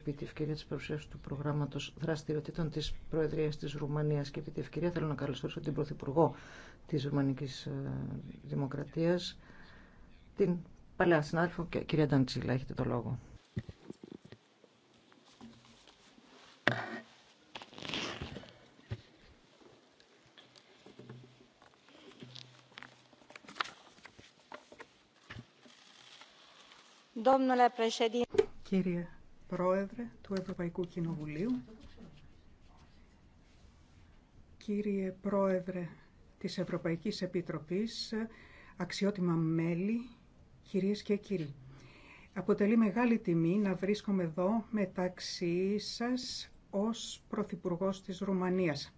επί τη ευκαιρία τη παρουσίαση του προγράμματος δραστηριοτήτων τη Προεδρία τη Ρουμανίας και επί τη ευκαιρία θέλω να καλωσορίσω την Πρωθυπουργό της Ρουμανικής ε, Δημοκρατίας, την παλαιά συνάδελφο κυρία Νταντσίλα. Έχετε το λόγο. Κύριε Πρόεδρε του Ευρωπαϊκού Κοινοβουλίου, κύριε Πρόεδρε της Ευρωπαϊκής Επιτροπής, αξιότιμα μέλη, κυρίες και κύριοι. Αποτελεί μεγάλη τιμή να βρίσκομαι εδώ μεταξύ σας ως Πρωθυπουργός της Ρουμανίας.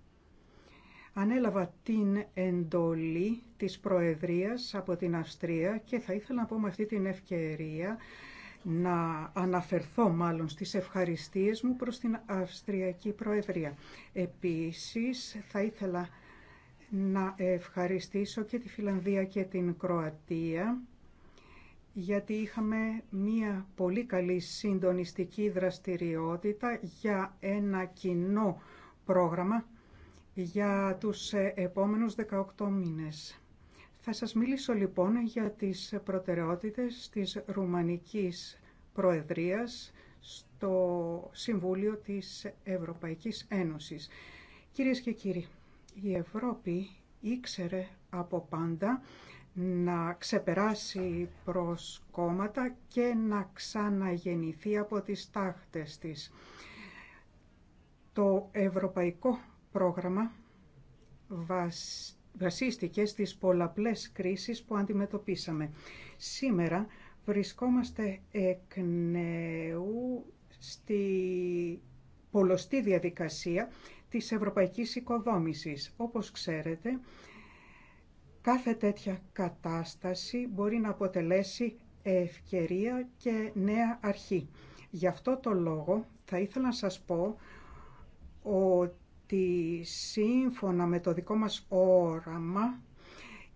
Ανέλαβα την εντολή της Προεδρίας από την Αυστρία και θα ήθελα να πω με αυτή την ευκαιρία να αναφερθώ μάλλον στις ευχαριστίες μου προς την Αυστριακή Προεδρία. Επίσης θα ήθελα να ευχαριστήσω και τη Φιλανδία και την Κροατία γιατί είχαμε μία πολύ καλή συντονιστική δραστηριότητα για ένα κοινό πρόγραμμα για τους επόμενους 18 μήνες. Θα σας μιλήσω λοιπόν για τις προτεραιότητες της Ρουμανικής Προεδρίας στο Συμβούλιο της Ευρωπαϊκής Ένωσης. Κυρίες και κύριοι, η Ευρώπη ήξερε από πάντα να ξεπεράσει προς κόμματα και να ξαναγεννηθεί από τις τάχτες της. Το ευρωπαϊκό πρόγραμμα βασίστηκε στις πολλαπλές κρίσεις που αντιμετωπίσαμε. Σήμερα Βρισκόμαστε εκ νέου στη πολλωστή διαδικασία της ευρωπαϊκής οικοδόμησης. Όπως ξέρετε, κάθε τέτοια κατάσταση μπορεί να αποτελέσει ευκαιρία και νέα αρχή. Γι' αυτό το λόγο θα ήθελα να σας πω ότι σύμφωνα με το δικό μας όραμα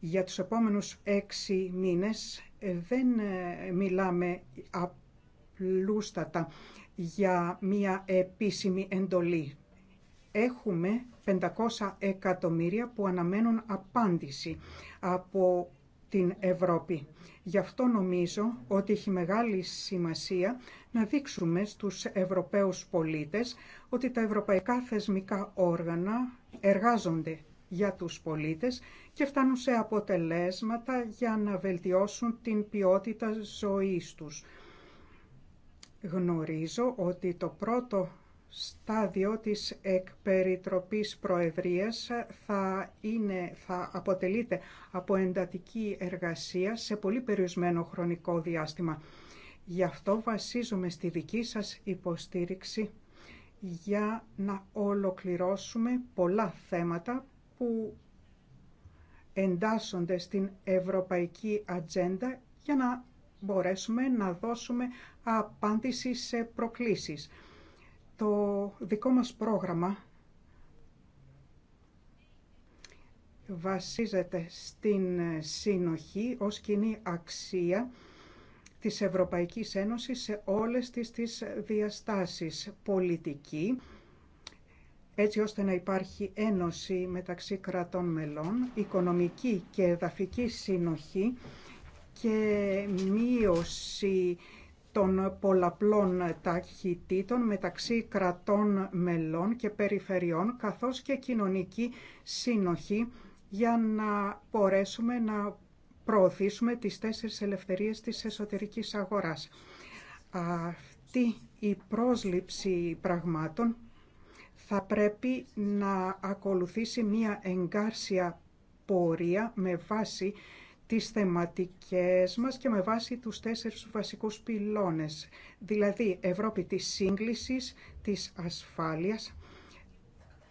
για τους επόμενους έξι μήνες ε, δεν ε, μιλάμε απλούστατα για μία επίσημη εντολή. Έχουμε 500 εκατομμύρια που αναμένουν απάντηση από την Ευρώπη. Γι' αυτό νομίζω ότι έχει μεγάλη σημασία να δείξουμε στους Ευρωπαίους πολίτες ότι τα ευρωπαϊκά θεσμικά όργανα εργάζονται για τους πολίτες και φτάνουν σε αποτελέσματα για να βελτιώσουν την ποιότητα ζωής τους. Γνωρίζω ότι το πρώτο στάδιο της εκπεριτροπής προεδρίας θα, είναι, θα αποτελείται από εντατική εργασία σε πολύ περιορισμένο χρονικό διάστημα. Γι' αυτό βασίζομαι στη δική σας υποστήριξη για να ολοκληρώσουμε πολλά θέματα που εντάσσονται στην ευρωπαϊκή ατζέντα για να μπορέσουμε να δώσουμε απάντηση σε προκλήσεις. Το δικό μας πρόγραμμα βασίζεται στην συνοχή ως κοινή αξία της Ευρωπαϊκής Ένωσης σε όλες τις, τις διαστάσεις πολιτική, έτσι ώστε να υπάρχει ένωση μεταξύ κρατών μελών, οικονομική και εδαφική συνοχή και μείωση των πολλαπλών ταχυτήτων μεταξύ κρατών μελών και περιφερειών, καθώς και κοινωνική συνοχή για να μπορέσουμε να προωθήσουμε τις τέσσερις ελευθερίες της εσωτερικής αγοράς. Αυτή η πρόσληψη πραγμάτων θα πρέπει να ακολουθήσει μία εγκάρσια πορεία με βάση τις θεματικές μας και με βάση τους τέσσερις βασικούς πυλώνες, δηλαδή Ευρώπη της σύγκλησης, της ασφάλειας,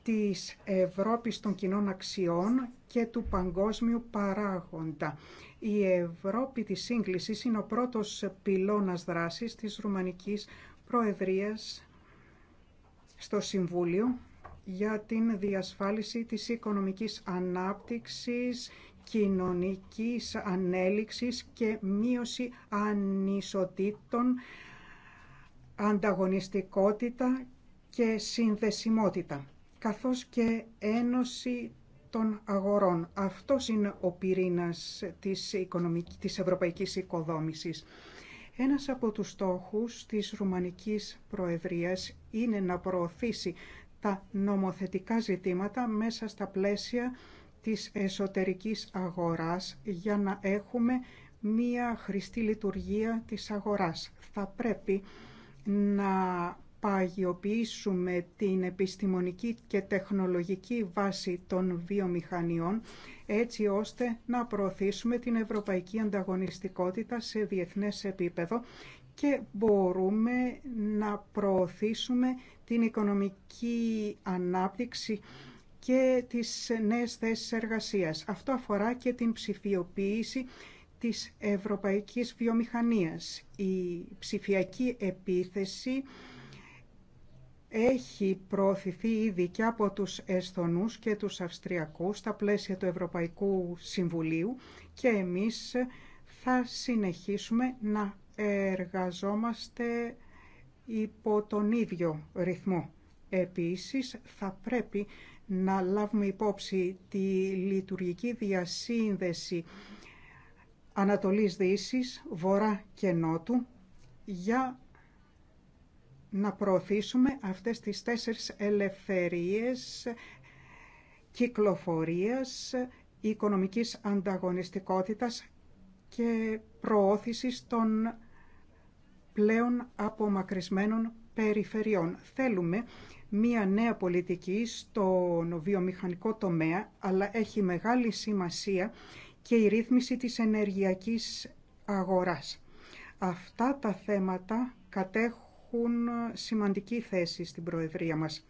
της Ευρώπης των κοινών αξιών και του παγκόσμιου παράγοντα. Η Ευρώπη της σύγκλησης είναι ο πρώτος πυλώνας δράσης της Ρουμανικής Προεδρίας στο Συμβούλιο για την διασφάλιση της οικονομικής ανάπτυξης, κοινωνικής ανέλυξης και μείωση ανισοτήτων, ανταγωνιστικότητα και συνδεσιμότητα, καθώς και ένωση των αγορών. Αυτός είναι ο πυρήνας της, οικονομικής, της ευρωπαϊκής οικοδόμησης. Ένας από τους στόχους της Ρουμανικής Προεδρίας είναι να προωθήσει τα νομοθετικά ζητήματα μέσα στα πλαίσια της εσωτερικής αγοράς για να έχουμε μία χρηστή λειτουργία της αγοράς. Θα πρέπει να παγιοποιήσουμε την επιστημονική και τεχνολογική βάση των βιομηχανιών έτσι ώστε να προωθήσουμε την ευρωπαϊκή ανταγωνιστικότητα σε διεθνές επίπεδο και μπορούμε να προωθήσουμε την οικονομική ανάπτυξη και τις νέες θέσεις εργασίας. Αυτό αφορά και την ψηφιοποίηση της ευρωπαϊκής βιομηχανίας. Η ψηφιακή επίθεση έχει προωθηθεί ήδη και από τους Εσθονούς και τους Αυστριακούς στα πλαίσια του Ευρωπαϊκού Συμβουλίου και εμείς θα συνεχίσουμε να εργαζόμαστε υπό τον ίδιο ρυθμό. Επίσης, θα πρέπει να λάβουμε υπόψη τη λειτουργική διασύνδεση Ανατολής Δύσης, Βορρά και Νότου για να προωθήσουμε αυτές τις τέσσερις ελευθερίες κυκλοφορίας, οικονομικής ανταγωνιστικότητας και προώθησης των πλέον απομακρυσμένων περιφερειών. Θέλουμε μία νέα πολιτική στον βιομηχανικό τομέα, αλλά έχει μεγάλη σημασία και η ρύθμιση της ενεργειακής αγοράς. Αυτά τα θέματα κατέχουν έχουν σημαντική θέση στην Προεδρία μας.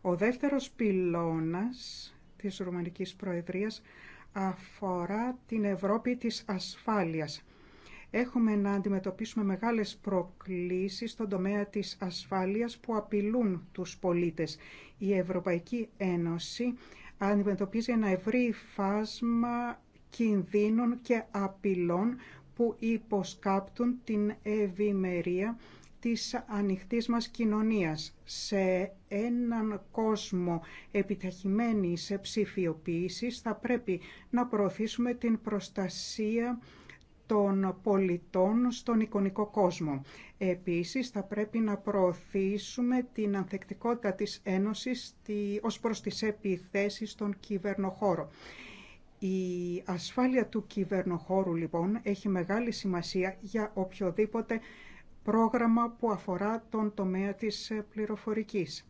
Ο δεύτερος πυλώνας της Ρουμανικής Προεδρίας αφορά την Ευρώπη της ασφάλειας. Έχουμε να αντιμετωπίσουμε μεγάλες προκλήσεις στον τομέα της ασφάλειας που απειλούν τους πολίτες. Η Ευρωπαϊκή Ένωση αντιμετωπίζει ένα ευρύ φάσμα κινδύνων και απειλών που υποσκάπτουν την ευημερία της ανοιχτής μας κοινωνίας σε έναν κόσμο επιταχυμένη σε ψηφιοποίηση θα πρέπει να προωθήσουμε την προστασία των πολιτών στον εικονικό κόσμο. Επίσης, θα πρέπει να προωθήσουμε την ανθεκτικότητα της Ένωσης ως προς τις επιθέσεις στον κυβερνοχώρο. Η ασφάλεια του κυβερνοχώρου, λοιπόν, έχει μεγάλη σημασία για οποιοδήποτε πρόγραμμα που αφορά τον τομέα της ε, πληροφορικής.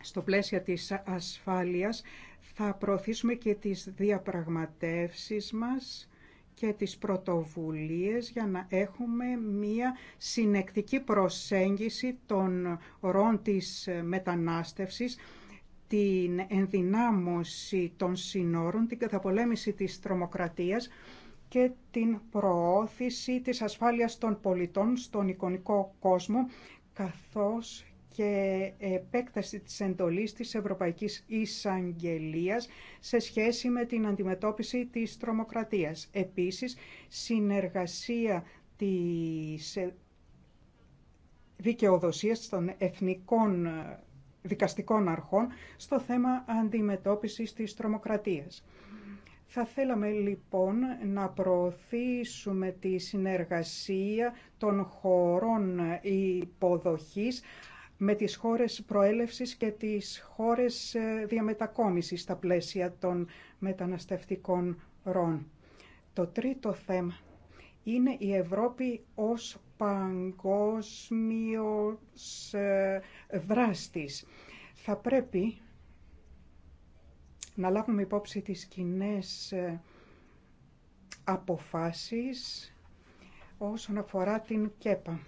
Στο πλαίσιο της ασφάλειας θα προωθήσουμε και τις διαπραγματεύσεις μας και τις πρωτοβουλίες για να έχουμε μία συνεκτική προσέγγιση των ροών της ε, μετανάστευσης, την ενδυνάμωση των συνόρων, την καταπολέμηση της τρομοκρατίας και την προώθηση της ασφάλειας των πολιτών στον εικονικό κόσμο, καθώς και επέκταση της εντολής της Ευρωπαϊκής Εισαγγελίας σε σχέση με την αντιμετώπιση της τρομοκρατίας. Επίσης, συνεργασία της δικαιοδοσίας των εθνικών δικαστικών αρχών στο θέμα αντιμετώπισης της τρομοκρατίας. Θα θέλαμε λοιπόν να προωθήσουμε τη συνεργασία των χωρών υποδοχής με τις χώρες προέλευσης και τις χώρες ε, διαμετακόμισης στα πλαίσια των μεταναστευτικών ροών. Το τρίτο θέμα είναι η Ευρώπη ως παγκόσμιος ε, δράστης. Θα πρέπει να λάβουμε υπόψη τις κοινέ ε, αποφάσεις όσον αφορά την ΚΕΠΑ.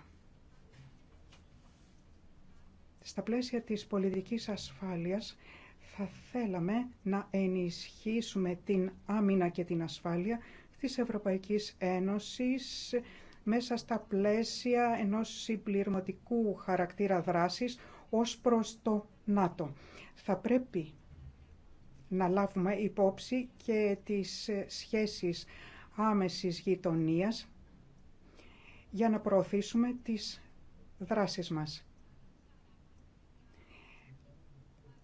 Στα πλαίσια της πολιτικής ασφάλειας θα θέλαμε να ενισχύσουμε την άμυνα και την ασφάλεια της Ευρωπαϊκής Ένωσης μέσα στα πλαίσια ενός συμπληρωματικού χαρακτήρα δράσης ως προς το ΝΑΤΟ. Θα πρέπει να λάβουμε υπόψη και τις σχέσεις άμεσης γειτονίας για να προωθήσουμε τις δράσεις μας.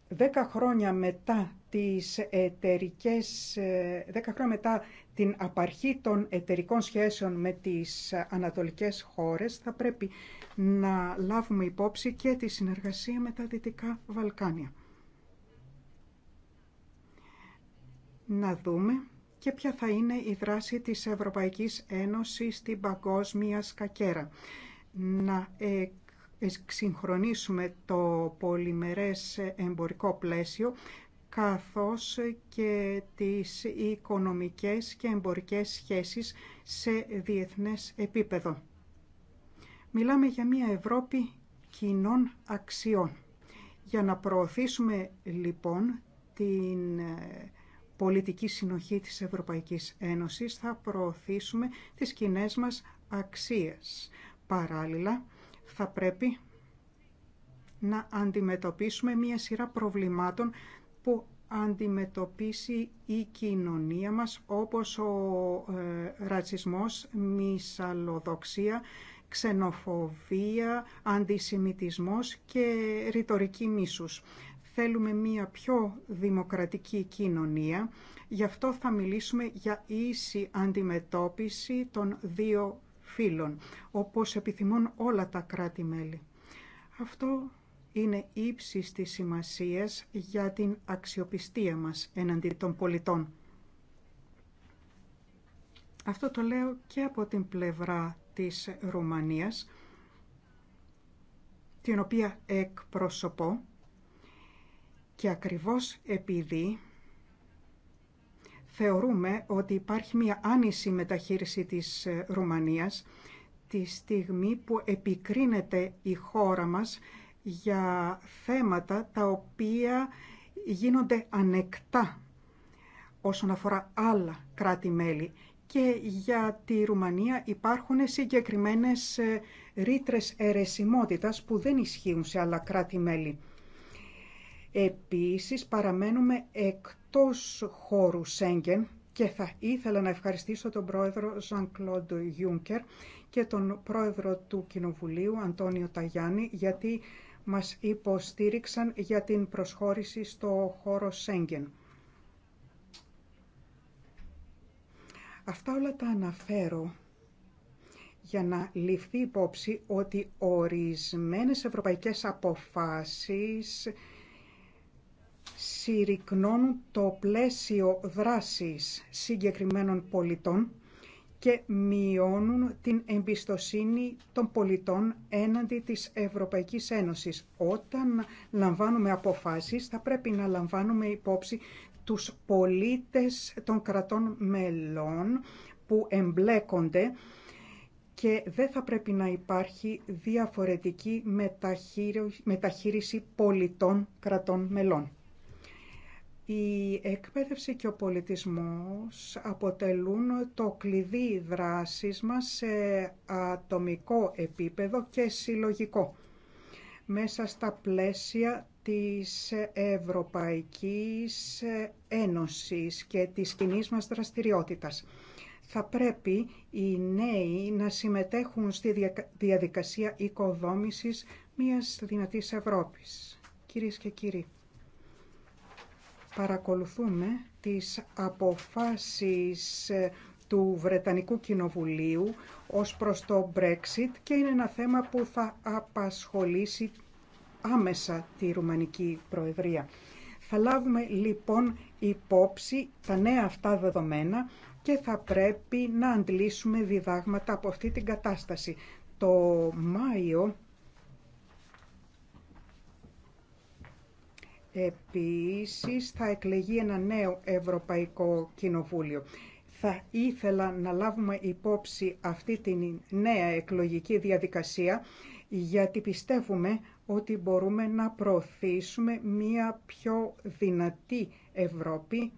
Δέκα χρόνια μετά τις δέκα χρόνια μετά την απαρχή των εταιρικών σχέσεων με τις ανατολικές χώρες θα πρέπει να λάβουμε υπόψη και τη συνεργασία με τα Δυτικά Βαλκάνια. να δούμε και ποια θα είναι η δράση της Ευρωπαϊκής Ένωσης στην παγκόσμια σκακέρα. Να εξυγχρονίσουμε το πολυμερές εμπορικό πλαίσιο καθώς και τις οικονομικές και εμπορικές σχέσεις σε διεθνές επίπεδο. Μιλάμε για μια Ευρώπη κοινών αξιών. Για να προωθήσουμε λοιπόν την πολιτική συνοχή της Ευρωπαϊκής Ένωσης θα προωθήσουμε τις κοινέ μας αξίες. Παράλληλα, θα πρέπει να αντιμετωπίσουμε μία σειρά προβλημάτων που αντιμετωπίσει η κοινωνία μας όπως ο ε, ρατσισμός, μυσαλλοδοξία, ξενοφοβία, αντισημιτισμός και ρητορική μίσους θέλουμε μία πιο δημοκρατική κοινωνία, γι' αυτό θα μιλήσουμε για ίση αντιμετώπιση των δύο φύλων, όπως επιθυμούν όλα τα κράτη-μέλη. Αυτό είναι ύψης της σημασίας για την αξιοπιστία μας εναντί των πολιτών. Αυτό το λέω και από την πλευρά της Ρουμανίας, την οποία εκπροσωπώ και ακριβώς επειδή θεωρούμε ότι υπάρχει μια άνηση μεταχείριση της ε, Ρουμανίας τη στιγμή που επικρίνεται η χώρα μας για θέματα τα οποία γίνονται ανεκτά όσον αφορά άλλα κράτη-μέλη. Και για τη Ρουμανία υπάρχουν συγκεκριμένες ε, ρήτρες αιρεσιμότητας που δεν ισχύουν σε άλλα κράτη-μέλη. Επίσης παραμένουμε εκτός χώρου Σέγγεν και θα ήθελα να ευχαριστήσω τον πρόεδρο Ζαν Κλόντ Juncker και τον πρόεδρο του Κοινοβουλίου Αντώνιο Ταγιάννη γιατί μας υποστήριξαν για την προσχώρηση στο χώρο Σέγγεν. Αυτά όλα τα αναφέρω για να ληφθεί υπόψη ότι ορισμένες ευρωπαϊκές αποφάσεις συρρυκνώνουν το πλαίσιο δράσης συγκεκριμένων πολιτών και μειώνουν την εμπιστοσύνη των πολιτών έναντι της Ευρωπαϊκής Ένωσης. Όταν λαμβάνουμε αποφάσεις θα πρέπει να λαμβάνουμε υπόψη τους πολίτες των κρατών μελών που εμπλέκονται και δεν θα πρέπει να υπάρχει διαφορετική μεταχείριση πολιτών κρατών μελών. Η εκπαίδευση και ο πολιτισμός αποτελούν το κλειδί δράσης μας σε ατομικό επίπεδο και συλλογικό μέσα στα πλαίσια της Ευρωπαϊκής Ένωσης και της κοινή μας δραστηριότητας. Θα πρέπει οι νέοι να συμμετέχουν στη διαδικασία οικοδόμησης μιας δυνατής Ευρώπης. Κυρίες και κύριοι, παρακολουθούμε τις αποφάσεις ε, του Βρετανικού Κοινοβουλίου ως προς το Brexit και είναι ένα θέμα που θα απασχολήσει άμεσα τη Ρουμανική Προεδρία. Θα λάβουμε λοιπόν υπόψη τα νέα αυτά δεδομένα και θα πρέπει να αντλήσουμε διδάγματα από αυτή την κατάσταση. Το Μάιο Επίσης θα εκλεγεί ένα νέο Ευρωπαϊκό Κοινοβούλιο. Θα ήθελα να λάβουμε υπόψη αυτή τη νέα εκλογική διαδικασία γιατί πιστεύουμε ότι μπορούμε να προωθήσουμε μία πιο δυνατή Ευρώπη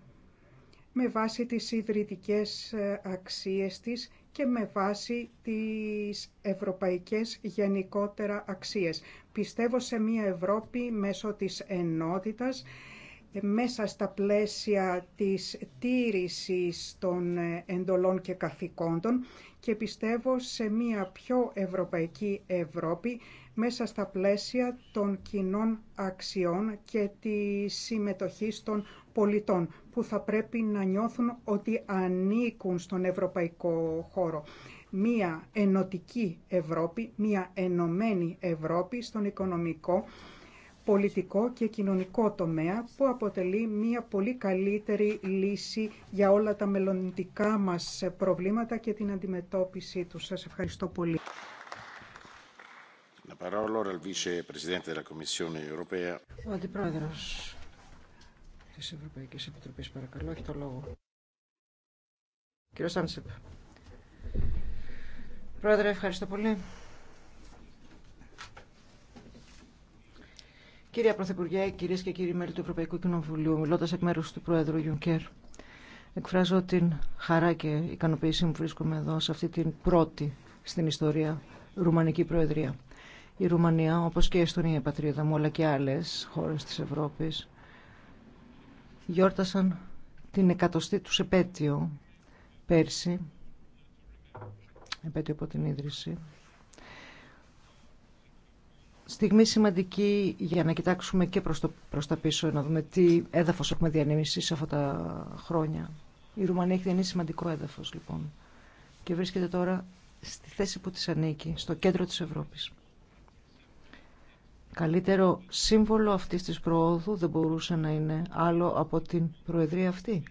με βάση τις ιδρυτικές ε, αξίες της και με βάση τις ευρωπαϊκές γενικότερα αξίες. Πιστεύω σε μια Ευρώπη μέσω της ενότητας, μέσα στα πλαίσια της τήρησης των εντολών και καθηκόντων και πιστεύω σε μια πιο ευρωπαϊκή Ευρώπη μέσα στα πλαίσια των κοινών αξιών και τη συμμετοχή των πολιτών που θα πρέπει να νιώθουν ότι ανήκουν στον ευρωπαϊκό χώρο μία ενωτική Ευρώπη, μία ενωμένη Ευρώπη στον οικονομικό, πολιτικό και κοινωνικό τομέα που αποτελεί μία πολύ καλύτερη λύση για όλα τα μελλοντικά μας προβλήματα και την αντιμετώπιση τους. Σας ευχαριστώ πολύ. Ο Αντιπρόεδρος της το Πρόεδρε, ευχαριστώ πολύ. Κύριε Πρωθυπουργέ, κυρίες και κύριοι μέλη του Ευρωπαϊκού Κοινοβουλίου, μιλώντα εκ μέρου του Πρόεδρου Γιουνκέρ, εκφράζω την χαρά και ικανοποίησή μου που βρίσκομαι εδώ σε αυτή την πρώτη στην ιστορία Ρουμανική Προεδρία. Η Ρουμανία, όπως και η Εστονία, η πατρίδα μου, αλλά και άλλες χώρες της Ευρώπης, γιόρτασαν την εκατοστή του επέτειο πέρσι επέτειο από την ίδρυση. Στιγμή σημαντική για να κοιτάξουμε και προς, το, προς τα πίσω, να δούμε τι έδαφος έχουμε διανύμησει σε αυτά τα χρόνια. Η Ρουμανία έχει διανύσει σημαντικό έδαφος λοιπόν και βρίσκεται τώρα στη θέση που της ανήκει, στο κέντρο της Ευρώπης. Καλύτερο σύμβολο αυτής της προόδου δεν μπορούσε να είναι άλλο από την Προεδρία αυτή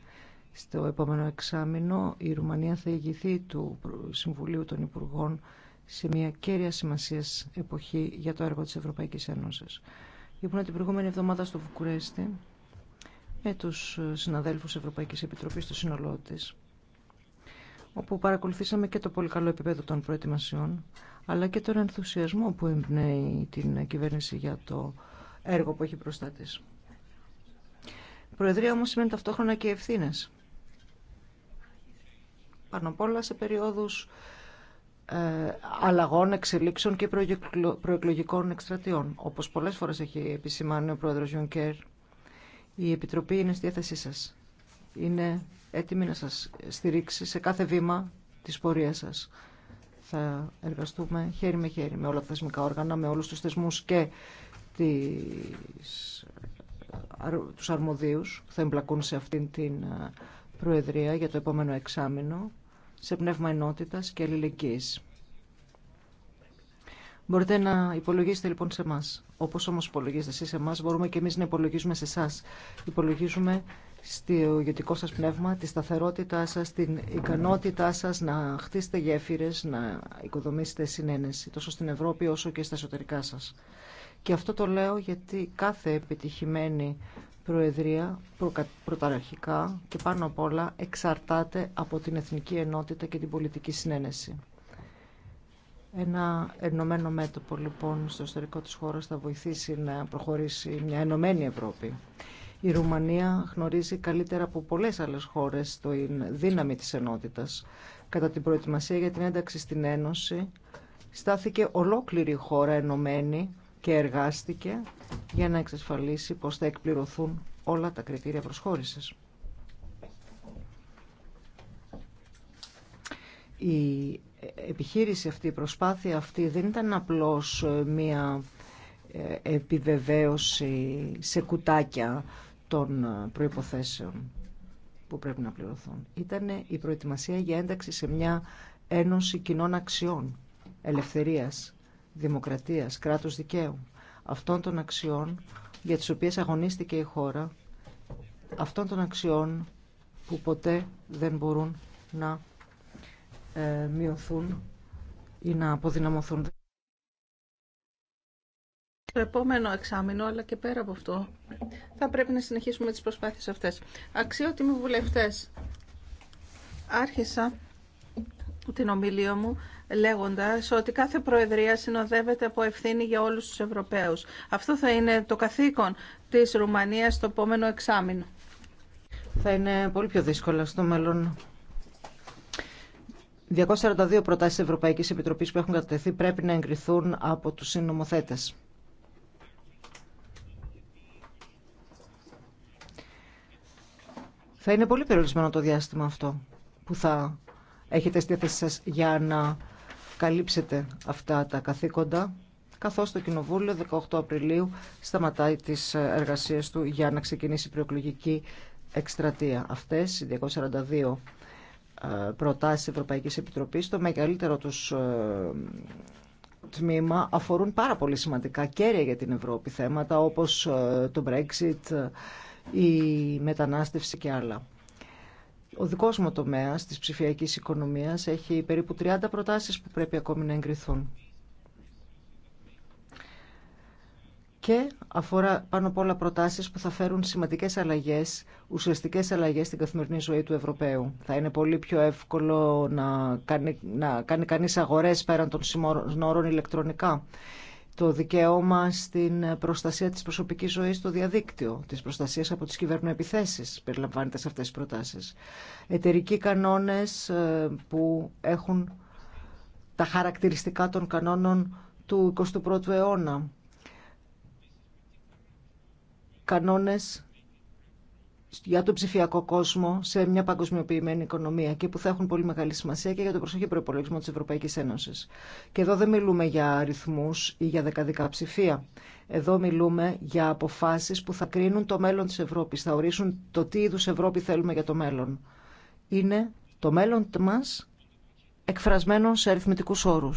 στο επόμενο εξάμεινο η Ρουμανία θα ηγηθεί του Συμβουλίου των Υπουργών σε μια κέρια σημασία εποχή για το έργο της Ευρωπαϊκής Ένωσης. Ήμουν την προηγούμενη εβδομάδα στο Βουκουρέστι με τους συναδέλφους Ευρωπαϊκής Επιτροπής στο σύνολό τη, όπου παρακολουθήσαμε και το πολύ καλό επίπεδο των προετοιμασιών, αλλά και τον ενθουσιασμό που εμπνέει την κυβέρνηση για το έργο που έχει μπροστά της. Προεδρία όμως σημαίνει ταυτόχρονα και ευθύνε πάνω απ' όλα σε περίοδους ε, αλλαγών, εξελίξεων και προεκλογικών εκστρατιών. Όπως πολλές φορές έχει επισημάνει ο πρόεδρος Γιονκέρ, η Επιτροπή είναι στη διάθεσή σας. Είναι έτοιμη να σας στηρίξει σε κάθε βήμα της πορείας σας. Θα εργαστούμε χέρι με χέρι με όλα τα θεσμικά όργανα, με όλους τους θεσμούς και τις, ε, τους αρμοδίους που θα εμπλακούν σε αυτήν την ε, Προεδρία για το επόμενο εξάμεινο σε πνεύμα ενότητας και αλληλεγγύης. Μπορείτε να υπολογίσετε λοιπόν σε εμά. Όπω όμω υπολογίζετε εσεί σε εμά, μπορούμε και εμεί να υπολογίζουμε σε εσά. Υπολογίζουμε στο ηγετικό σα πνεύμα, τη σταθερότητά σα, την ικανότητά σα να χτίσετε γέφυρε, να οικοδομήσετε συνένεση τόσο στην Ευρώπη όσο και στα εσωτερικά σα. Και αυτό το λέω γιατί κάθε επιτυχημένη Προεδρία πρωταρχικά και πάνω απ' όλα εξαρτάται από την εθνική ενότητα και την πολιτική συνένεση. Ένα ενωμένο μέτωπο λοιπόν στο εσωτερικό της χώρας θα βοηθήσει να προχωρήσει μια ενωμένη Ευρώπη. Η Ρουμανία γνωρίζει καλύτερα από πολλές άλλες χώρες το δύναμη της ενότητας. Κατά την προετοιμασία για την ένταξη στην Ένωση στάθηκε ολόκληρη η χώρα ενωμένη και εργάστηκε για να εξασφαλίσει πως θα εκπληρωθούν όλα τα κριτήρια προσχώρησης. Η επιχείρηση αυτή, η προσπάθεια αυτή δεν ήταν απλώς μία ε, επιβεβαίωση σε κουτάκια των ε, προϋποθέσεων που πρέπει να πληρωθούν. Ήταν η προετοιμασία για ένταξη σε μια ένωση κοινών αξιών, ελευθερίας, δημοκρατίας, κράτους δικαίου, αυτών των αξιών για τις οποίες αγωνίστηκε η χώρα, αυτών των αξιών που ποτέ δεν μπορούν να ε, μειωθούν ή να αποδυναμωθούν. Το επόμενο εξάμεινο, αλλά και πέρα από αυτό, θα πρέπει να συνεχίσουμε τις προσπάθειες αυτές. Αξιότιμοι βουλευτές, άρχισα την ομιλία μου λέγοντας ότι κάθε Προεδρία συνοδεύεται από ευθύνη για όλους τους Ευρωπαίους. Αυτό θα είναι το καθήκον της Ρουμανίας στο επόμενο εξάμεινο. Θα είναι πολύ πιο δύσκολο στο μέλλον. 242 προτάσεις Ευρωπαϊκής Επιτροπής που έχουν κατατεθεί πρέπει να εγκριθούν από τους συνομοθέτες. Θα είναι πολύ περιορισμένο το διάστημα αυτό που θα έχετε στη θέση σας για να καλύψετε αυτά τα καθήκοντα καθώς το Κοινοβούλιο 18 Απριλίου σταματάει τις εργασίες του για να ξεκινήσει η προεκλογική εκστρατεία. Αυτές οι 242 ε, προτάσεις Ευρωπαϊκής Επιτροπής, το μεγαλύτερο τους ε, τμήμα αφορούν πάρα πολύ σημαντικά κέρια για την Ευρώπη θέματα όπως ε, το Brexit, η μετανάστευση και άλλα. Ο δικός μου τομέας της ψηφιακής οικονομίας έχει περίπου 30 προτάσεις που πρέπει ακόμη να εγκριθούν. και αφορά πάνω απ' όλα προτάσεις που θα φέρουν σημαντικές αλλαγές, ουσιαστικές αλλαγές στην καθημερινή ζωή του Ευρωπαίου. Θα είναι πολύ πιο εύκολο να κάνει, κάνει κανείς αγορές πέραν των συνόρων ηλεκτρονικά το δικαίωμα στην προστασία της προσωπικής ζωής στο διαδίκτυο, της προστασίας από τις κυβερνοεπιθέσεις, περιλαμβάνεται σε αυτές τις προτάσεις. Εταιρικοί κανόνες ε, που έχουν τα χαρακτηριστικά των κανόνων του 21ου αιώνα. Κανόνες για τον ψηφιακό κόσμο σε μια παγκοσμιοποιημένη οικονομία και που θα έχουν πολύ μεγάλη σημασία και για τον προσοχή προπολογισμό τη Ευρωπαϊκή Ένωση. Και εδώ δεν μιλούμε για αριθμού ή για δεκαδικά ψηφία. Εδώ μιλούμε για αποφάσει που θα κρίνουν το μέλλον τη Ευρώπη, θα ορίσουν το τι είδου Ευρώπη θέλουμε για το μέλλον. Είναι το μέλλον μα, εκφρασμένο σε αριθμητικού όρου.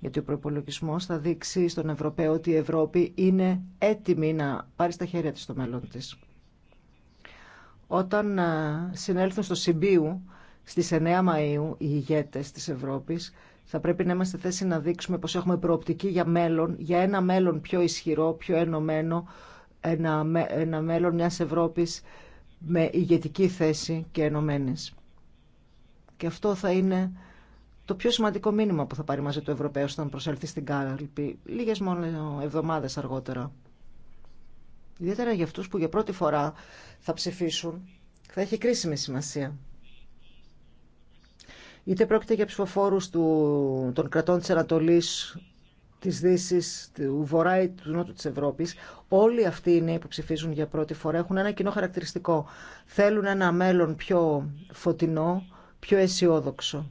Γιατί ο προπολογισμό θα δείξει στον Ευρωπαίο ότι η Ευρώπη είναι έτοιμη να πάρει στα χέρια τη το μέλλον της. Όταν ε, συνέλθουν στο Συμπίου στις 9 Μαΐου οι ηγέτες της Ευρώπης θα πρέπει να είμαστε θέση να δείξουμε πως έχουμε προοπτική για μέλλον, για ένα μέλλον πιο ισχυρό, πιο ενωμένο, ένα, ένα μέλλον μιας Ευρώπης με ηγετική θέση και ενωμένης. Και αυτό θα είναι το πιο σημαντικό μήνυμα που θα πάρει μαζί του Ευρωπαίου όταν προσέλθει στην κάλπη λίγες μόνο εβδομάδες αργότερα ιδιαίτερα για αυτούς που για πρώτη φορά θα ψηφίσουν, θα έχει κρίσιμη σημασία. Είτε πρόκειται για ψηφοφόρους των κρατών της Ανατολής, της Δύσης, του Βορρά ή του Νότου της Ευρώπης, όλοι αυτοί οι νέοι που ψηφίζουν για πρώτη φορά έχουν ένα κοινό χαρακτηριστικό. Θέλουν ένα μέλλον πιο φωτεινό, πιο αισιόδοξο.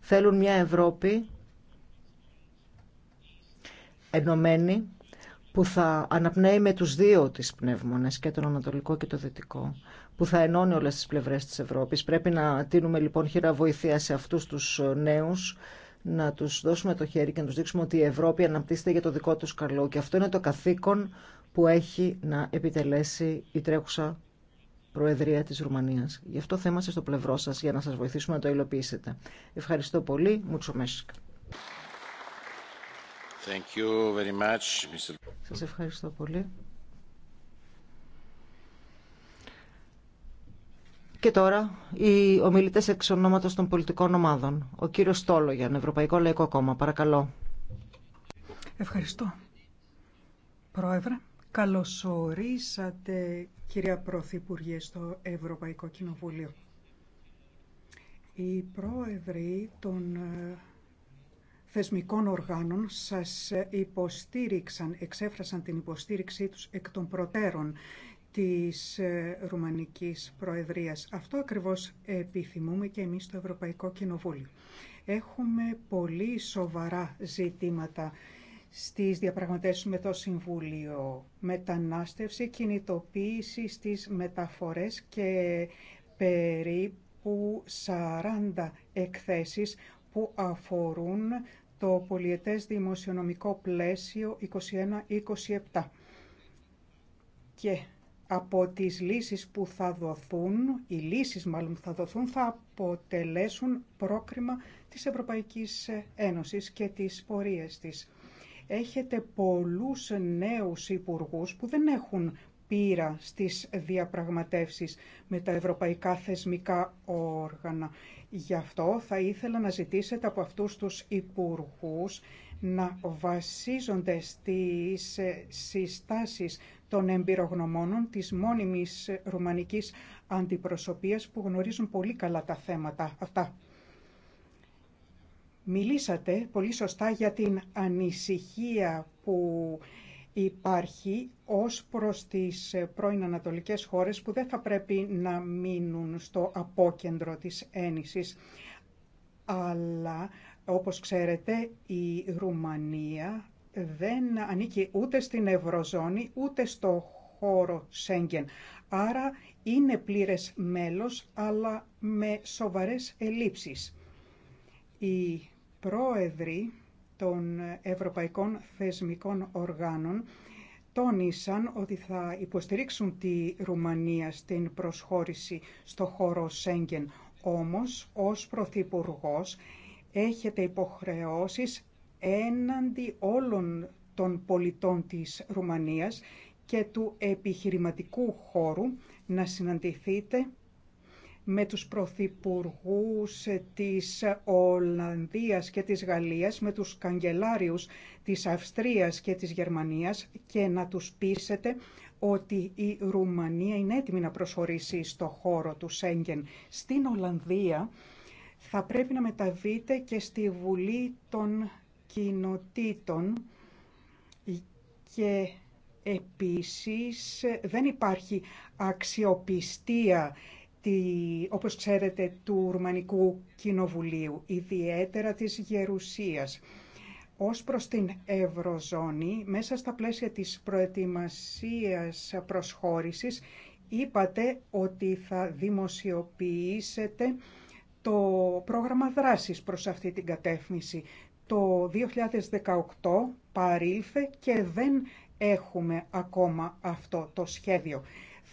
Θέλουν μια Ευρώπη ενωμένη, που θα αναπνέει με τους δύο τις πνεύμονες, και τον Ανατολικό και το Δυτικό, που θα ενώνει όλες τις πλευρές της Ευρώπης. Πρέπει να τίνουμε λοιπόν χειρά βοηθεία σε αυτούς τους νέους, να τους δώσουμε το χέρι και να τους δείξουμε ότι η Ευρώπη αναπτύσσεται για το δικό τους καλό. Και αυτό είναι το καθήκον που έχει να επιτελέσει η τρέχουσα Προεδρία της Ρουμανίας. Γι' αυτό θέμασε στο πλευρό σας για να σας βοηθήσουμε να το υλοποιήσετε. Ευχαριστώ πολύ. Μουτσομέσικα. Thank Σας ευχαριστώ πολύ. Και τώρα οι ομιλητές εξ ονόματος των πολιτικών ομάδων. Ο κύριος Στόλογιαν, Ευρωπαϊκό Λαϊκό Κόμμα. Παρακαλώ. Ευχαριστώ. Πρόεδρε, καλωσορίσατε κυρία Πρωθυπουργέ στο Ευρωπαϊκό Κοινοβούλιο. Οι πρόεδροι των ε, θεσμικών οργάνων σας υποστήριξαν, εξέφρασαν την υποστήριξή τους εκ των προτέρων της ε, Ρουμανικής Προεδρίας. Αυτό ακριβώς επιθυμούμε και εμείς στο Ευρωπαϊκό Κοινοβούλιο. Έχουμε πολύ σοβαρά ζητήματα στις διαπραγματεύσεις με το Συμβούλιο Μετανάστευση, κινητοποίηση στις μεταφορές και περίπου 40 εκθέσεις που αφορούν το πολιετές δημοσιονομικό πλαίσιο 21-27 και από τις λύσεις που θα δοθούν, οι λύσεις μάλλον που θα δοθούν, θα αποτελέσουν πρόκριμα της Ευρωπαϊκής Ένωσης και τις πορείες της. Έχετε πολλούς νέους υπουργούς που δεν έχουν πείρα στις διαπραγματεύσεις με τα ευρωπαϊκά θεσμικά όργανα Γι' αυτό θα ήθελα να ζητήσετε από αυτούς τους υπουργούς να βασίζονται στις ε, συστάσεις των εμπειρογνωμόνων της μόνιμης ρουμανικής αντιπροσωπείας που γνωρίζουν πολύ καλά τα θέματα αυτά. Μιλήσατε πολύ σωστά για την ανησυχία που υπάρχει ως προς τις ε, πρώην ανατολικές χώρες που δεν θα πρέπει να μείνουν στο απόκεντρο της ένισης. Αλλά, όπως ξέρετε, η Ρουμανία δεν ανήκει ούτε στην Ευρωζώνη ούτε στο χώρο Σέγγεν. Άρα είναι πλήρες μέλος, αλλά με σοβαρές ελλείψεις. Οι πρόεδροι των ευρωπαϊκών θεσμικών οργάνων τόνισαν ότι θα υποστηρίξουν τη Ρουμανία στην προσχώρηση στο χώρο Σέγγεν. Όμως, ως Πρωθυπουργό έχετε υποχρεώσεις έναντι όλων των πολιτών της Ρουμανίας και του επιχειρηματικού χώρου να συναντηθείτε με τους πρωθυπουργούς της Ολλανδίας και της Γαλλίας, με τους καγκελάριους της Αυστρίας και της Γερμανίας και να τους πείσετε ότι η Ρουμανία είναι έτοιμη να προσχωρήσει στο χώρο του Σέγγεν. Στην Ολλανδία θα πρέπει να μεταβείτε και στη Βουλή των Κοινοτήτων και επίσης δεν υπάρχει αξιοπιστία τη, όπως ξέρετε, του Ρουμανικού Κοινοβουλίου, ιδιαίτερα της Γερουσίας. Ως προς την Ευρωζώνη, μέσα στα πλαίσια της προετοιμασίας προσχώρησης, είπατε ότι θα δημοσιοποιήσετε το πρόγραμμα δράσης προς αυτή την κατεύθυνση. Το 2018 παρήλθε και δεν έχουμε ακόμα αυτό το σχέδιο.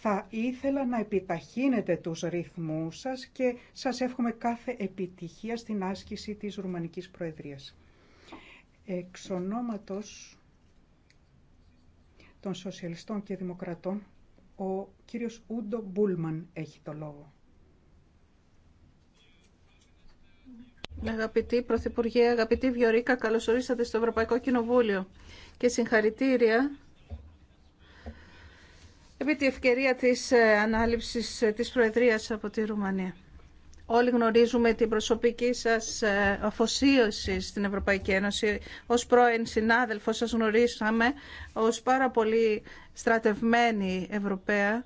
Θα ήθελα να επιταχύνετε τους ρυθμούς σας και σας εύχομαι κάθε επιτυχία στην άσκηση της Ρουμανικής Προεδρίας. Εξ των Σοσιαλιστών και Δημοκρατών, ο κύριος Ούντο Μπούλμαν έχει το λόγο. Αγαπητή Πρωθυπουργέ, αγαπητή Βιορίκα, καλώς στο Ευρωπαϊκό Κοινοβούλιο και συγχαρητήρια επί τη ευκαιρία της ε, ανάληψης ε, της Προεδρίας από τη Ρουμανία. Όλοι γνωρίζουμε την προσωπική σας ε, αφοσίωση στην Ευρωπαϊκή Ένωση. Ως πρώην συνάδελφο σας γνωρίσαμε ως πάρα πολύ στρατευμένη Ευρωπαία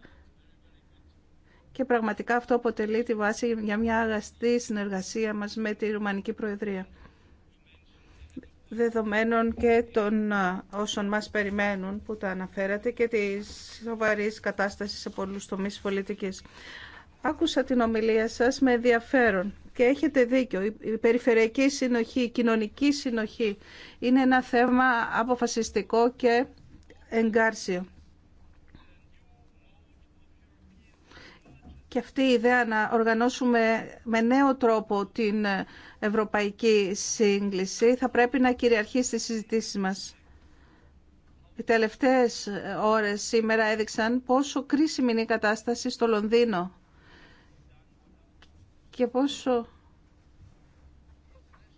και πραγματικά αυτό αποτελεί τη βάση για μια αγαστή συνεργασία μας με τη Ρουμανική Προεδρία δεδομένων και των όσων μας περιμένουν που τα αναφέρατε και της σοβαρής κατάστασης σε πολλούς τομείς πολιτικής. Άκουσα την ομιλία σας με ενδιαφέρον και έχετε δίκιο. Η περιφερειακή συνοχή, η κοινωνική συνοχή είναι ένα θέμα αποφασιστικό και εγκάρσιο. και αυτή η ιδέα να οργανώσουμε με νέο τρόπο την ευρωπαϊκή σύγκληση θα πρέπει να κυριαρχεί στις συζητήσεις μας. Οι τελευταίες ώρες σήμερα έδειξαν πόσο κρίσιμη είναι η κατάσταση στο Λονδίνο και πόσο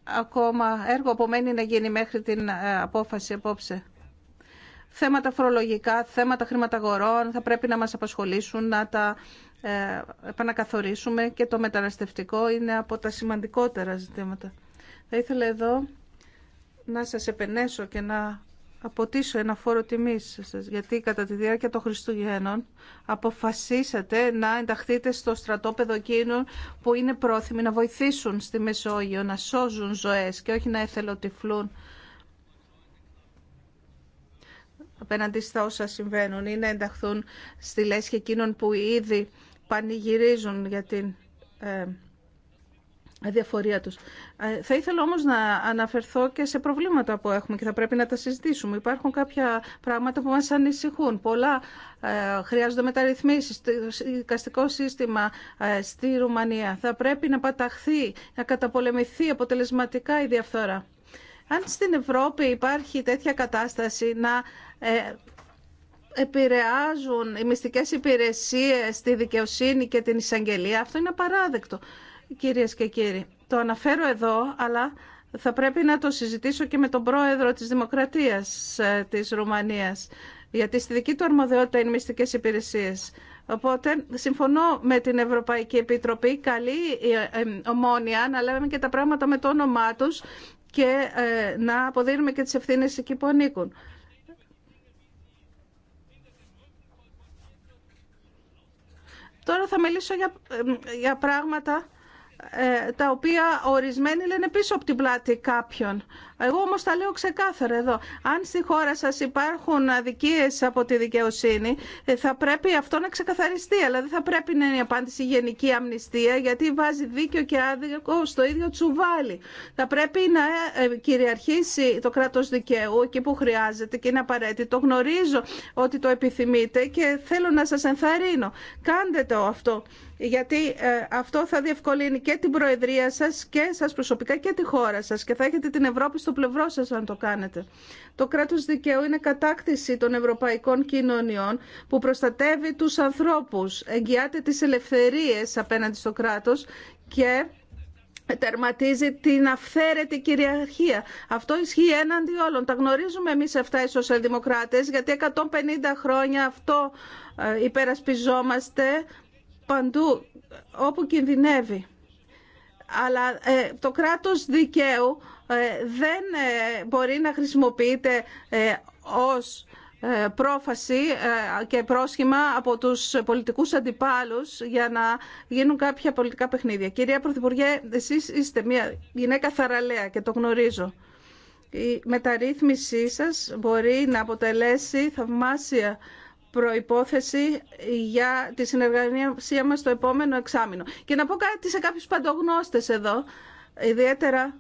ακόμα έργο απομένει να γίνει μέχρι την ε, απόφαση απόψε θέματα φορολογικά, θέματα χρηματαγορών θα πρέπει να μας απασχολήσουν, να τα ε, επανακαθορίσουμε και το μεταναστευτικό είναι από τα σημαντικότερα ζητήματα. Θα ήθελα εδώ να σας επενέσω και να αποτίσω ένα φόρο τιμής σας, γιατί κατά τη διάρκεια των Χριστουγέννων αποφασίσατε να ενταχθείτε στο στρατόπεδο εκείνων που είναι πρόθυμοι να βοηθήσουν στη Μεσόγειο, να σώζουν ζωές και όχι να εθελοτυφλούν απέναντι στα όσα συμβαίνουν ή να ενταχθούν στη λέσχη εκείνων που ήδη πανηγυρίζουν για την ε, διαφορία τους. Ε, θα ήθελα όμως να αναφερθώ και σε προβλήματα που έχουμε και θα πρέπει να τα συζητήσουμε. Υπάρχουν κάποια πράγματα που μας ανησυχούν. Πολλά ε, χρειάζονται μεταρρυθμίσεις στο δικαστικό σύστημα ε, στη Ρουμανία. Θα πρέπει να παταχθεί, να καταπολεμηθεί αποτελεσματικά η διαφθορά. Αν στην Ευρώπη υπάρχει τέτοια κατάσταση να ε, επηρεάζουν οι μυστικές υπηρεσίες τη δικαιοσύνη και την εισαγγελία. Αυτό είναι απαράδεκτο, κυρίες και κύριοι. Το αναφέρω εδώ, αλλά θα πρέπει να το συζητήσω και με τον πρόεδρο της Δημοκρατίας ε, της Ρουμανίας, γιατί στη δική του αρμοδιότητα είναι μυστικές υπηρεσίες. Οπότε, συμφωνώ με την Ευρωπαϊκή Επιτροπή, καλή ε, ομόνια, να λέμε και τα πράγματα με το όνομά τους και να αποδίνουμε και τις ευθύνες εκεί που ανήκουν. Τώρα θα μιλήσω για, πράγματα ε, τα οποία ορισμένοι λένε πίσω από την πλάτη κάποιον. Εγώ όμω τα λέω ξεκάθαρα εδώ. Αν στη χώρα σα υπάρχουν αδικίες από τη δικαιοσύνη, ε, θα πρέπει αυτό να ξεκαθαριστεί. Αλλά δεν θα πρέπει να είναι η απάντηση γενική αμνηστία, γιατί βάζει δίκιο και άδικο στο ίδιο τσουβάλι. Θα πρέπει να ε, κυριαρχήσει το κράτο δικαίου εκεί που χρειάζεται και είναι απαραίτητο. Γνωρίζω ότι το επιθυμείτε και θέλω να σα ενθαρρύνω. Κάντε το αυτό γιατί ε, αυτό θα διευκολύνει και την Προεδρία σας και σας προσωπικά και τη χώρα σας και θα έχετε την Ευρώπη στο στο αν το κάνετε. Το κράτος δικαίου είναι κατάκτηση των ευρωπαϊκών κοινωνιών που προστατεύει τους ανθρώπους, εγγυάται τις ελευθερίες απέναντι στο κράτος και τερματίζει την αυθαίρετη κυριαρχία. Αυτό ισχύει έναντι όλων. Τα γνωρίζουμε εμείς αυτά οι σοσιαλδημοκράτες, γιατί 150 χρόνια αυτό ε, υπερασπιζόμαστε παντού όπου κινδυνεύει. Αλλά ε, το κράτος δικαίου ε, δεν ε, μπορεί να χρησιμοποιείται ε, ως πρόφαση και πρόσχημα από τους πολιτικούς αντιπάλους για να γίνουν κάποια πολιτικά παιχνίδια. Κυρία Πρωθυπουργέ, εσείς είστε μια γυναίκα θαραλέα και το γνωρίζω. Η μεταρρύθμισή σας μπορεί να αποτελέσει θαυμάσια προϋπόθεση για τη συνεργασία μας στο επόμενο εξάμεινο. Και να πω κάτι σε κάποιους παντογνώστες εδώ, ιδιαίτερα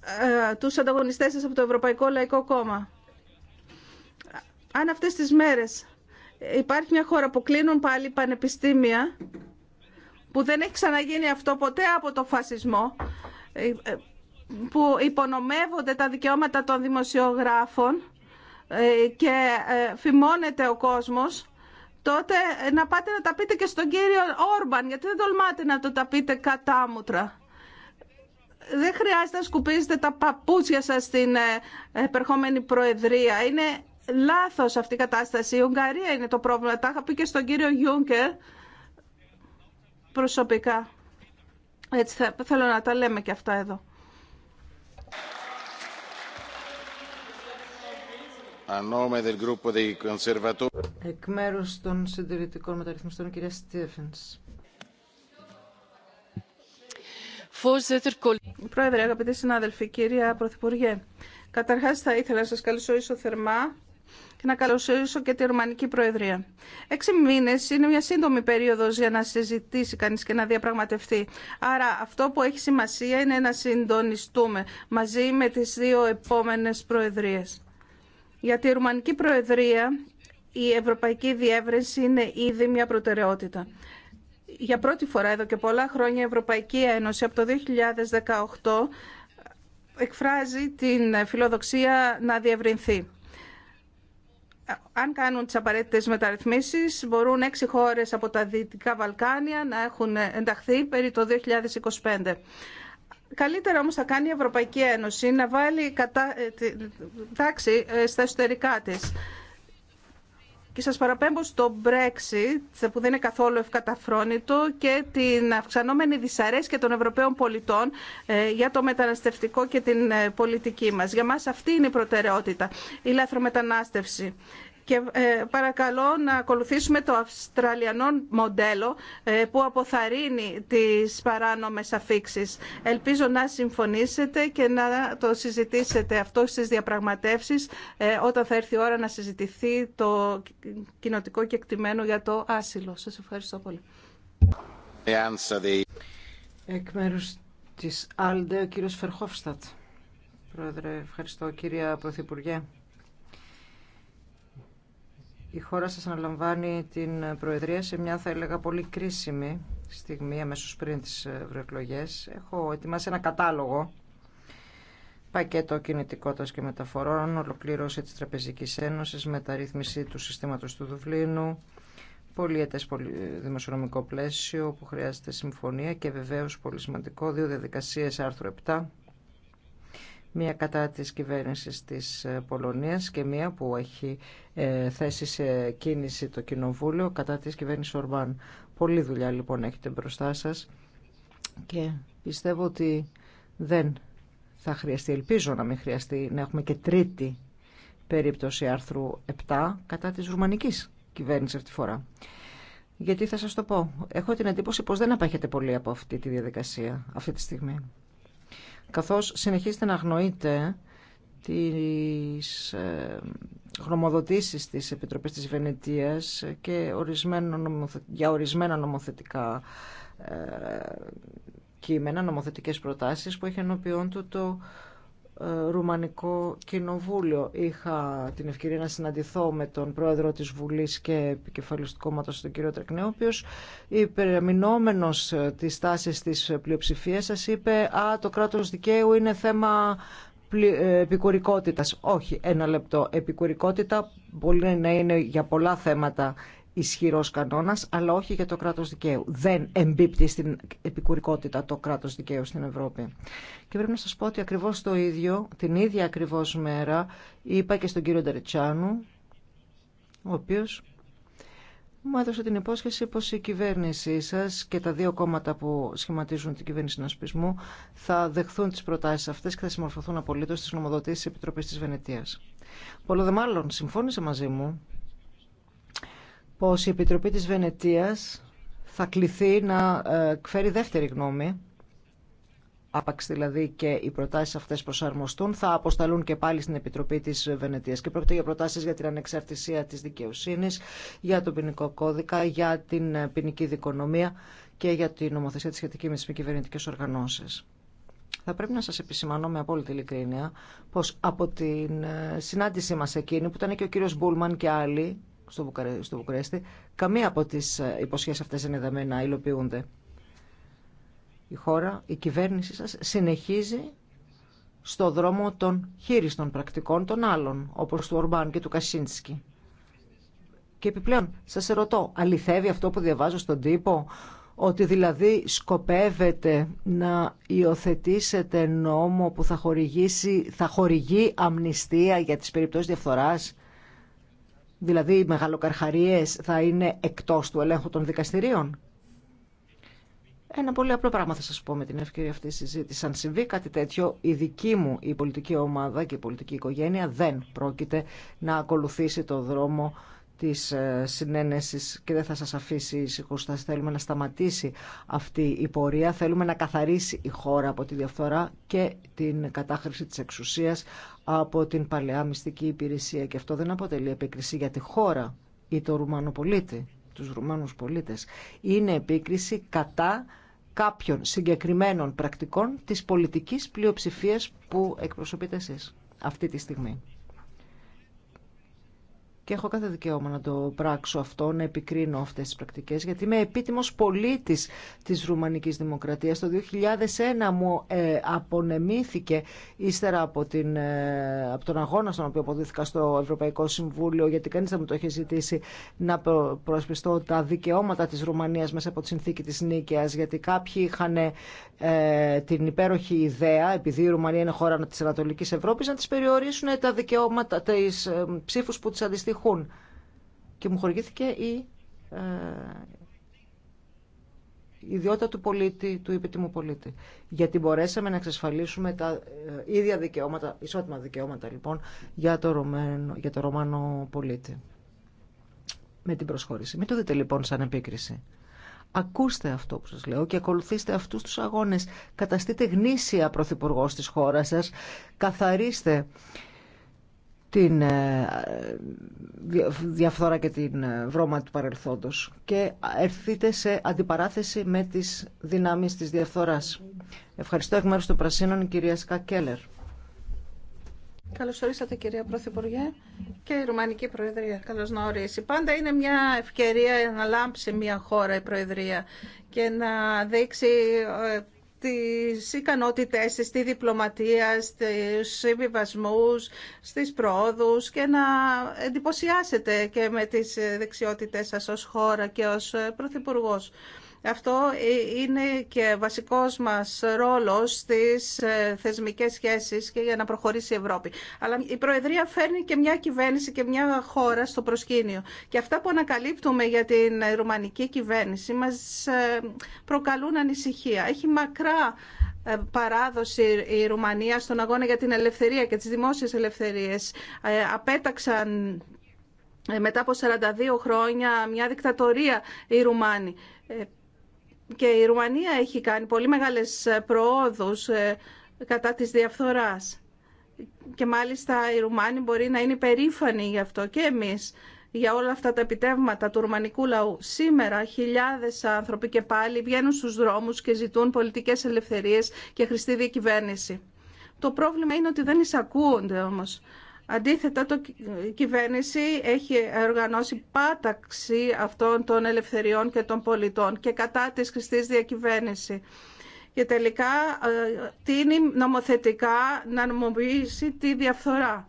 ε, τους ανταγωνιστές σας από το Ευρωπαϊκό Λαϊκό Κόμμα. Αν αυτές τις μέρες υπάρχει μια χώρα που κλείνουν πάλι πανεπιστήμια, που δεν έχει ξαναγίνει αυτό ποτέ από το φασισμό, ε, ε, που υπονομεύονται τα δικαιώματα των δημοσιογράφων και φημώνεται ο κόσμος, τότε να πάτε να τα πείτε και στον κύριο Όρμπαν, γιατί δεν τολμάτε να το τα πείτε κατάμουτρα δεν χρειάζεται να σκουπίζετε τα παπούτσια σας στην ε, επερχόμενη Προεδρία. Είναι λάθος αυτή η κατάσταση. Η Ουγγαρία είναι το πρόβλημα. Τα είχα πει και στον κύριο Γιούγκερ προσωπικά. Έτσι θα, θέλω να τα λέμε και αυτά εδώ. Εκ μέρου των συντηρητικών μεταρρυθμιστών, κυρία Στίφενς. Πρόεδρε, αγαπητοί συνάδελφοι, κυρία Πρωθυπουργέ, καταρχάς θα ήθελα να σας καλωσορίσω θερμά και να καλωσορίσω και τη Ρουμανική Προεδρία. Έξι μήνε είναι μια σύντομη περίοδο για να συζητήσει κανεί και να διαπραγματευτεί. Άρα, αυτό που έχει σημασία είναι να συντονιστούμε μαζί με τι δύο επόμενε Προεδρίε. Για τη Ρουμανική Προεδρία, η ευρωπαϊκή διεύρυνση είναι ήδη μια προτεραιότητα για πρώτη φορά εδώ και πολλά χρόνια η Ευρωπαϊκή Ένωση από το 2018 εκφράζει την φιλοδοξία να διευρυνθεί. Αν κάνουν τις απαραίτητες μεταρρυθμίσεις, μπορούν έξι χώρες από τα Δυτικά Βαλκάνια να έχουν ενταχθεί περί το 2025. Καλύτερα όμως θα κάνει η Ευρωπαϊκή Ένωση να βάλει κατά, ε, τάξη ε, στα εσωτερικά της και σας παραπέμπω στο Brexit, που δεν είναι καθόλου ευκαταφρόνητο, και την αυξανόμενη δυσαρέσκεια των Ευρωπαίων πολιτών ε, για το μεταναστευτικό και την ε, πολιτική μας. Για μας αυτή είναι η προτεραιότητα, η λάθρομετανάστευση και ε, παρακαλώ να ακολουθήσουμε το αυστραλιανό μοντέλο ε, που αποθαρρύνει τις παράνομες αφήξεις. Ελπίζω να συμφωνήσετε και να το συζητήσετε αυτό στις διαπραγματεύσεις ε, όταν θα έρθει η ώρα να συζητηθεί το κοινοτικό κεκτημένο για το άσυλο. Σας ευχαριστώ πολύ. Εκ μέρους της Άλντε, ο κύριος Φερχόφστατ. Πρόεδρε, ευχαριστώ κυρία Πρωθυπουργέ. Η χώρα σας αναλαμβάνει την Προεδρία σε μια θα έλεγα πολύ κρίσιμη στιγμή αμέσω πριν τις ευρωεκλογέ. Έχω ετοιμάσει ένα κατάλογο πακέτο κινητικότητας και μεταφορών, ολοκλήρωση της Τραπεζικής Ένωσης, μεταρρύθμιση του συστήματος του Δουβλίνου, πολιετές δημοσιονομικό πλαίσιο που χρειάζεται συμφωνία και βεβαίως πολύ σημαντικό δύο διαδικασίες άρθρο 7 μία κατά της κυβέρνησης της ε, Πολωνίας και μία που έχει ε, θέσει σε κίνηση το Κοινοβούλιο κατά της κυβέρνησης Ορμπάν. Πολύ δουλειά λοιπόν έχετε μπροστά σας και πιστεύω ότι δεν θα χρειαστεί, ελπίζω να μην χρειαστεί, να έχουμε και τρίτη περίπτωση άρθρου 7 κατά της ρουμανικής κυβέρνησης αυτή τη φορά. Γιατί θα σας το πω, έχω την εντύπωση πως δεν απέχετε πολύ από αυτή τη διαδικασία αυτή τη στιγμή καθώς συνεχίζεται να αγνοείται τις ε, γνωμοδοτήσεις της Επιτροπής της Βενετίας και για ορισμένα νομοθετικά ε, κείμενα, νομοθετικές προτάσεις που έχει ενώπιόν του το Ρουμανικό Κοινοβούλιο. Είχα την ευκαιρία να συναντηθώ με τον πρόεδρο της Βουλής και επικεφαλής του κόμματος, τον κύριο Τρεκνέο, ο οποίος της τάσης της πλειοψηφίας σα είπε «Α, το κράτος δικαίου είναι θέμα ε, επικουρικότητας». Όχι, ένα λεπτό. Επικουρικότητα μπορεί να είναι για πολλά θέματα ισχυρός κανόνας, αλλά όχι για το κράτος δικαίου. Δεν εμπίπτει στην επικουρικότητα το κράτος δικαίου στην Ευρώπη. Και πρέπει να σας πω ότι ακριβώς το ίδιο, την ίδια ακριβώς μέρα, είπα και στον κύριο Ντεριτσάνου, ο οποίος μου έδωσε την υπόσχεση πως η κυβέρνησή σας και τα δύο κόμματα που σχηματίζουν την κυβέρνηση συνασπισμού θα δεχθούν τις προτάσεις αυτές και θα συμμορφωθούν απολύτως στις νομοδοτήσεις της Επιτροπής της Βενετίας. Πολλοδεμάλλον συμφώνησε μαζί μου πως η Επιτροπή της Βενετίας θα κληθεί να ε, εκφέρει δεύτερη γνώμη άπαξ δηλαδή και οι προτάσεις αυτές προσαρμοστούν, θα αποσταλούν και πάλι στην Επιτροπή της Βενετίας Και πρόκειται για προτάσει για την ανεξαρτησία της δικαιοσύνης, για τον ποινικό κώδικα, για την ε, ποινική δικονομία και για την νομοθεσία τη σχετική με τις μη κυβερνητικέ οργανώσει. Θα πρέπει να σας επισημανώ με απόλυτη ειλικρίνεια πως από την ε, συνάντησή μας εκείνη που ήταν και ο κύριος Μπούλμαν και άλλοι στο, Βουκαρέ, στο καμία από τις ε, υποσχέσεις αυτές είναι δεμένα, υλοποιούνται. Η χώρα, η κυβέρνηση σας συνεχίζει στο δρόμο των χείριστων πρακτικών των άλλων, όπως του Ορμπάν και του Κασίνσκι. Και επιπλέον, σας ερωτώ, αληθεύει αυτό που διαβάζω στον τύπο, ότι δηλαδή σκοπεύετε να υιοθετήσετε νόμο που θα, χορηγήσει, θα χορηγεί αμνηστία για τις περιπτώσεις διαφθοράς δηλαδή οι μεγαλοκαρχαριές θα είναι εκτός του ελέγχου των δικαστηρίων. Ένα πολύ απλό πράγμα θα σας πω με την ευκαιρία αυτή τη συζήτηση. Αν συμβεί κάτι τέτοιο, η δική μου η πολιτική ομάδα και η πολιτική οικογένεια δεν πρόκειται να ακολουθήσει το δρόμο της ε, συνένεσης και δεν θα σας αφήσει ήσυχος. Θα θέλουμε να σταματήσει αυτή η πορεία. Θέλουμε να καθαρίσει η χώρα από τη διαφθορά και την κατάχρηση της εξουσίας από την παλαιά μυστική υπηρεσία. Και αυτό δεν αποτελεί επίκριση για τη χώρα ή το Ρουμανοπολίτη, τους Ρουμάνους πολίτες. Είναι επίκριση κατά κάποιων συγκεκριμένων πρακτικών της πολιτικής πλειοψηφίας που εκπροσωπείτε εσείς αυτή τη στιγμή και έχω κάθε δικαίωμα να το πράξω αυτό, να επικρίνω αυτές τις πρακτικές, γιατί είμαι επίτιμος πολίτης της Ρουμανικής Δημοκρατίας. Το 2001 μου ε, απονεμήθηκε, ύστερα από, την, ε, από τον αγώνα στον οποίο αποδίθηκα στο Ευρωπαϊκό Συμβούλιο, γιατί κανείς δεν μου το είχε ζητήσει να προσπιστώ τα δικαιώματα της Ρουμανίας μέσα από τη συνθήκη της Νίκαιας, γιατί κάποιοι είχαν ε, την υπέροχη ιδέα, επειδή η Ρουμανία είναι χώρα της Ανατολική Ευρώπης, να τις περιορίσουν τα δικαιώματα, τα ε, ψήφους που τις αντιστοιχούν. Και μου χορηγήθηκε η ε, ιδιότητα του πολίτη, του επιτιμού πολίτη. Γιατί μπορέσαμε να εξασφαλίσουμε τα ε, ίδια δικαιώματα, ισότιμα δικαιώματα λοιπόν, για το, Ρωμένο, για το Ρωμανό πολίτη. Με την προσχώρηση. Μην το δείτε λοιπόν σαν επίκριση. Ακούστε αυτό που σας λέω και ακολουθήστε αυτούς τους αγώνες. Καταστείτε γνήσια πρωθυπουργό της χώρας σας. Καθαρίστε την ε, διαφθορά και την ε, βρώμα του παρελθόντος και έρθείτε σε αντιπαράθεση με τις δυνάμεις της διαφθοράς. Ευχαριστώ εκ μέρους των Πρασίνων, κυρία Σκά Καλώς ορίσατε κυρία Πρωθυπουργέ και η Ρουμανική Προεδρία. Καλώς να ορίσει. Πάντα είναι μια ευκαιρία να λάμψει μια χώρα η Προεδρία και να δείξει ε, τις ικανότητές τη στη διπλωματία, στους συμβιβασμού στις προόδου και να εντυπωσιάσετε και με τις δεξιότητές σα ως χώρα και ως ε, Πρωθυπουργό. Αυτό ε, είναι και βασικός μας ρόλος στις ε, θεσμικές σχέσεις και για να προχωρήσει η Ευρώπη. Αλλά η Προεδρία φέρνει και μια κυβέρνηση και μια χώρα στο προσκήνιο. Και αυτά που ανακαλύπτουμε για την ρουμανική κυβέρνηση μας ε, προκαλούν ανησυχία. Έχει μακρά παράδοση η Ρουμανία στον αγώνα για την ελευθερία και τις δημόσιες ελευθερίες. Απέταξαν μετά από 42 χρόνια μια δικτατορία οι Ρουμάνοι και η Ρουμανία έχει κάνει πολύ μεγάλες προόδους ε, κατά της διαφθοράς. Και μάλιστα οι Ρουμάνοι μπορεί να είναι περήφανοι γι' αυτό και εμείς για όλα αυτά τα επιτεύγματα του ρουμανικού λαού. Σήμερα χιλιάδες άνθρωποι και πάλι βγαίνουν στους δρόμους και ζητούν πολιτικές ελευθερίες και χρηστή διακυβέρνηση. Το πρόβλημα είναι ότι δεν εισακούονται όμως. Αντίθετα, το η κυβέρνηση έχει οργανώσει πάταξη αυτών των ελευθεριών και των πολιτών και κατά της χρηστής διακυβέρνηση. Και τελικά ε, τίνει νομοθετικά να νομοποιήσει τη διαφθορά.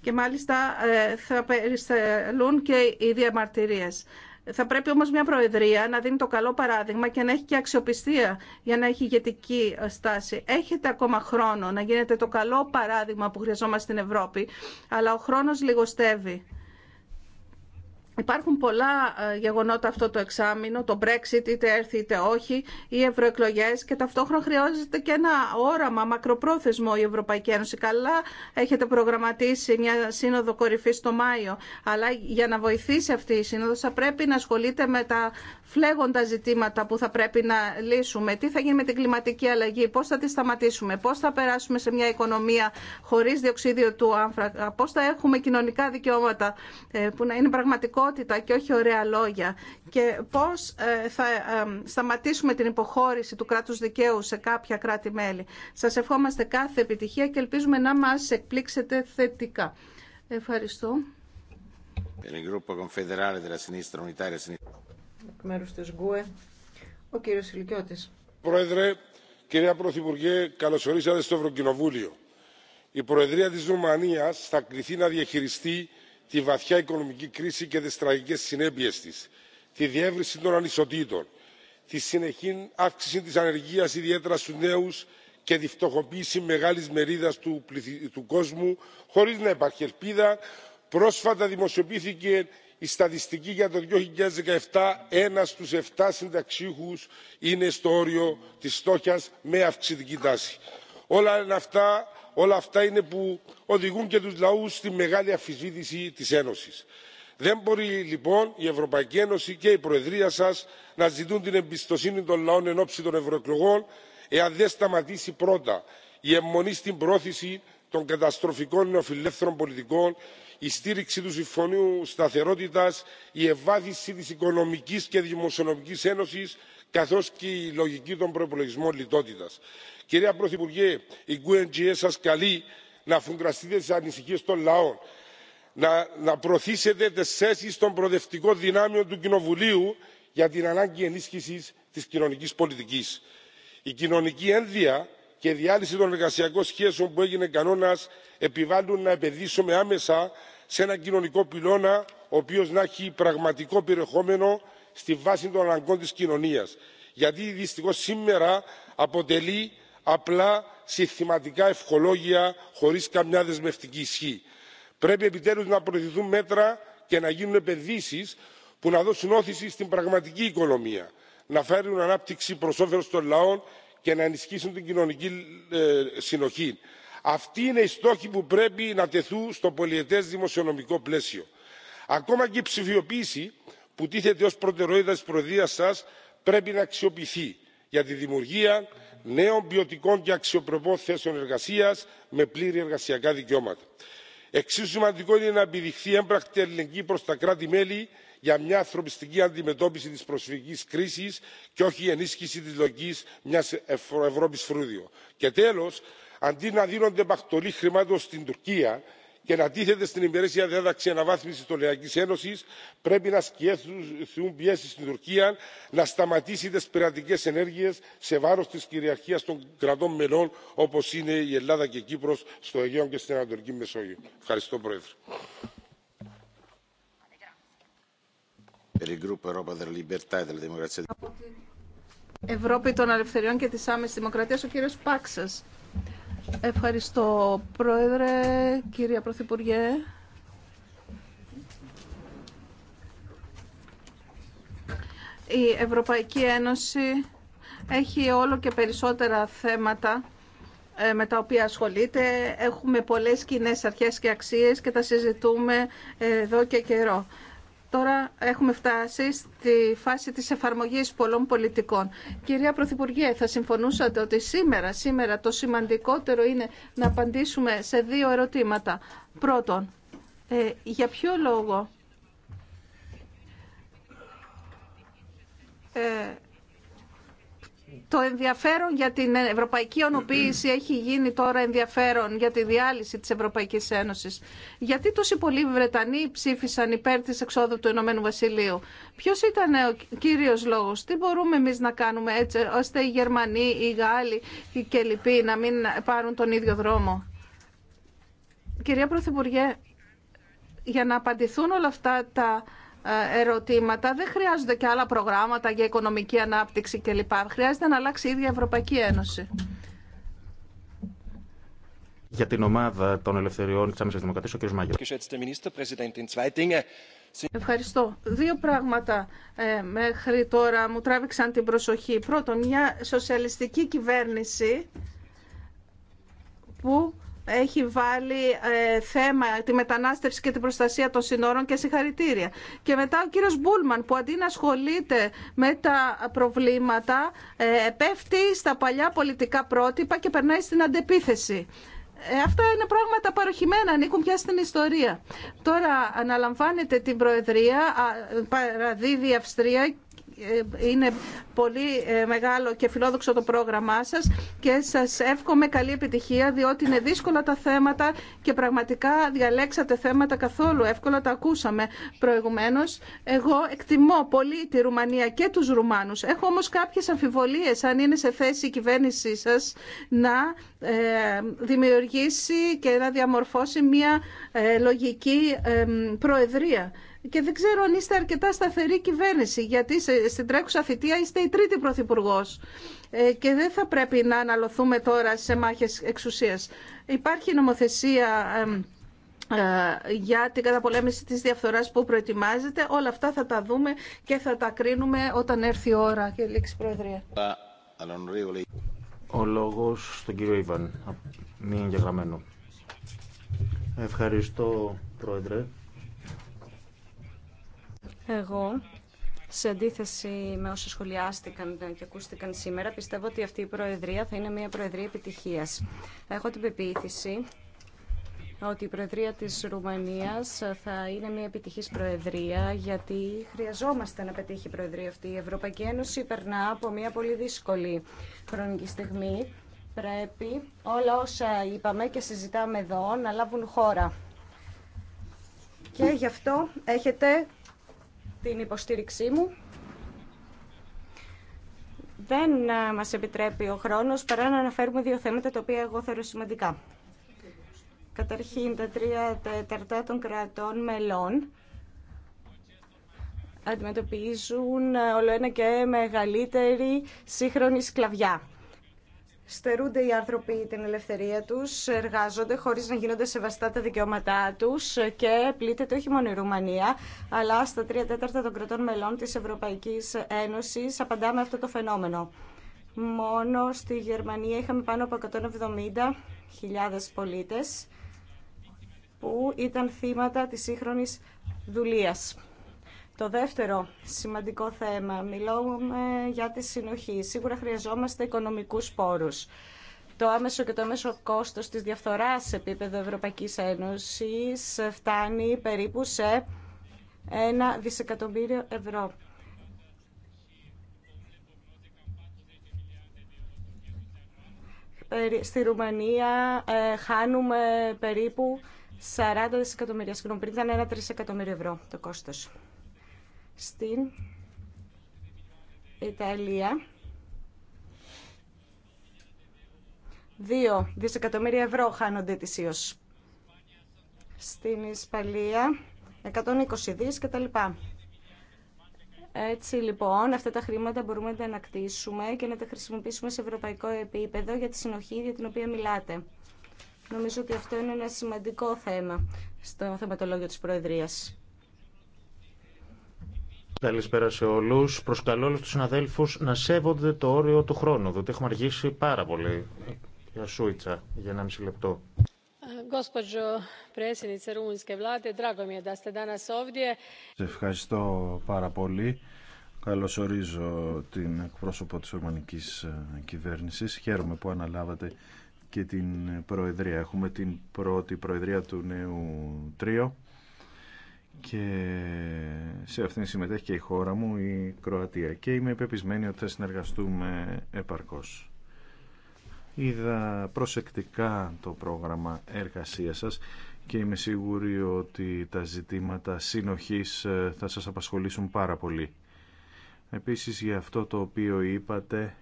Και μάλιστα ε, θα περιστελούν και οι διαμαρτυρίες. Θα πρέπει όμως μια προεδρία να δίνει το καλό παράδειγμα και να έχει και αξιοπιστία για να έχει ηγετική στάση. Έχετε ακόμα χρόνο να γίνετε το καλό παράδειγμα που χρειαζόμαστε στην Ευρώπη, αλλά ο χρόνος λιγοστεύει. Υπάρχουν πολλά ε, γεγονότα αυτό το εξάμεινο, το Brexit είτε έρθει είτε όχι, οι ευρωεκλογέ και ταυτόχρονα χρειάζεται και ένα όραμα μακροπρόθεσμο η Ευρωπαϊκή Ένωση. Καλά έχετε προγραμματίσει μια σύνοδο κορυφή το Μάιο, αλλά για να βοηθήσει αυτή η σύνοδο θα πρέπει να ασχολείται με τα φλέγοντα ζητήματα που θα πρέπει να λύσουμε. Τι θα γίνει με την κλιματική αλλαγή, πώ θα τη σταματήσουμε, πώ θα περάσουμε σε μια οικονομία χωρί διοξίδιο του άνθρακα, πώ θα έχουμε κοινωνικά δικαιώματα ε, που να είναι πραγματικό πραγματικότητα και όχι ωραία λόγια και πώς ε, θα ε, ε, σταματήσουμε την υποχώρηση του κράτους δικαίου σε κάποια κράτη-μέλη. Σας ευχόμαστε κάθε επιτυχία και ελπίζουμε να μας εκπλήξετε θετικά. Ευχαριστώ. Μέρους της ΓΚΟΕ, ο κύριος Πρόεδρε, κυρία Πρωθυπουργέ, καλωσορίσατε στο Ευρωκοινοβούλιο. Η Προεδρία της Ρουμανίας θα κληθεί να διαχειριστεί τη βαθιά οικονομική κρίση και τις τραγικές συνέπειες της τη διεύρυνση των ανισοτήτων τη συνεχή αύξηση της ανεργίας ιδιαίτερα στους νέους και τη φτωχοποίηση μεγάλης μερίδας του κόσμου χωρίς να υπάρχει ελπίδα πρόσφατα δημοσιοποιήθηκε η στατιστική για το 2017 ένας στους 7 συνταξιούχους είναι στο όριο της φτώχειας με αυξητική τάση. όλα αυτά όλα αυτά είναι που οδηγούν και τους λαούς στη μεγάλη αφισβήτηση της ένωσης. δεν μπορεί λοιπόν η ευρωπαϊκή ένωση και η προεδρία σας να ζητούν την εμπιστοσύνη των λαών εν ώψη των ευρωεκλογών εάν δεν σταματήσει πρώτα η αιμονή στην πρόθεση των καταστροφικών νεοφιλελεύθερων πολιτικών η στήριξη του συμφωνίου σταθερότητας η ευάθυνση της οικονομικής και δημοσιονομικής ένωσης καθώς και η λογική των προπολογισμών λιτότητας κυρία πρωθυπουργέ η gue σα σας καλεί να αφουγκραστείτε τι ανησυχίε των λαών να προωθήσετε τι θέσει των προοδευτικών δυνάμεων του κοινοβουλίου για την ανάγκη ενίσχυση τη κοινωνική πολιτική. η κοινωνική ένδυα και η διάλυση των εργασιακών σχέσεων που έγινε κανόνα, επιβάλλουν να επενδύσουμε άμεσα σε ένα κοινωνικό πυλώνα ο οποίο να έχει πραγματικό περιεχόμενο στη βάση των αναγκών τη κοινωνία. γιατί δυστυχώ σήμερα αποτελεί απλά συστηματικά ευχολόγια χωρίς καμιά δεσμευτική ισχύ. πρέπει επιτέλους να προηγηθούν μέτρα και να γίνουν επενδύσεις που να δώσουν όθηση στην πραγματική οικονομία να φέρουν ανάπτυξη προς όφελος των λαών και να ενισχύσουν την κοινωνική ε, συνοχή. αυτοί είναι οι στόχοι που πρέπει να τεθούν στο πολιετές δημοσιονομικό πλαίσιο. ακόμα και η ψηφιοποίηση που τίθεται ως προτεραιότητα της προεδρίας σας πρέπει να αξιοποιηθεί για τη δημιουργία νέων ποιοτικών και αξιοπρεπών θέσεων εργασία με πλήρη εργασιακά δικαιώματα. εξίσου σημαντικό είναι να επιδειχθεί έμπρακτη αλληλεγγύη προ τα κράτη μέλη για μια ανθρωπιστική αντιμετώπιση τη προσφυγική κρίση και όχι ενίσχυση τη λογική μια ευρώπη φρούριο. και τέλο αντί να δίνονται πακτολοί χρημάτων στην τουρκία και να τίθεται στην ημερήσια διάταξη αναβάθμιση των τολωνιακή ένωση πρέπει να ασκηθούν πιέσει στην τουρκία να σταματήσει τι πειρατικέ ενέργειε σε βάρο τη κυριαρχία των κρατών μελών όπω είναι η ελλάδα και η κύπρο στο αιγαίο και στην ανατολική μεσόγειο. ευχαριστώ πρόεδρε. E Ευρώπη των Ελευθεριών και της Άμεσης Δημοκρατίας, ο κύριος Πάξας. Ευχαριστώ, Πρόεδρε, κυρία Πρωθυπουργέ. Η Ευρωπαϊκή Ένωση έχει όλο και περισσότερα θέματα ε, με τα οποία ασχολείται. Έχουμε πολλές κοινέ αρχές και αξίες και τα συζητούμε ε, εδώ και καιρό. Τώρα έχουμε φτάσει στη φάση της εφαρμογής πολλών πολιτικών. Κυρία Πρωθυπουργέ, θα συμφωνούσατε ότι σήμερα, σήμερα το σημαντικότερο είναι να απαντήσουμε σε δύο ερωτήματα. Πρώτον, ε, για ποιο λόγο ε, το ενδιαφέρον για την ευρωπαϊκή ονοποίηση έχει γίνει τώρα ενδιαφέρον για τη διάλυση της Ευρωπαϊκής Ένωσης. Γιατί τόσοι πολλοί Βρετανοί ψήφισαν υπέρ της εξόδου του Ηνωμένου Βασιλείου. Ποιος ήταν ο κύριος λόγος. Τι μπορούμε εμείς να κάνουμε έτσι ώστε οι Γερμανοί, οι Γάλλοι και λοιποί να μην πάρουν τον ίδιο δρόμο. Κυρία Πρωθυπουργέ, για να απαντηθούν όλα αυτά τα ε, ερωτήματα. Δεν χρειάζονται και άλλα προγράμματα για οικονομική ανάπτυξη κλπ. Χρειάζεται να αλλάξει η ίδια Ευρωπαϊκή Ένωση. Για την ομάδα των ελευθεριών της Άμεσης Δημοκρατίας, ο κ. Ευχαριστώ. Δύο πράγματα ε, μέχρι τώρα μου τράβηξαν την προσοχή. Πρώτον, μια σοσιαλιστική κυβέρνηση που έχει βάλει ε, θέμα τη μετανάστευση και την προστασία των συνόρων και συγχαρητήρια. Και μετά ο κύριος Μπούλμαν που αντί να ασχολείται με τα προβλήματα ε, πέφτει στα παλιά πολιτικά πρότυπα και περνάει στην αντεπίθεση. Ε, αυτά είναι πράγματα παροχημένα, ανήκουν πια στην ιστορία. Τώρα αναλαμβάνεται την Προεδρία, παραδίδει η Αυστρία είναι πολύ ε, μεγάλο και φιλόδοξο το πρόγραμμά σας και σας εύχομαι καλή επιτυχία διότι είναι δύσκολα τα θέματα και πραγματικά διαλέξατε θέματα καθόλου εύκολα, τα ακούσαμε προηγουμένως. Εγώ εκτιμώ πολύ τη Ρουμανία και τους Ρουμάνους. Έχω όμως κάποιες αμφιβολίες αν είναι σε θέση η κυβέρνησή σας να ε, δημιουργήσει και να διαμορφώσει μια ε, λογική προεδρία και δεν ξέρω αν είστε αρκετά σταθερή κυβέρνηση, γιατί στην τρέχουσα θητεία είστε η τρίτη πρωθυπουργό. Ε, και δεν θα πρέπει να αναλωθούμε τώρα σε μάχες εξουσίας. Υπάρχει νομοθεσία ε, για την καταπολέμηση της διαφθοράς που προετοιμάζεται. Όλα αυτά θα τα δούμε και θα τα κρίνουμε όταν έρθει η ώρα. Και λήξη Προεδρία. Ο λόγος στον κύριο Ιβαν, μη εγγεγραμμένο. Ευχαριστώ, Πρόεδρε. Εγώ, σε αντίθεση με όσα σχολιάστηκαν και ακούστηκαν σήμερα, πιστεύω ότι αυτή η Προεδρία θα είναι μια Προεδρία επιτυχίας. Έχω την πεποίθηση ότι η Προεδρία της Ρουμανίας θα είναι μια επιτυχής Προεδρία, γιατί χρειαζόμαστε να πετύχει η Προεδρία αυτή. Η Ευρωπαϊκή Ένωση περνά από μια πολύ δύσκολη χρονική στιγμή. Πρέπει όλα όσα είπαμε και συζητάμε εδώ να λάβουν χώρα. Και γι' αυτό έχετε την υποστήριξή μου. Δεν ε, μας επιτρέπει ο χρόνος παρά να αναφέρουμε δύο θέματα τα οποία εγώ θεωρώ σημαντικά. Καταρχήν, τα τρία τέταρτα των κρατών μελών αντιμετωπίζουν ε, όλο ένα και μεγαλύτερη σύγχρονη σκλαβιά στερούνται οι άνθρωποι την ελευθερία τους, εργάζονται χωρίς να γίνονται σεβαστά τα δικαιώματά τους και πλήττεται όχι μόνο η Ρουμανία, αλλά στα τρία τέταρτα των κρατών μελών της Ευρωπαϊκής Ένωσης απαντάμε αυτό το φαινόμενο. Μόνο στη Γερμανία είχαμε πάνω από 170.000 πολίτες που ήταν θύματα της σύγχρονης δουλείας. Το δεύτερο σημαντικό θέμα, μιλάμε για τη συνοχή. Σίγουρα χρειαζόμαστε οικονομικούς πόρους. Το άμεσο και το μέσο κόστος της διαφθοράς σε επίπεδο Ευρωπαϊκής Ένωσης φτάνει περίπου σε ένα δισεκατομμύριο ευρώ. Στη Ρουμανία ε, χάνουμε περίπου 40 δισεκατομμύρια. Συγγνώμη, πριν ήταν ένα τρισεκατομμύριο ευρώ το κόστος στην Ιταλία 2 δισεκατομμύρια ευρώ χάνονται ΙΟΣ. Στην Ισπανία 120 δις κτλ. Έτσι λοιπόν, αυτά τα χρήματα μπορούμε να τα ανακτήσουμε και να τα χρησιμοποιήσουμε σε ευρωπαϊκό επίπεδο για τη συνοχή για την οποία μιλάτε. Νομίζω ότι αυτό είναι ένα σημαντικό θέμα στο θεματολόγιο της Προεδρίας. Καλησπέρα σε όλου. Προσκαλώ όλου του συναδέλφου να σέβονται το όριο του χρόνου, διότι έχουμε αργήσει πάρα πολύ. Για Σούιτσα, για ένα μισή λεπτό. ευχαριστώ πάρα πολύ. Καλωσορίζω την εκπρόσωπο της Ορμανικής ε, Κυβέρνησης. Χαίρομαι που αναλάβατε και την Προεδρία. Έχουμε την πρώτη Προεδρία του νέου τρίου και σε αυτήν συμμετέχει και η χώρα μου, η Κροατία και είμαι πεπισμένη ότι θα συνεργαστούμε επαρκώς. Είδα προσεκτικά το πρόγραμμα εργασίας σας και είμαι σίγουρη ότι τα ζητήματα συνοχής ε, θα σας απασχολήσουν πάρα πολύ. Επίσης για αυτό το οποίο είπατε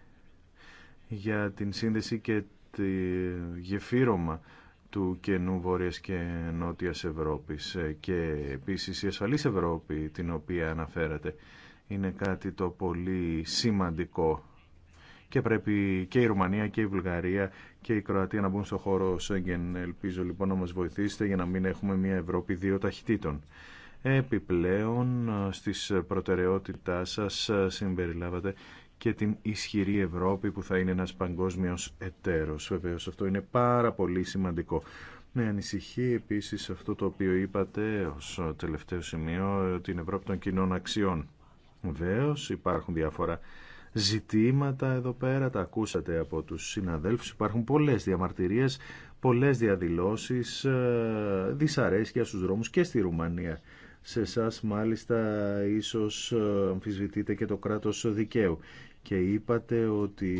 για την σύνδεση και τη γεφύρωμα του καινού Βόρειας και Νότιας Ευρώπης ε, και επίσης η ασφαλή Ευρώπη την οποία αναφέρατε είναι κάτι το πολύ σημαντικό και πρέπει και η Ρουμανία και η Βουλγαρία και η Κροατία να μπουν στο χώρο Σέγγεν. Ελπίζω λοιπόν να μα βοηθήσετε για να μην έχουμε μια Ευρώπη δύο ταχυτήτων. Επιπλέον στις προτεραιότητά σας ε, συμπεριλάβατε και την ισχυρή Ευρώπη που θα είναι ένας παγκόσμιος εταίρος. Βεβαίως αυτό είναι πάρα πολύ σημαντικό. Με ανησυχεί επίσης αυτό το οποίο είπατε ως τελευταίο σημείο την Ευρώπη των κοινών αξιών. Βεβαίω υπάρχουν διάφορα ζητήματα εδώ πέρα, τα ακούσατε από τους συναδέλφους, υπάρχουν πολλές διαμαρτυρίες, πολλές διαδηλώσεις, ε, δυσαρέσκεια στους δρόμους και στη Ρουμανία. Σε εσά μάλιστα ίσως ε, αμφισβητείτε και το κράτος δικαίου. Και είπατε ότι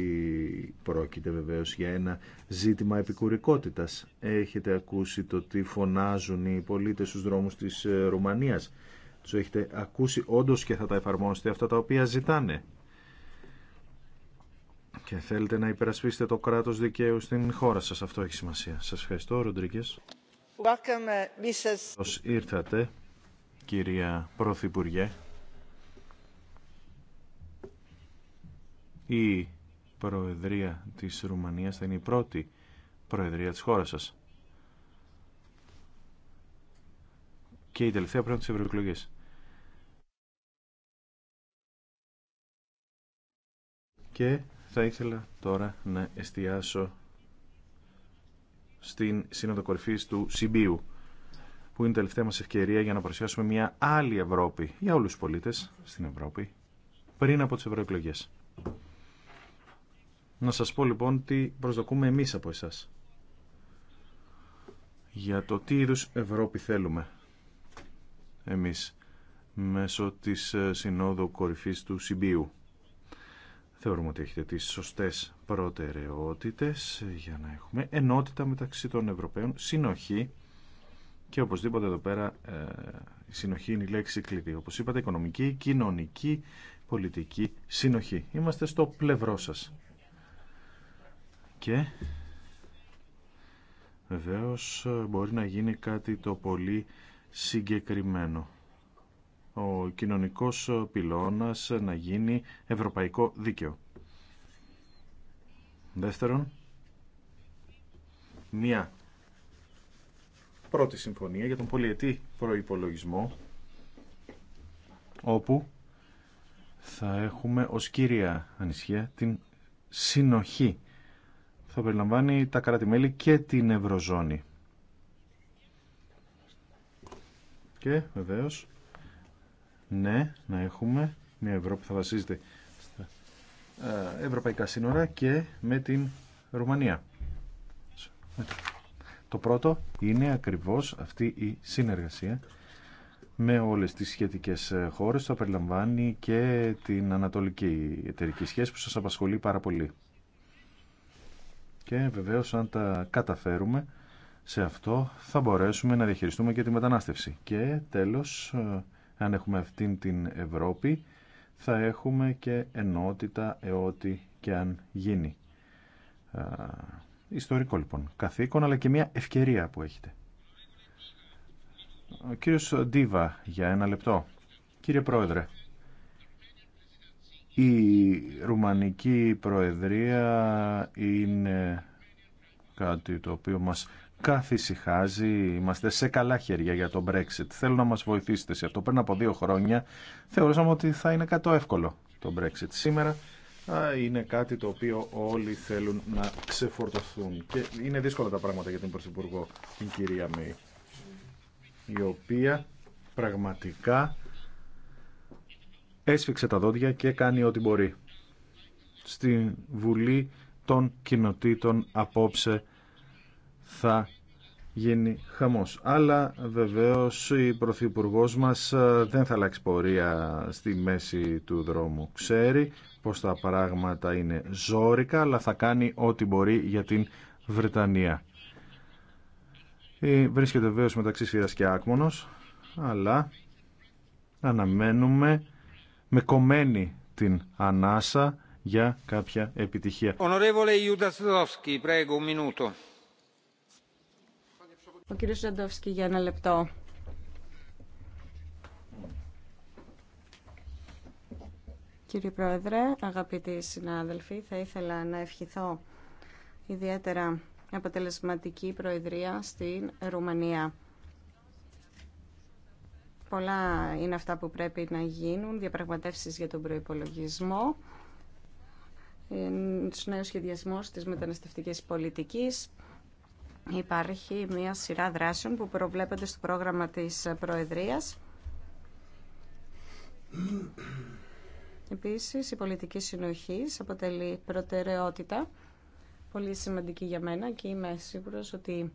πρόκειται βεβαίως για ένα ζήτημα επικουρικότητας. Έχετε ακούσει το τι φωνάζουν οι πολίτες στους δρόμους της ε, Ρουμανίας. Τους έχετε ακούσει όντως και θα τα εφαρμόσετε αυτά τα οποία ζητάνε. Και θέλετε να υπερασπίσετε το κράτος δικαίου στην χώρα σας. Αυτό έχει σημασία. Σας ευχαριστώ, Ροντρίκες. Welcome, ε, ήρθατε κυρία Πρωθυπουργέ. Η Προεδρία της Ρουμανίας θα είναι η πρώτη Προεδρία της χώρας σας. Και η τελευταία πριν από Και θα ήθελα τώρα να εστιάσω στην Σύνοδο Κορυφής του Σιμπίου που είναι η τελευταία μας ευκαιρία για να παρουσιάσουμε μια άλλη Ευρώπη για όλους τους πολίτες στην Ευρώπη πριν από τις ευρωεκλογέ. Να σας πω λοιπόν τι προσδοκούμε εμείς από εσάς για το τι είδους Ευρώπη θέλουμε εμείς μέσω της ε, Συνόδου Κορυφής του Συμπίου. Θεωρούμε ότι έχετε τις σωστές προτεραιότητες για να έχουμε ενότητα μεταξύ των Ευρωπαίων, συνοχή και οπωσδήποτε εδώ πέρα ε, η συνοχή είναι η λέξη κλειδί. Όπως είπατε, οικονομική, κοινωνική, πολιτική συνοχή. Είμαστε στο πλευρό σας. Και βεβαίω μπορεί να γίνει κάτι το πολύ συγκεκριμένο. Ο κοινωνικός πυλώνας να γίνει ευρωπαϊκό δίκαιο. Δεύτερον, μία πρώτη συμφωνία για τον πολιετή προϋπολογισμό όπου θα έχουμε ως κύρια ανησυχία την συνοχή. Θα περιλαμβάνει τα κρατη και την Ευρωζώνη. Και βεβαίως, ναι, να έχουμε μια Ευρώπη που θα βασίζεται στα ε, ευρωπαϊκά σύνορα και με την Ρουμανία. Το πρώτο είναι ακριβώς αυτή η συνεργασία με όλες τις σχετικές ε, χώρες. Το περιλαμβάνει και την ανατολική εταιρική σχέση που σας απασχολεί πάρα πολύ. Και βεβαίως αν τα καταφέρουμε σε αυτό θα μπορέσουμε να διαχειριστούμε και τη μετανάστευση. Και τέλος, ε, αν έχουμε αυτήν την Ευρώπη, θα έχουμε και ενότητα εότι και αν γίνει ιστορικό λοιπόν καθήκον, αλλά και μια ευκαιρία που έχετε. Ο κύριος Ντίβα, για ένα λεπτό. Κύριε Πρόεδρε, η Ρουμανική Προεδρία είναι κάτι το οποίο μας καθησυχάζει, είμαστε σε καλά χέρια για το Brexit. Θέλω να μας βοηθήσετε σε αυτό. Πριν από δύο χρόνια θεωρούσαμε ότι θα είναι κάτι εύκολο το Brexit. Σήμερα είναι κάτι το οποίο όλοι θέλουν να ξεφορτωθούν. Και είναι δύσκολα τα πράγματα για την Πρωθυπουργό, την κυρία Μέη, η οποία πραγματικά έσφιξε τα δόντια και κάνει ό,τι μπορεί. Στη Βουλή των Κοινοτήτων απόψε θα γίνει χαμός. Αλλά βεβαίως η Πρωθυπουργό μας ε, δεν θα αλλάξει πορεία στη μέση του δρόμου. Ξέρει πως τα πράγματα είναι ζόρικα, αλλά θα κάνει ό,τι μπορεί για την Βρετανία. Βρίσκεται βεβαίω μεταξύ σφυρας και άκμονος, αλλά αναμένουμε με κομμένη την ανάσα για κάποια επιτυχία. Ο κύριος Ζαντόφσκι για ένα λεπτό. Κύριε Πρόεδρε, αγαπητοί συνάδελφοι, θα ήθελα να ευχηθώ ιδιαίτερα αποτελεσματική προεδρία στην Ρουμανία. Πολλά είναι αυτά που πρέπει να γίνουν, διαπραγματεύσεις για τον προϋπολογισμό, τους ε, νέους σχεδιασμούς της μεταναστευτικής πολιτικής, Υπάρχει μια σειρά δράσεων που προβλέπονται στο πρόγραμμα της Προεδρίας. Επίσης, η πολιτική συνοχή αποτελεί προτεραιότητα, πολύ σημαντική για μένα και είμαι σίγουρος ότι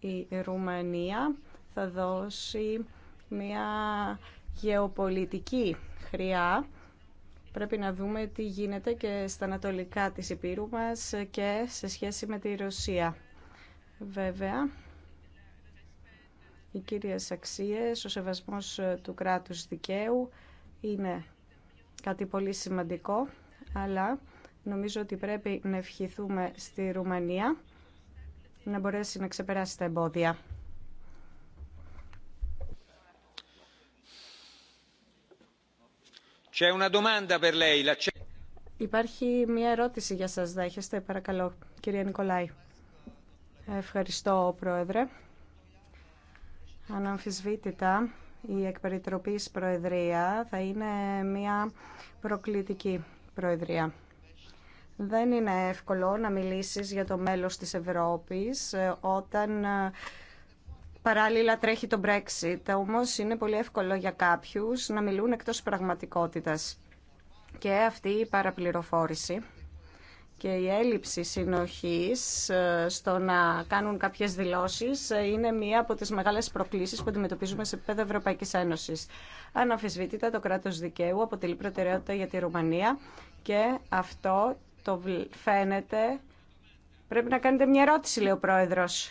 η Ρουμανία θα δώσει μια γεωπολιτική χρειά. Πρέπει να δούμε τι γίνεται και στα ανατολικά της Επίρου μας και σε σχέση με τη Ρωσία. Βέβαια, οι κύριες αξίες, ο σεβασμός ε, του κράτους δικαίου είναι κάτι πολύ σημαντικό, αλλά νομίζω ότι πρέπει να ευχηθούμε στη Ρουμανία να μπορέσει να ξεπεράσει τα εμπόδια. Υπάρχει μια ερώτηση για σας, δέχεστε, παρακαλώ, κυρία Νικολάη. Ευχαριστώ, Πρόεδρε. Αναμφισβήτητα, η εκπεριτροπής Προεδρία θα είναι μια προκλητική Προεδρία. Δεν είναι εύκολο να μιλήσεις για το μέλος της Ευρώπης ε, όταν ε, παράλληλα τρέχει το Brexit. Όμως είναι πολύ εύκολο για κάποιους να μιλούν εκτός πραγματικότητας. Και αυτή η παραπληροφόρηση και η έλλειψη συνοχής ε, στο να κάνουν κάποιες δηλώσεις ε, είναι μία από τις μεγάλες προκλήσεις που αντιμετωπίζουμε σε επίπεδο Ευρωπαϊκής Ένωσης. Αναφισβήτητα το κράτος δικαίου αποτελεί προτεραιότητα για τη Ρουμανία και αυτό το φαίνεται... Πρέπει να κάνετε μια ερώτηση, λέει ο Πρόεδρος.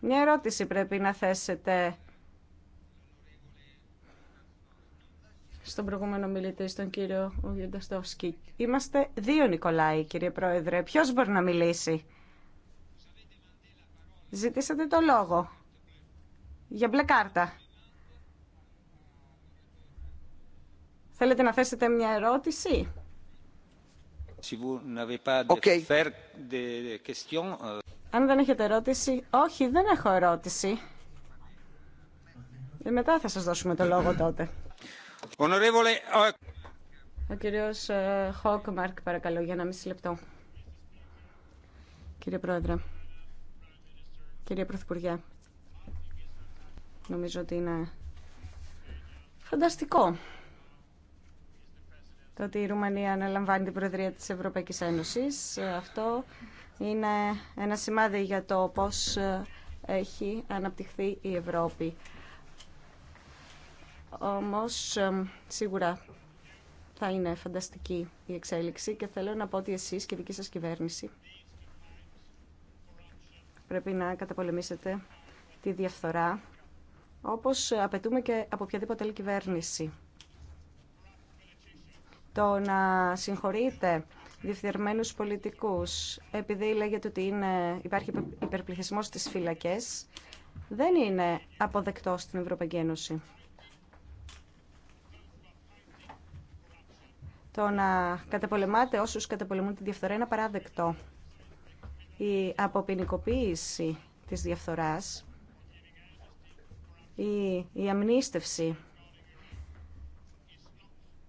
Μια ερώτηση πρέπει να θέσετε στον προηγούμενο μιλητή, στον κύριο Βιονταστόφσκι. Είμαστε δύο νικολάοι, κύριε Πρόεδρε. Ποιο μπορεί να μιλήσει. Ζητήσατε το λόγο. Για μπλε κάρτα. Θέλετε να θέσετε μια ερώτηση. Okay. Euh, Αν δεν έχετε ερώτηση, όχι, δεν έχω ερώτηση. Και ε, μετά θα σας δώσουμε το λόγο τότε. Ε, Ο κύριος ε, Χόκμαρκ, παρακαλώ, για ένα μισή λεπτό. Κύριε Πρόεδρε, κύριε Πρωθυπουργέ, νομίζω ότι είναι φανταστικό το ότι η Ρουμανία αναλαμβάνει την Προεδρία της Ευρωπαϊκής Ένωσης. Αυτό είναι ένα σημάδι για το πώς ε, έχει αναπτυχθεί η Ευρώπη όμως σίγουρα θα είναι φανταστική η εξέλιξη και θέλω να πω ότι εσείς και η δική σας κυβέρνηση πρέπει να καταπολεμήσετε τη διαφθορά όπως απαιτούμε και από οποιαδήποτε άλλη κυβέρνηση. Το να συγχωρείτε διεφθερμένους πολιτικούς επειδή λέγεται ότι είναι, υπάρχει υπερπληθυσμός στις φυλακές δεν είναι αποδεκτό στην Ευρωπαϊκή Ένωση. Το να καταπολεμάτε όσους καταπολεμούν τη διαφθορά είναι απαράδεκτο. Η αποποινικοποίηση της διαφθορά. η, η αμνίστευση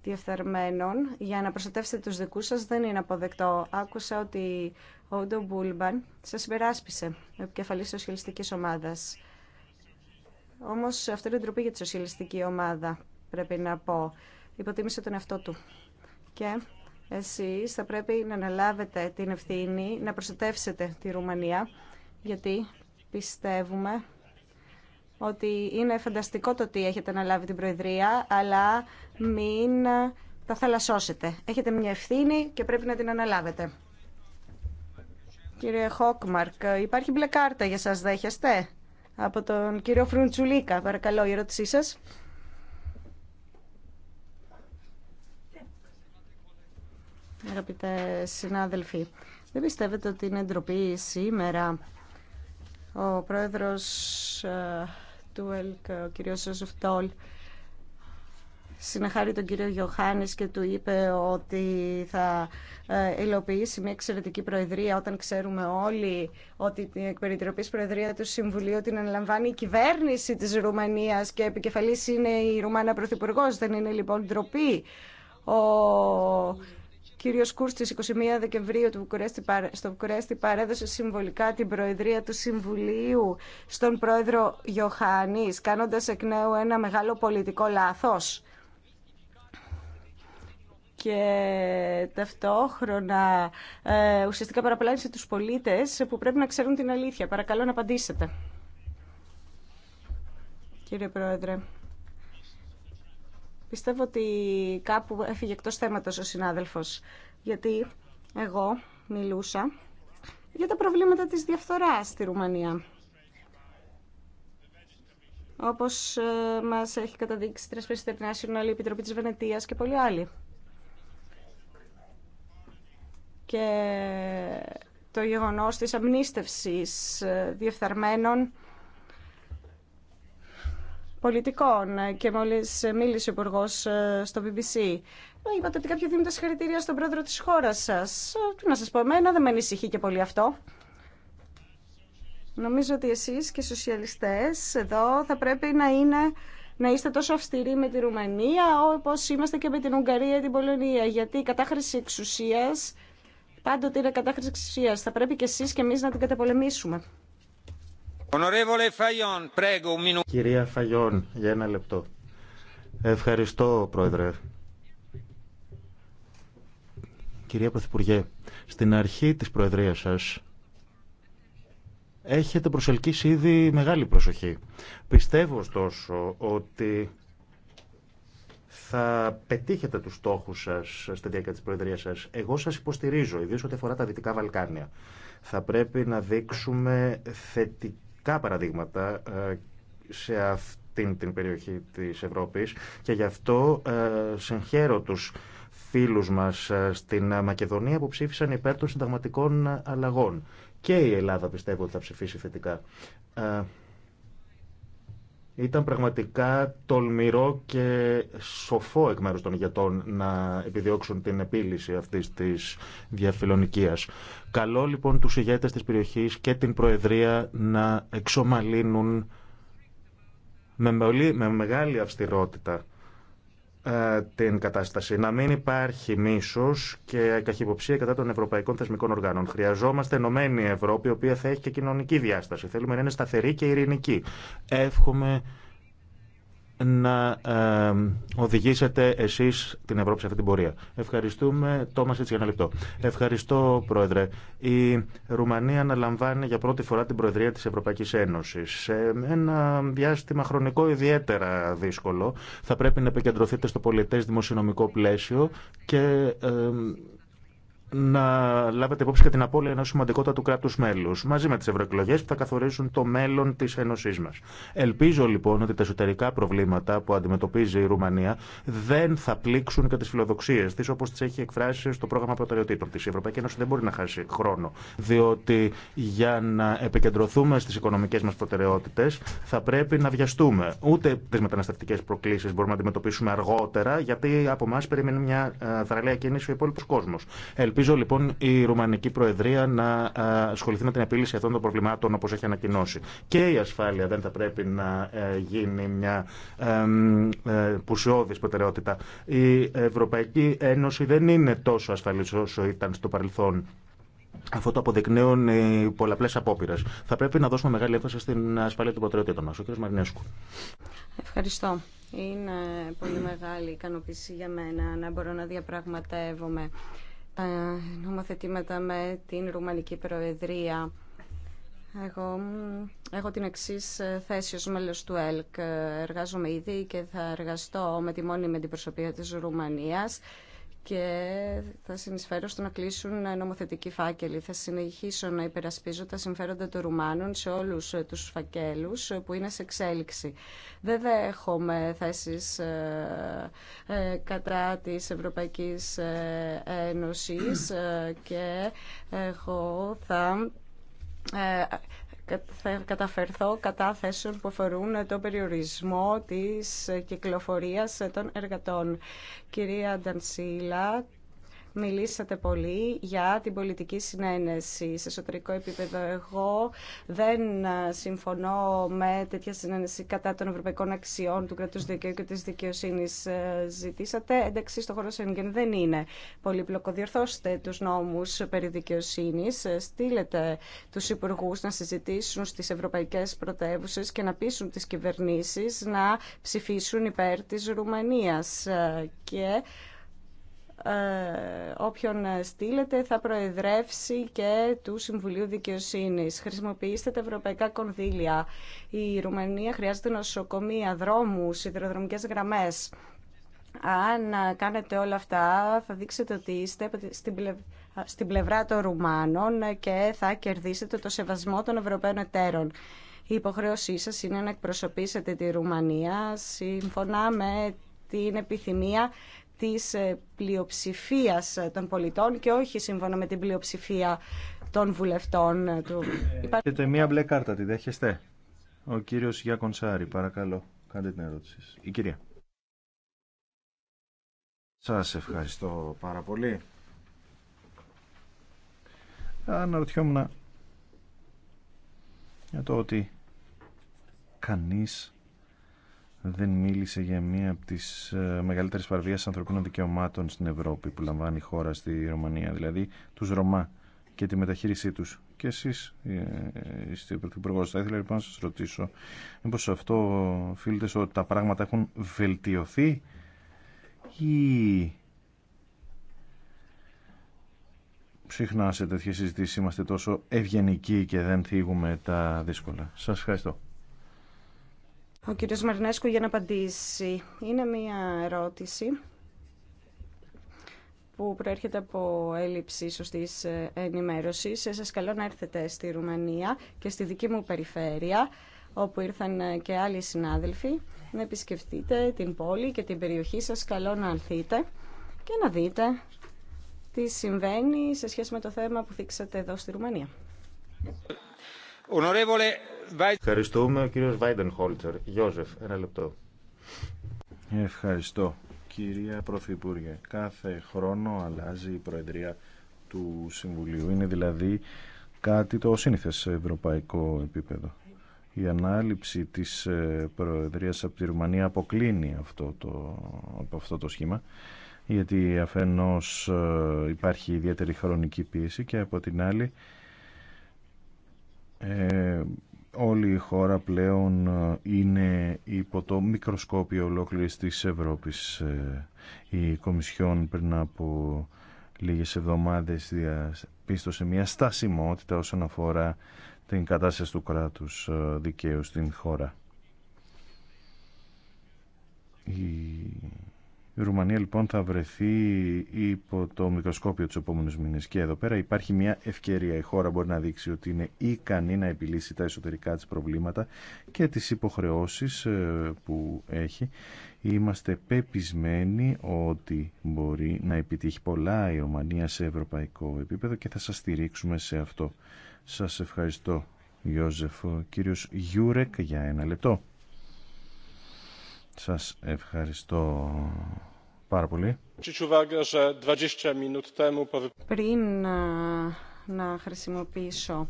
διαφθαρμένων για να προστατεύσετε τους δικούς σας δεν είναι αποδεκτό. Άκουσα ότι ο Ντο Μπούλμπαν σας υπεράσπισε, ο επικεφαλής σοσιαλιστικής ομάδας. Όμως αυτό είναι ντροπή για τη σοσιαλιστική ομάδα, πρέπει να πω. Υποτίμησε τον εαυτό του και εσείς θα πρέπει να αναλάβετε την ευθύνη να προστατεύσετε τη Ρουμανία γιατί πιστεύουμε ότι είναι φανταστικό το ότι έχετε αναλάβει την Προεδρία αλλά μην τα θαλασσώσετε. Έχετε μια ευθύνη και πρέπει να την αναλάβετε. Κύριε Χόκμαρκ, υπάρχει μπλε κάρτα για σας, δέχεστε? Από τον κύριο Φρουντσουλίκα, παρακαλώ, η ερώτησή σας. αγαπητέ συνάδελφοι. Δεν πιστεύετε ότι είναι ντροπή σήμερα ο πρόεδρος ε, του ΕΛΚ, ο κύριος Σοζουφτόλ, συνεχάρει τον κύριο Γιωχάνης και του είπε ότι θα ε, υλοποιήσει μια εξαιρετική προεδρία όταν ξέρουμε όλοι ότι η εκπεριτροπή προεδρία του Συμβουλίου την αναλαμβάνει η κυβέρνηση της Ρουμανίας και επικεφαλής είναι η Ρουμάνα Πρωθυπουργός. Δεν είναι λοιπόν ντροπή ο κύριος Κούρς στις 21 Δεκεμβρίου του Βουκουρέστη, στο Βουκουρέστι παρέδωσε συμβολικά την Προεδρία του Συμβουλίου στον πρόεδρο Γιωχάνη, κάνοντας εκ νέου ένα μεγάλο πολιτικό λάθος. Και ταυτόχρονα ε, ουσιαστικά παραπλάνησε τους πολίτες που πρέπει να ξέρουν την αλήθεια. Παρακαλώ να απαντήσετε. Κύριε Πρόεδρε. Πιστεύω ότι κάπου έφυγε εκτός θέματος ο συνάδελφος, γιατί εγώ μιλούσα για τα προβλήματα της διαφθοράς στη Ρουμανία. Όπως ε, μας έχει καταδείξει η Transparency International, η Επιτροπή της Βενετίας και πολλοί άλλοι. Και το γεγονός της αμνίστευσης ε, διεφθαρμένων πολιτικών και μόλις μίλησε ο υπουργό ε, στο BBC. Είπατε ότι κάποιοι δίνουν τα συγχαρητήρια στον πρόεδρο της χώρας σας. Ε, τι να σας πω, εμένα δεν με ανησυχεί και πολύ αυτό. Νομίζω ότι εσείς και οι σοσιαλιστές εδώ θα πρέπει να, είναι, να είστε τόσο αυστηροί με τη Ρουμανία όπως είμαστε και με την Ουγγαρία ή την Πολωνία. Γιατί η κατάχρηση εξουσίας πάντοτε είναι κατάχρηση εξουσίας. Θα πρέπει και εσείς και εμείς να την καταπολεμήσουμε. Κυρία Φαγιόν, για ένα λεπτό. Ευχαριστώ, Πρόεδρε. Κυρία Πρωθυπουργέ, στην αρχή της Προεδρίας σας έχετε προσελκύσει ήδη μεγάλη προσοχή. Πιστεύω ωστόσο ότι θα πετύχετε τους στόχους σας στη διάρκεια της Προεδρίας σας. Εγώ σας υποστηρίζω, ιδίως ό,τι αφορά τα Δυτικά Βαλκάνια. Θα πρέπει να δείξουμε θετική θετικά παραδείγματα ε, σε αυτήν την περιοχή της Ευρώπης και γι' αυτό ε, συγχαίρω τους φίλους μας ε, στην Μακεδονία που ψήφισαν υπέρ των συνταγματικών αλλαγών. Και η Ελλάδα πιστεύω ότι θα ψηφίσει θετικά. Ήταν πραγματικά τολμηρό και σοφό εκ μέρους των ηγετών να επιδιώξουν την επίλυση αυτής της διαφιλονικίας. Καλό λοιπόν τους ηγέτες της περιοχής και την Προεδρία να εξομαλύνουν με μεγάλη αυστηρότητα ε, την κατάσταση. Να μην υπάρχει μίσο και καχυποψία κατά των ευρωπαϊκών θεσμικών οργάνων. Χρειαζόμαστε ενωμένη Ευρώπη, η οποία θα έχει και κοινωνική διάσταση. Θέλουμε να είναι σταθερή και ειρηνική. Εύχομαι να οδηγήσετε εσεί την Ευρώπη σε αυτή την πορεία. Ευχαριστούμε. Τόμας, έτσι για ένα λεπτό. Ευχαριστώ, Πρόεδρε. Η Ρουμανία αναλαμβάνει για πρώτη φορά την Προεδρία τη Ευρωπαϊκή Ένωση. Σε ένα διάστημα χρονικό ιδιαίτερα δύσκολο. Θα πρέπει να επικεντρωθείτε στο πολιτέ δημοσιονομικό πλαίσιο και να λάβετε υπόψη και την απώλεια ενό του κράτου μέλου, μαζί με τι ευρωεκλογέ που θα καθορίσουν το μέλλον τη Ένωσή μα. Ελπίζω λοιπόν ότι τα εσωτερικά προβλήματα που αντιμετωπίζει η Ρουμανία δεν θα πλήξουν και τι φιλοδοξίε τη, όπω τι έχει εκφράσει στο πρόγραμμα προτεραιοτήτων τη. Η Ευρωπαϊκή Ένωση δεν μπορεί να χάσει χρόνο, διότι για να επικεντρωθούμε στι οικονομικέ μα προτεραιότητε θα πρέπει να βιαστούμε. Ούτε τι μεταναστευτικέ προκλήσει μπορούμε να αντιμετωπίσουμε αργότερα, γιατί από εμά περιμένει μια ε, θαραλέα κίνηση ο υπόλοιπο κόσμο. Ελπίζω λοιπόν η Ρουμανική Προεδρία να ε, ασχοληθεί με την επίλυση αυτών των προβλημάτων όπω έχει ανακοινώσει. Και η ασφάλεια δεν θα πρέπει να ε, γίνει μια ε, πουσιώδη προτεραιότητα. Η Ευρωπαϊκή Ένωση δεν είναι τόσο ασφαλή όσο ήταν στο παρελθόν. Αυτό το αποδεικνύουν οι πολλαπλέ απόπειρε. Θα πρέπει να δώσουμε μεγάλη έμφαση στην ασφάλεια των προτεραιότητων μα. Ο κ. Μαρινέσκου. Ευχαριστώ. Είναι πολύ μεγάλη ικανοποίηση για μένα να μπορώ να διαπραγματεύομαι τα νομοθετήματα με την Ρουμανική Προεδρία. έχω την εξή θέση ως μέλος του ΕΛΚ. Εργάζομαι ήδη και θα εργαστώ με τη μόνιμη προσωπία της Ρουμανίας και θα συνεισφέρω στο να κλείσουν νομοθετικοί φάκελοι. Θα συνεχίσω να υπερασπίζω τα συμφέροντα των Ρουμάνων σε όλου τους φακέλους που είναι σε εξέλιξη. Δεν δέχομαι θέσεις ε, ε, κατά της Ευρωπαϊκής ε, Ένωσης και εγώ θα θα καταφερθώ κατά θέσεων που αφορούν τον περιορισμό της κυκλοφορίας των εργατών. Κυρία Ντανσίλα, Μιλήσατε πολύ για την πολιτική συνένεση σε εσωτερικό επίπεδο. Εγώ δεν ε, συμφωνώ με τέτοια συνένεση κατά των ευρωπαϊκών αξιών του κρατούς δικαίου και της δικαιοσύνης. Ε, ζητήσατε ένταξη στο χώρο Σενγκεν. Δεν είναι πολύπλοκο. Διορθώστε τους νόμους περί δικαιοσύνης. Ε, στείλετε τους υπουργού να συζητήσουν στις ευρωπαϊκές πρωτεύουσε και να πείσουν τις κυβερνήσεις να ψηφίσουν υπέρ της Ρουμανίας. Και ε, όποιον στείλετε θα προεδρεύσει και του Συμβουλίου Δικαιοσύνης. Χρησιμοποιήστε τα ευρωπαϊκά κονδύλια. Η Ρουμανία χρειάζεται νοσοκομεία, δρόμους, σιδηροδρομικές γραμμές. Αν κάνετε όλα αυτά θα δείξετε ότι είστε στην πλευρά των Ρουμάνων και θα κερδίσετε το σεβασμό των Ευρωπαίων εταίρων. Η υποχρέωσή σας είναι να εκπροσωπήσετε τη Ρουμανία σύμφωνα την επιθυμία της ε, πλειοψηφίας ε, των πολιτών και όχι σύμφωνα με την πλειοψηφία των βουλευτών ε, του. Έχετε μία μπλε κάρτα, τη δέχεστε. Ο κύριος Γιάκον Σάρη, παρακαλώ, κάντε την ερώτηση. Η κυρία. Σας ευχαριστώ πάρα πολύ. Αναρωτιόμουν για το ότι κανείς δεν μίλησε για μία από τις ε, μεγαλύτερες παραβιάσεις ανθρωπίνων δικαιωμάτων στην Ευρώπη που λαμβάνει η χώρα στη Ρωμανία, δηλαδή τους Ρωμά και τη μεταχείρισή τους. Και εσείς ε, είστε Πρωθυπουργό, Θα ήθελα λοιπόν να σας ρωτήσω μήπως αυτό οφείλεται ότι τα πράγματα έχουν βελτιωθεί ή συχνά σε τέτοιες συζητήσεις είμαστε τόσο ευγενικοί και δεν θίγουμε τα δύσκολα. Σας ευχαριστώ ο κύριος Μαρινέσκου για να απαντήσει. Είναι μία ερώτηση που προέρχεται από έλλειψη σωστή ε, ενημέρωση. Ε, Σα καλώ να έρθετε στη Ρουμανία και στη δική μου περιφέρεια, όπου ήρθαν ε, και άλλοι συνάδελφοι, να επισκεφτείτε την πόλη και την περιοχή σας. Καλό να έρθετε και να δείτε τι συμβαίνει σε σχέση με το θέμα που θίξατε εδώ στη Ρουμανία. Ευχαριστούμε ο κύριος Βάιντεν Χόλτσερ. Γιώζεφ, ένα λεπτό. Ευχαριστώ. Κυρία Πρωθυπουργέ, κάθε χρόνο αλλάζει η Προεδρία του Συμβουλίου. Είναι δηλαδή κάτι το σύνηθες σε ευρωπαϊκό επίπεδο. Η ανάληψη της ε, Προεδρίας από τη Ρουμανία αποκλίνει αυτό το, αυτό το σχήμα γιατί αφενός ε, υπάρχει ιδιαίτερη χρονική πίεση και από την άλλη ε, όλη η χώρα πλέον ε, είναι υπό το μικροσκόπιο ολόκληρης της Ευρώπης. Ε, η Κομισιόν πριν από λίγες εβδομάδες διαπίστωσε μια στασιμότητα όσον αφορά την κατάσταση του κράτους ε, δικαίου στην χώρα. Η Ρουμανία λοιπόν θα βρεθεί υπό το μικροσκόπιο του επόμενου μήνε. Και εδώ πέρα υπάρχει μια ευκαιρία. Η χώρα μπορεί να δείξει ότι είναι ικανή να επιλύσει τα εσωτερικά τη προβλήματα και τι υποχρεώσει ε, που έχει. Είμαστε πεπισμένοι ότι μπορεί να επιτύχει πολλά η Ρουμανία σε ευρωπαϊκό επίπεδο και θα σα στηρίξουμε σε αυτό. Σα ευχαριστώ, Γιώζεφ. Κύριο Γιούρεκ, για ένα λεπτό. Σας ευχαριστώ πάρα πολύ. Πριν να χρησιμοποιήσω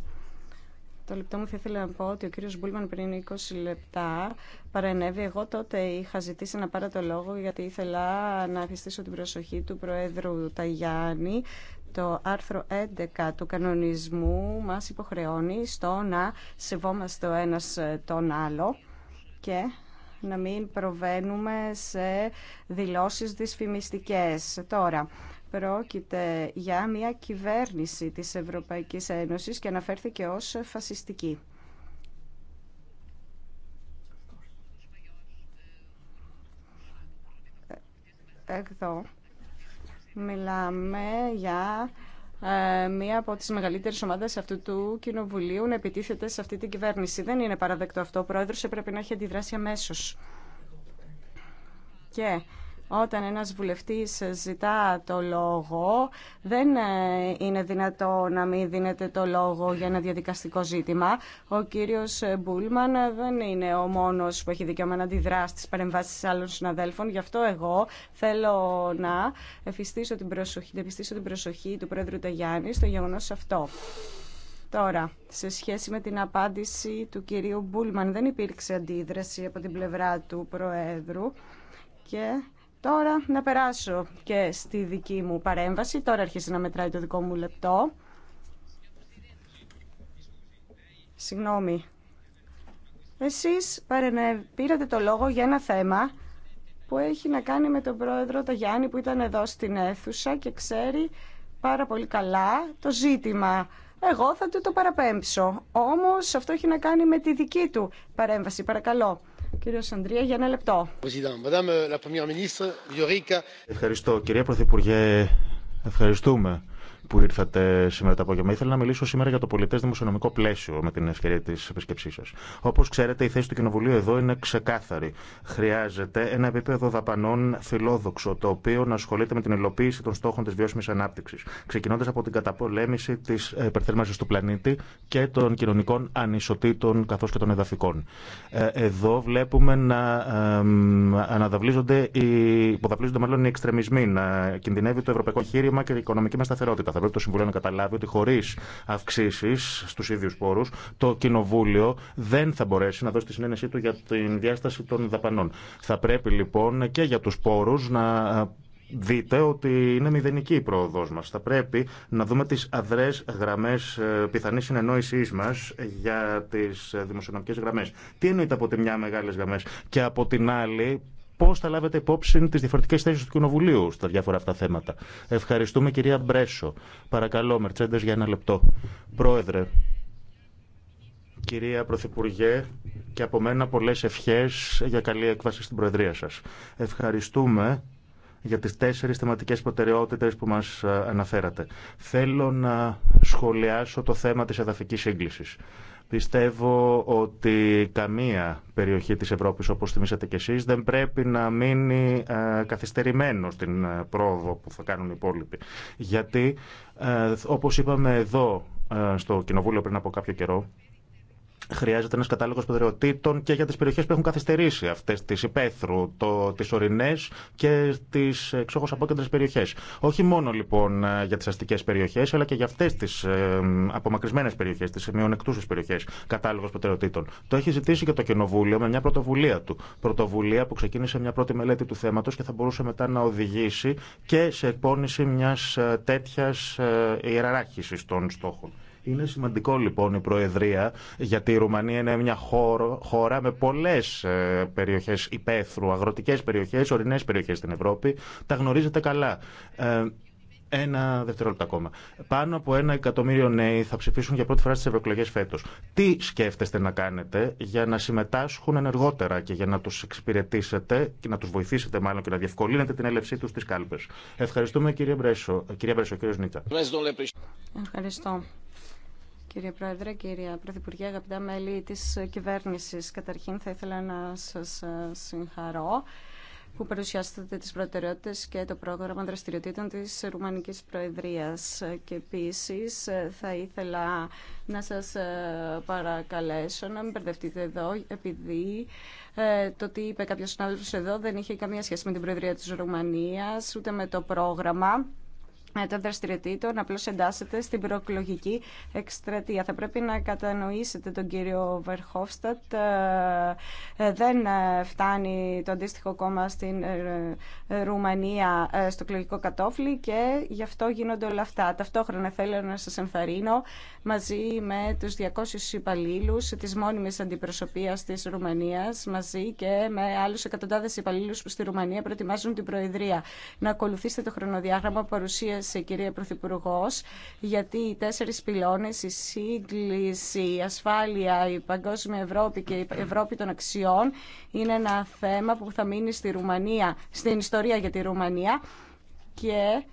το λεπτό μου θα ήθελα να πω ότι ο κύριος Μπούλμαν πριν 20 λεπτά παρενέβη. Εγώ τότε είχα ζητήσει να πάρω το λόγο γιατί ήθελα να αφιστήσω την προσοχή του Προέδρου Ταγιάννη. Το άρθρο 11 του κανονισμού μας υποχρεώνει στο να σεβόμαστε ο ένας τον άλλο και να μην προβαίνουμε σε δηλώσεις δυσφημιστικές. Τώρα, πρόκειται για μια κυβέρνηση της Ευρωπαϊκής Ένωσης και αναφέρθηκε ως φασιστική. Ε, εδώ μιλάμε για ε, μία από τις μεγαλύτερες ομάδες αυτού του κοινοβουλίου να επιτίθεται σε αυτή την κυβέρνηση. Δεν είναι παραδεκτό αυτό. Ο πρόεδρος έπρεπε να έχει αντιδράσει αμέσω. Και όταν ένας βουλευτής ζητά το λόγο, δεν ε, είναι δυνατό να μην δίνεται το λόγο για ένα διαδικαστικό ζήτημα. Ο κύριος Μπούλμαν δεν είναι ο μόνος που έχει δικαίωμα να αντιδρά στις παρεμβάσεις άλλων συναδέλφων. Γι' αυτό εγώ θέλω να εφιστήσω την προσοχή, προσοχή του Πρόεδρου Ταγιάννη στο γεγονός αυτό. Τώρα, σε σχέση με την απάντηση του κυρίου Μπούλμαν, δεν υπήρξε αντίδραση από την πλευρά του Προέδρου και Τώρα να περάσω και στη δική μου παρέμβαση. Τώρα αρχίζει να μετράει το δικό μου λεπτό. Συγγνώμη. Εσείς πήρατε το λόγο για ένα θέμα που έχει να κάνει με τον πρόεδρο Ταγιάννη που ήταν εδώ στην αίθουσα και ξέρει πάρα πολύ καλά το ζήτημα. Εγώ θα του το παραπέμψω. Όμως αυτό έχει να κάνει με τη δική του παρέμβαση. Παρακαλώ. Κύριε Σαντρία, για ένα λεπτό. Ευχαριστώ, κυρία Πρωθυπουργέ. Ευχαριστούμε που ήρθατε σήμερα το απόγευμα. Ήθελα να μιλήσω σήμερα για το πολιτέ δημοσιονομικό πλαίσιο με την ευκαιρία τη επισκεψή σα. Όπω ξέρετε, η θέση του Κοινοβουλίου εδώ είναι ξεκάθαρη. Χρειάζεται ένα επίπεδο δαπανών φιλόδοξο, το οποίο να ασχολείται με την υλοποίηση των στόχων τη βιώσιμη ανάπτυξη, ξεκινώντα από την καταπολέμηση τη ε, υπερθέρμανση του πλανήτη και των κοινωνικών ανισοτήτων καθώ και των εδαφικών. Ε, εδώ βλέπουμε να αναδαβλίζονται, οι, οι εξτρεμισμοί, να κινδυνεύει το ευρωπαϊκό εγχείρημα και η οικονομική μα σταθερότητα. Θα πρέπει το Συμβούλιο να καταλάβει ότι χωρί αυξήσει στου ίδιου πόρου, το Κοινοβούλιο δεν θα μπορέσει να δώσει τη συνένεσή του για την διάσταση των δαπανών. Θα πρέπει λοιπόν και για του πόρου να δείτε ότι είναι μηδενική η πρόοδό μα. Θα πρέπει να δούμε τι αδρέ γραμμέ ε, πιθανή συνεννόησή μα για τι ε, δημοσιονομικέ γραμμέ. Τι εννοείται από τη μια μεγάλε γραμμέ και από την άλλη πώ θα λάβετε υπόψη τι διαφορετικέ θέσει του Κοινοβουλίου στα διάφορα αυτά θέματα. Ευχαριστούμε, κυρία Μπρέσο. Παρακαλώ, Μερτσέντε, για ένα λεπτό. Πρόεδρε, κυρία Πρωθυπουργέ, και από μένα πολλέ ευχέ για καλή έκβαση στην Προεδρία σα. Ευχαριστούμε για τις τέσσερις θεματικές προτεραιότητες που μας ε, αναφέρατε. Θέλω να σχολιάσω το θέμα της εδαφικής σύγκλησης. Πιστεύω ότι καμία περιοχή της Ευρώπης, όπως θυμήσατε κι εσείς, δεν πρέπει να μείνει ε, καθυστερημένο στην ε, πρόοδο που θα κάνουν οι υπόλοιποι. Γιατί, ε, όπως είπαμε εδώ στο Κοινοβούλιο πριν από κάποιο καιρό, Χρειάζεται ένα κατάλογο προτεραιοτήτων και για τι περιοχέ που έχουν καθυστερήσει αυτέ τι υπαίθρου, τι ορεινέ και τι εξόχω απόκεντρε περιοχέ. Όχι μόνο λοιπόν για τι αστικέ περιοχέ, αλλά και για αυτέ τι ε, απομακρυσμένε περιοχέ, τι μειονεκτούσε περιοχέ. Κατάλογο προτεραιοτήτων. Το έχει ζητήσει και το Κοινοβούλιο με μια πρωτοβουλία του. Πρωτοβουλία που ξεκίνησε μια πρώτη μελέτη του θέματο και θα μπορούσε μετά να οδηγήσει και σε εκπόνηση μια ε, τέτοια ε, ιεραράχηση των στόχων. Είναι σημαντικό λοιπόν η Προεδρία, γιατί η Ρουμανία είναι μια χώρα με πολλέ ε, περιοχέ υπαίθρου, αγροτικέ περιοχέ, ορεινέ περιοχέ στην Ευρώπη. Τα γνωρίζετε καλά. Ε, ένα δευτερόλεπτο ακόμα. Πάνω από ένα εκατομμύριο νέοι θα ψηφίσουν για πρώτη φορά στι ευρωεκλογέ φέτο. Τι σκέφτεστε να κάνετε για να συμμετάσχουν ενεργότερα και για να του εξυπηρετήσετε και να του βοηθήσετε μάλλον και να διευκολύνετε την έλευσή του στι κάλπε. Ευχαριστούμε κύριε Μπρέσο, κύριε Μπρέσο, Ευχαριστώ. Κύριε Πρόεδρε, κύριε Πρωθυπουργέ, αγαπητά μέλη της κυβέρνησης, καταρχήν θα ήθελα να σας ε, συγχαρώ που παρουσιάσατε τις προτεραιότητες και το πρόγραμμα δραστηριοτήτων της Ρουμανικής Προεδρίας. Και επίσης ε, θα ήθελα να σας ε, παρακαλέσω να μην μπερδευτείτε εδώ, επειδή το τι είπε κάποιος συνάδελφος εδώ δεν είχε καμία σχέση με την Προεδρία της Ρουμανίας, ούτε με το πρόγραμμα με των δραστηριοτήτων απλώ εντάσσεται στην προεκλογική εκστρατεία. Θα πρέπει να κατανοήσετε τον κύριο Βερχόφστατ. Ε, ε, δεν ε, φτάνει το αντίστοιχο κόμμα στην Ρουμανία στο εκλογικό κατόφλι και γι' αυτό γίνονται όλα αυτά. Ταυτόχρονα θέλω να σα ενθαρρύνω μαζί με του 200 υπαλλήλου τη μόνιμη αντιπροσωπεία τη Ρουμανία μαζί και με άλλου εκατοντάδε υπαλλήλου που στη Ρουμανία προετοιμάζουν την Προεδρία. Να ακολουθήσετε το χρονοδιάγραμμα παρουσίας σας κυρία Πρωθυπουργό, γιατί οι τέσσερις πυλώνες, η σύγκληση, η ασφάλεια, η παγκόσμια Ευρώπη και η Ευρώπη των αξιών είναι ένα θέμα που θα μείνει στη Ρουμανία, στην ιστορία για τη Ρουμανία και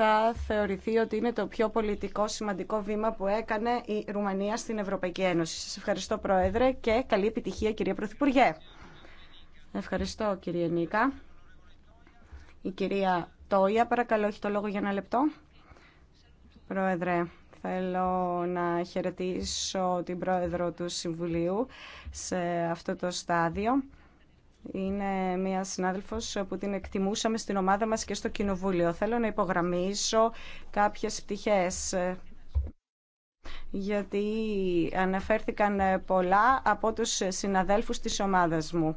θα θεωρηθεί ότι είναι το πιο πολιτικό σημαντικό βήμα που έκανε η Ρουμανία στην Ευρωπαϊκή Ένωση. Σας ευχαριστώ Πρόεδρε και καλή επιτυχία κυρία Πρωθυπουργέ. Ευχαριστώ κυρία Νίκα. Η κυρία Τόια, παρακαλώ, έχει το λόγο για ένα λεπτό. Πρόεδρε, θέλω να χαιρετήσω την Πρόεδρο του Συμβουλίου σε αυτό το στάδιο. Είναι μια συνάδελφος που την εκτιμούσαμε στην ομάδα μας και στο Κοινοβούλιο. Θέλω να υπογραμμίσω κάποιες πτυχές γιατί αναφέρθηκαν πολλά από τους συναδέλφους της ομάδας μου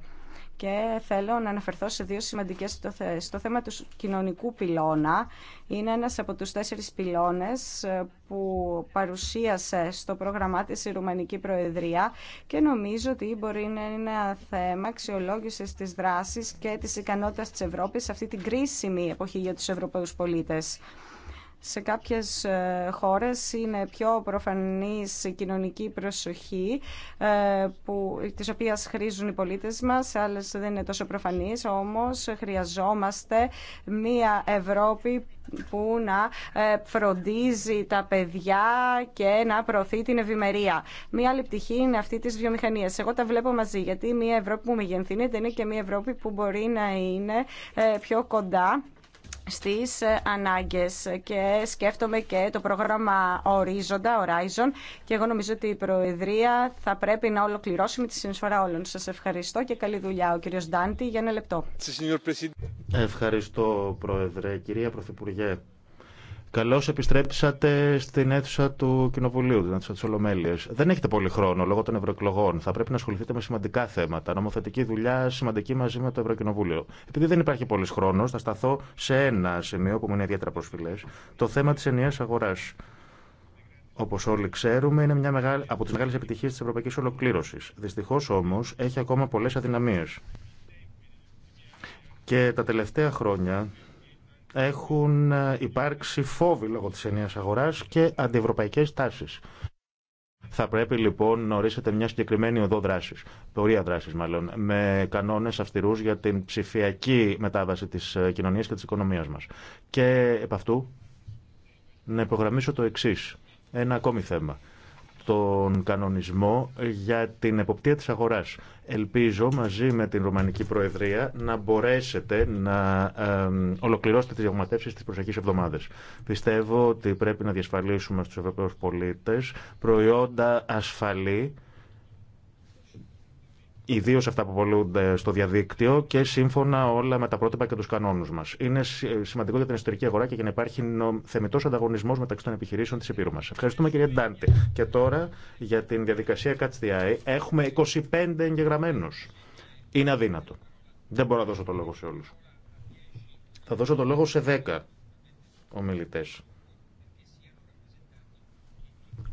και θέλω να αναφερθώ σε δύο σημαντικές στο θέμα του κοινωνικού πυλώνα είναι ένας από τους τέσσερις πυλώνες ε, που παρουσίασε στο πρόγραμμά της η Ρουμανική Προεδρία και νομίζω ότι μπορεί να είναι ένα θέμα αξιολόγηση της δράσης και της ικανότητας της Ευρώπης σε αυτή την κρίσιμη εποχή για τους Ευρωπαίους πολίτες σε κάποιες ε, χώρες είναι πιο προφανής η κοινωνική προσοχή ε, που, της οποίας χρήζουν οι πολίτες μας, σε άλλες δεν είναι τόσο προφανής, όμως χρειαζόμαστε μια Ευρώπη που να ε, φροντίζει τα παιδιά και να προωθεί την ευημερία. Μία άλλη πτυχή είναι αυτή της βιομηχανίας. Εγώ τα βλέπω μαζί, γιατί μια Ευρώπη που μεγενθύνεται είναι και μια Ευρώπη που μπορεί να είναι πιο κοντά στις ε, ανάγκες και σκέφτομαι και το πρόγραμμα Ορίζοντα, Horizon και εγώ νομίζω ότι η Προεδρία θα πρέπει να ολοκληρώσει με τη συνεισφορά όλων. Σας ευχαριστώ και καλή δουλειά ο κύριος Ντάντη για ένα λεπτό. Ευχαριστώ Πρόεδρε. Κυρία Πρωθυπουργέ, Καλώ επιστρέψατε στην αίθουσα του Κοινοβουλίου, την αίθουσα τη Ολομέλεια. Δεν έχετε πολύ χρόνο λόγω των ευρωεκλογών. Θα πρέπει να ασχοληθείτε με σημαντικά θέματα. Νομοθετική δουλειά σημαντική μαζί με το Ευρωκοινοβούλιο. Επειδή δεν υπάρχει πολλή χρόνο, θα σταθώ σε ένα σημείο που μου είναι ιδιαίτερα προσφυλέ. Το θέμα τη ενιαία αγορά. Όπω όλοι ξέρουμε, είναι μια μεγάλη, από τι μεγάλε επιτυχίε τη ευρωπαϊκή ολοκλήρωση. Δυστυχώ όμω έχει ακόμα πολλέ αδυναμίε. Και τα τελευταία χρόνια έχουν ε, υπάρξει φόβοι λόγω της ενίας αγοράς και αντιευρωπαϊκές τάσεις. Θα πρέπει λοιπόν να ορίσετε μια συγκεκριμένη οδό δράση, πορεία δράση μάλλον, με κανόνε αυστηρού για την ψηφιακή μετάβαση τη ε, κοινωνία και τη οικονομία μα. Και επ' αυτού να υπογραμμίσω το εξή. Ένα ακόμη θέμα τον κανονισμό για την εποπτεία της αγοράς. Ελπίζω μαζί με την Ρουμανική Προεδρία να μπορέσετε να ολοκληρώσετε τις διαγματεύσεις της προσεχής εβδομάδες. Πιστεύω ότι πρέπει να διασφαλίσουμε στους Ευρωπαίους πολίτες προϊόντα ασφαλή ιδίω αυτά που πολλούνται στο διαδίκτυο και σύμφωνα όλα με τα πρότυπα και του κανόνε μα. Είναι σημαντικό για την εσωτερική αγορά και για να υπάρχει θεμητό ανταγωνισμό μεταξύ των επιχειρήσεων τη Επίρου μα. Ευχαριστούμε κύριε Ντάντη. Και τώρα για την διαδικασία Catch έχουμε 25 εγγεγραμμένου. Είναι αδύνατο. Δεν μπορώ να δώσω το λόγο σε όλου. Θα δώσω το λόγο σε 10 ομιλητέ.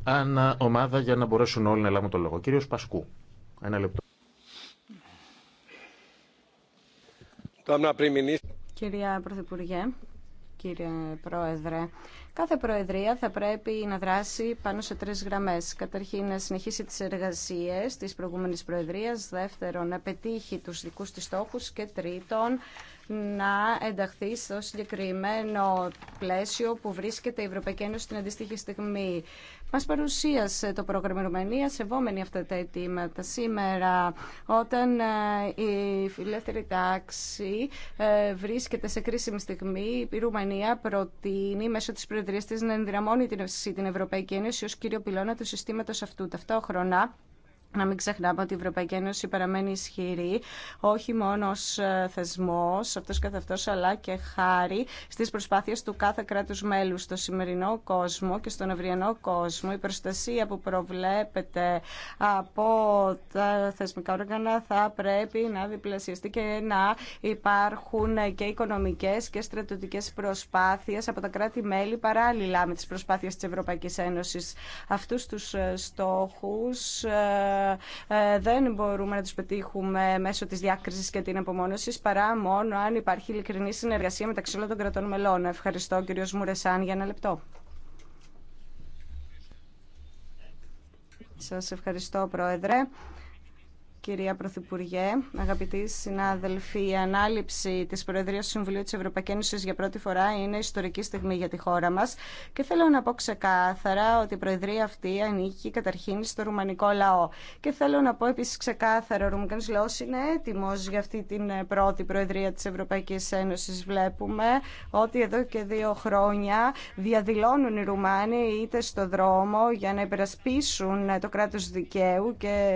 Ανά ομάδα για να μπορέσουν όλοι να λάβουν το λόγο. Κύριο Πασκού. Ένα λεπτό. Κυρία Πρωθυπουργέ, κύριε Πρόεδρε. Κάθε Προεδρία θα πρέπει να δράσει πάνω σε τρεις γραμμές. Καταρχήν να συνεχίσει τις εργασίες της προηγούμενης Προεδρίας, δεύτερον να πετύχει τους δικούς της στόχους και τρίτον να ενταχθεί στο συγκεκριμένο πλαίσιο που βρίσκεται η Ευρωπαϊκή Ένωση στην αντίστοιχη στιγμή. Μας παρουσίασε το πρόγραμμα Ρουμανία, σε σεβόμενοι αυτά τα αιτήματα. Σήμερα, όταν ε, η φιλεύθερη τάξη ε, βρίσκεται σε κρίσιμη στιγμή, η Ρουμανία προτείνει μέσω της Προεδρίας της να ενδυναμώνει την Ευρωπαϊκή Ένωση ως κύριο πυλώνα του συστήματος αυτού. Ταυτόχρονα, να μην ξεχνάμε ότι η Ευρωπαϊκή Ένωση παραμένει ισχυρή όχι μόνο ω ε, θεσμός αυτό καθ' αυτός, αλλά και χάρη στις προσπάθειες του κάθε κράτους μέλου Στο σημερινό κόσμο και στον ευριανό κόσμο η προστασία που προβλέπεται από τα θεσμικά όργανα θα πρέπει να διπλασιαστεί και να υπάρχουν και οικονομικές και στρατιωτικέ προσπάθειε από τα κράτη-μέλη παράλληλα με τι προσπάθειε τη Ευρωπαϊκή Ένωση. Αυτούς τους ε, στόχου. Ε, ε, δεν μπορούμε να τους πετύχουμε μέσω της διάκρισης και την απομόνωση παρά μόνο αν υπάρχει ειλικρινή συνεργασία μεταξύ όλων των κρατών μελών. Ευχαριστώ κύριο Μουρεσάν για ένα λεπτό. Σας ευχαριστώ Πρόεδρε. Κυρία Πρωθυπουργέ, αγαπητοί συνάδελφοι, η ανάληψη τη Προεδρία του Συμβουλίου τη Ευρωπαϊκή Ένωση για πρώτη φορά είναι ιστορική στιγμή για τη χώρα μα και θέλω να πω ξεκάθαρα ότι η Προεδρία αυτή ανήκει καταρχήν στο ρουμανικό λαό. Και θέλω να πω επίση ξεκάθαρα, ο ρουμανικό λαό είναι έτοιμο για αυτή την πρώτη Προεδρία τη Ευρωπαϊκή Ένωση. Βλέπουμε ότι εδώ και δύο χρόνια διαδηλώνουν οι Ρουμάνοι είτε στο δρόμο για να υπερασπίσουν το κράτο δικαίου και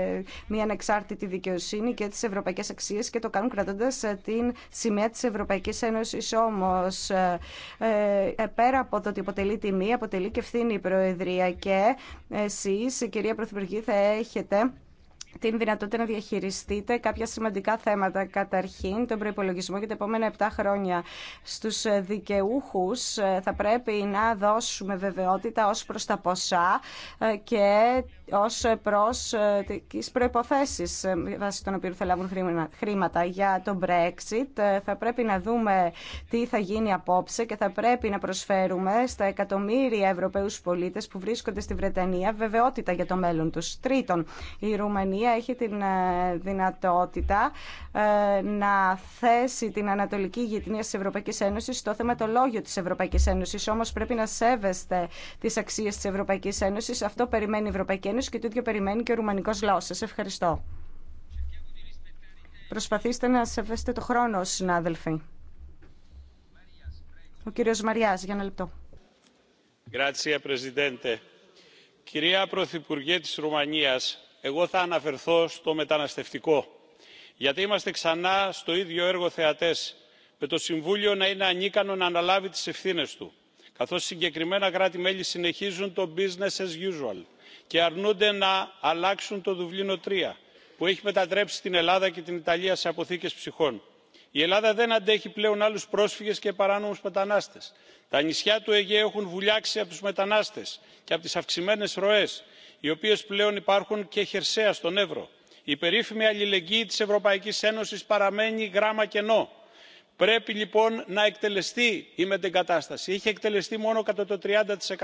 μια ανεξάρτητη τη δικαιοσύνη και τις ευρωπαϊκές αξίες και το κάνουν κρατώντας ε, την σημαία της Ευρωπαϊκής Ένωσης όμως ε, ε, πέρα από το ότι αποτελεί τιμή αποτελεί και ευθύνη η Προεδρία και εσείς κυρία Πρωθυπουργή θα έχετε την δυνατότητα να διαχειριστείτε κάποια σημαντικά θέματα. Καταρχήν, τον προπολογισμό για τα επόμενα 7 χρόνια. Στου ε, δικαιούχου ε, θα πρέπει να δώσουμε βεβαιότητα ω προ τα ποσά ε, και ω προ τι προποθέσει βάσει των οποίων θα λάβουν χρήματα. Για τον Brexit θα πρέπει να δούμε τι θα γίνει απόψε και θα πρέπει να προσφέρουμε στα εκατομμύρια Ευρωπαίου πολίτε που βρίσκονται στη Βρετανία βεβαιότητα για το μέλλον του. Τρίτον, η Ρουμανία έχει την ε, δυνατότητα ε, να θέσει την ανατολική γειτονία της Ευρωπαϊκής Ένωσης στο θεματολόγιο της Ευρωπαϊκής Ένωσης. Όμως πρέπει να σέβεστε τις αξίες της Ευρωπαϊκής Ένωσης. Αυτό περιμένει η Ευρωπαϊκή Ένωση και το ίδιο περιμένει και ο ρουμανικός λαός. Σας ευχαριστώ. Προσπαθήστε να σεβέστε το χρόνο, συνάδελφοι. Ο κύριος Μαριάς, για ένα λεπτό. Κυρία Πρωθυπουργέ της Ρουμανίας, εγώ θα αναφερθώ στο μεταναστευτικό γιατί είμαστε ξανά στο ίδιο έργο θεατές με το συμβούλιο να είναι ανίκανο να αναλάβει τις ευθύνες του καθώς συγκεκριμένα κράτη μέλη συνεχίζουν το business as usual και αρνούνται να αλλάξουν το δουβλίνο τρία που έχει μετατρέψει την ελλάδα και την ιταλία σε αποθήκες ψυχών. η ελλάδα δεν αντέχει πλέον άλλους πρόσφυγες και παράνομους μετανάστες. τα νησιά του αιγαίου έχουν βουλιάξει από τους μετανάστες και από τις αυξημένες ροές οι οποίες πλέον υπάρχουν και χερσαία στον εύρο. η περίφημη αλληλεγγύη της ευρωπαϊκής ένωσης παραμένει γράμμα κενό. πρέπει λοιπόν να εκτελεστεί η μετεγκατάσταση. είχε εκτελεστεί μόνο κατά το.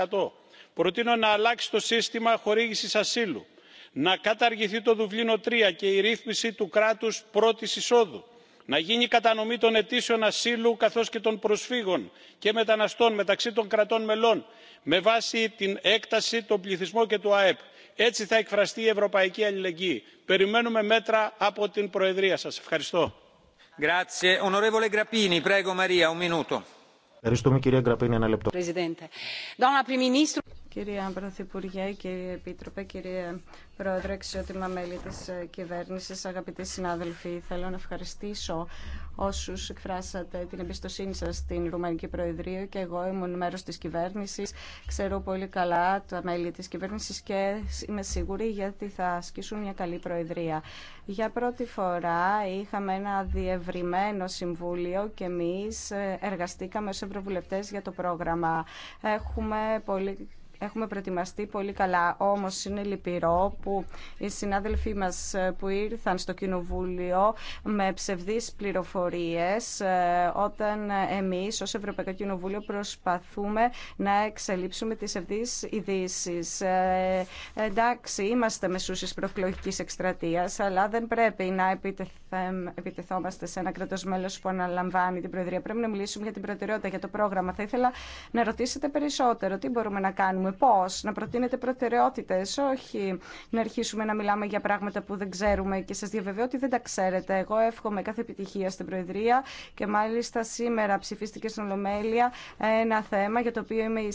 30%. προτείνω να αλλάξει το σύστημα χορήγησης ασύλου να καταργηθεί το δουβλίνο τρία και η ρύθμιση του κράτους πρώτης εισόδου να γίνει κατανομή των αιτήσεων ασύλου καθώς και των προσφύγων και μεταναστών μεταξύ των κρατών μελών με βάση την έκταση τον πληθυσμό και το αεπ. έτσι θα εκφραστεί η ευρωπαϊκή αλληλεγγύη. περιμένουμε μέτρα από την προεδρία σας. ευχαριστώ. κυρία Κυρία Πρωθυπουργέ, κύριε Επίτροπε, κύριε Πρόεδρε, αξιότιμα μέλη της ε, κυβέρνησης, αγαπητοί συνάδελφοι, θέλω να ευχαριστήσω όσους εκφράσατε την εμπιστοσύνη σας στην Ρουμανική Προεδρία και εγώ ήμουν μέρος της κυβέρνησης. Ξέρω πολύ καλά τα μέλη της κυβέρνησης και είμαι σίγουρη γιατί θα ασκήσουν μια καλή Προεδρία. Για πρώτη φορά είχαμε ένα διευρυμένο συμβούλιο και εμείς ε, εργαστήκαμε ως Ευρωβουλευτές για το πρόγραμμα. Έχουμε Έχουμε προετοιμαστεί πολύ καλά, όμως είναι λυπηρό που οι συνάδελφοί μας ε, που ήρθαν στο Κοινοβούλιο με ψευδείς πληροφορίες ε, όταν εμείς ως Ευρωπαϊκό Κοινοβούλιο προσπαθούμε να εξελίψουμε τις ευθύς ειδήσει. Ε, εντάξει, είμαστε τη προεκλογικής εκστρατείας, αλλά δεν πρέπει να επιτεθόμαστε σε ένα κρατός μέλος που αναλαμβάνει την Προεδρία. Πρέπει να μιλήσουμε για την προτεραιότητα, για το πρόγραμμα. Θα ήθελα να ρωτήσετε περισσότερο τι μπορούμε να κάνουμε κάνουμε, να προτείνετε προτεραιότητε. όχι να αρχίσουμε να μιλάμε για πράγματα που δεν ξέρουμε και σα διαβεβαιώ ότι δεν τα ξέρετε. Εγώ εύχομαι κάθε επιτυχία στην Προεδρία και μάλιστα σήμερα ψηφίστηκε στην Ολομέλεια ένα θέμα για το οποίο είμαι η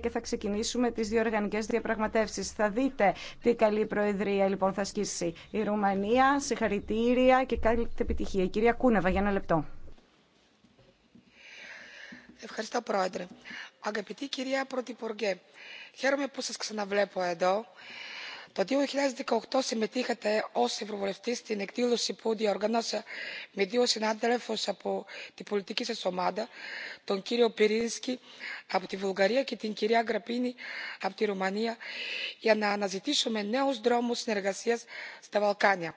και θα ξεκινήσουμε τις διοργανικές διαπραγματεύσει. Θα δείτε τι καλή Προεδρία λοιπόν θα ασκήσει η Ρουμανία. Συγχαρητήρια και καλή επιτυχία. κυρία Κούνεβα για ένα λεπτό. Ευχαριστώ, Πρόεδρε. Αγαπητή κυρία Πρωθυπουργέ, χαίρομαι που σας ξαναβλέπω εδώ. Το 2018 συμμετείχατε ως Ευρωβουλευτής στην εκδήλωση που διοργανώσα με δύο συνάδελφους από την πολιτική σας ομάδα, τον κύριο Πυρίνσκι από τη Βουλγαρία και την κυρία Γραπίνη από τη Ρουμανία, για να αναζητήσουμε νέους δρόμους συνεργασίας στα Βαλκάνια.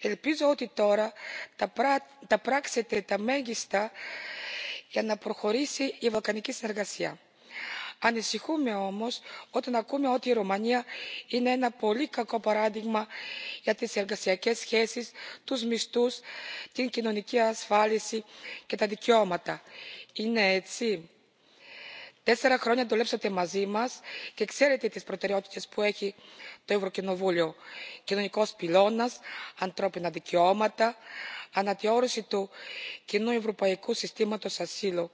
Ελπίζω ότι τώρα θα πράξετε τα μέγιστα για να προχωρήσει η βαλκανική συνεργασία. ανησυχούμε όμως όταν ακούμε ότι η ρουμανία είναι ένα πολύ κακό παράδειγμα για τις εργασιακέ σχέσει, τους μισθούς την κοινωνική ασφάλιση και τα δικαιώματα. είναι έτσι; τέσσερα χρόνια δουλέψατε μαζί μα και ξέρετε τι προτεραιότητε που έχει το ευρωκοινοβούλιο κοινωνικό πυλώνα ανθρώπινα δικαιώματα αναθεώρηση του κοινού ευρωπαϊκού συστήματο ασύλου.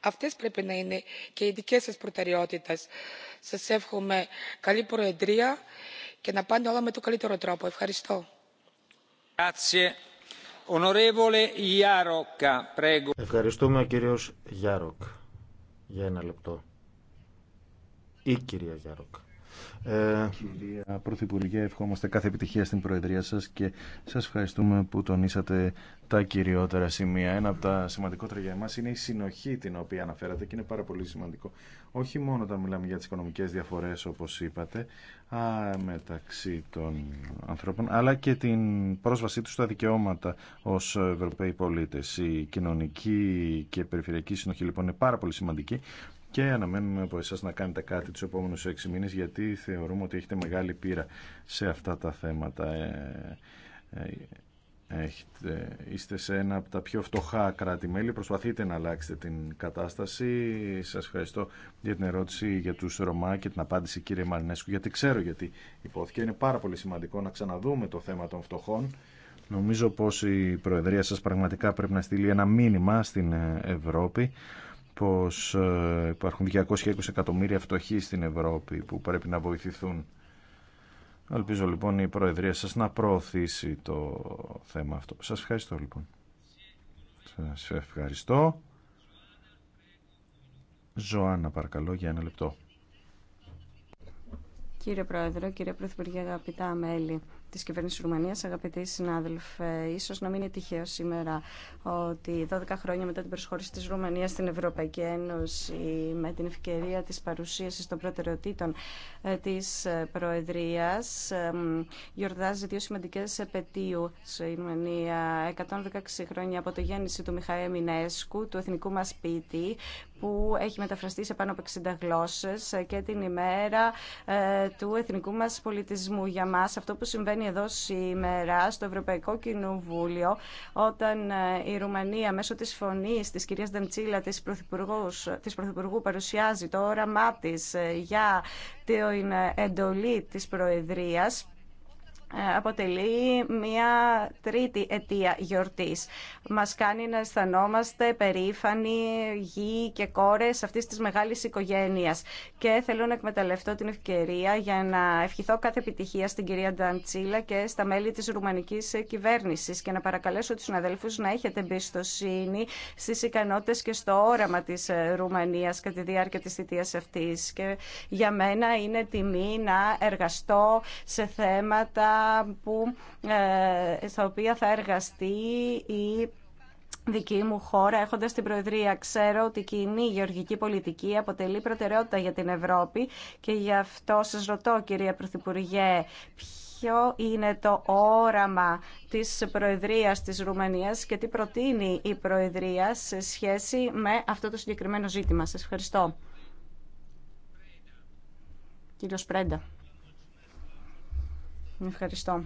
αυτέ πρέπει να είναι και οι δικέ σα προτεραιότητε. σα εύχομαι καλή προεδρία και να πάνε όλα με τον καλύτερο τρόπο. ευχαριστώ. Ευχαριστούμε κύριος Γιάροκ. Για ένα λεπτό. Η κυρία Γιάροκα. Ε, κυρία Πρωθυπουργέ, ευχόμαστε κάθε επιτυχία στην Προεδρία σα και σα ευχαριστούμε που τονίσατε τα κυριότερα σημεία. Ένα από τα σημαντικότερα για εμά είναι η συνοχή την οποία αναφέρατε και είναι πάρα πολύ σημαντικό. Όχι μόνο όταν μιλάμε για τι οικονομικέ διαφορέ, όπω είπατε α, μεταξύ των ανθρώπων αλλά και την πρόσβασή του στα δικαιώματα ω Ευρωπαίοι πολίτε. Η κοινωνική και περιφερειακή συνοχή λοιπόν είναι πάρα πολύ σημαντική και αναμένουμε από εσάς να κάνετε κάτι τους επόμενους έξι μήνες γιατί θεωρούμε ότι έχετε μεγάλη πείρα σε αυτά τα θέματα. Ε, ε, έχετε, είστε σε ένα από τα πιο φτωχά κράτη-μέλη. Προσπαθείτε να αλλάξετε την κατάσταση. Σας ευχαριστώ για την ερώτηση για τους Ρωμά και την απάντηση κύριε Μαρινέσκου γιατί ξέρω γιατί υπόθηκε. Είναι πάρα πολύ σημαντικό να ξαναδούμε το θέμα των φτωχών. Νομίζω πως η Προεδρία σας πραγματικά πρέπει να στείλει ένα μήνυμα στην Ευρώπη πως ε, υπάρχουν 220 εκατομμύρια φτωχοί στην Ευρώπη που πρέπει να βοηθηθούν. Ελπίζω λοιπόν η Προεδρία σας να προωθήσει το θέμα αυτό. Σας ευχαριστώ λοιπόν. Σας ευχαριστώ. Ζωάνα παρακαλώ για ένα λεπτό. Κύριε Πρόεδρο, κύριε Πρωθυπουργέ, αγαπητά μέλη, της κυβέρνηση Ρουμανίας, αγαπητοί συνάδελφοι, ίσως να μην είναι τυχαίο σήμερα ότι 12 χρόνια μετά την προσχώρηση της Ρουμανίας στην Ευρωπαϊκή Ένωση με την ευκαιρία της παρουσίασης των προτεραιοτήτων ε, της ε, Προεδρίας γιορτάζει δύο σημαντικέ επαιτίου σε Ρουμανία 116 χρόνια από το γέννηση του Μιχαέ Μινέσκου, του εθνικού μας σπίτι που έχει μεταφραστεί σε πάνω από 60 γλώσσες και την ημέρα ε, του εθνικού μας πολιτισμού. Για μας αυτό που συμβαίνει εδώ σήμερα στο Ευρωπαϊκό Κοινοβούλιο όταν ε, η Ρουμανία μέσω της φωνής της κυρίας Δαντσίλα της, της Πρωθυπουργού παρουσιάζει το όραμά της ε, για την εντολή της Προεδρίας ε, αποτελεί μια τρίτη αιτία γιορτής. Μας κάνει να αισθανόμαστε περήφανοι γη και κόρες αυτής της μεγάλης οικογένειας. Και θέλω να εκμεταλλευτώ την ευκαιρία για να ευχηθώ κάθε επιτυχία στην κυρία Νταντσίλα και στα μέλη της ρουμανικής κυβέρνησης και να παρακαλέσω τους συναδέλφους να έχετε εμπιστοσύνη στις ικανότητες και στο όραμα της Ρουμανίας κατά τη διάρκεια της θητείας αυτής. Και για μένα είναι τιμή να εργαστώ σε θέματα που, ε, στα οποία θα εργαστεί η δική μου χώρα, έχοντας την Προεδρία. Ξέρω ότι η κοινή γεωργική πολιτική αποτελεί προτεραιότητα για την Ευρώπη και γι' αυτό σας ρωτώ, κυρία Πρωθυπουργέ, ποιο είναι το όραμα της Προεδρίας της Ρουμανίας και τι προτείνει η Προεδρία σε σχέση με αυτό το συγκεκριμένο ζήτημα. Σας ευχαριστώ. Κύριο Πρέντα. Ευχαριστώ.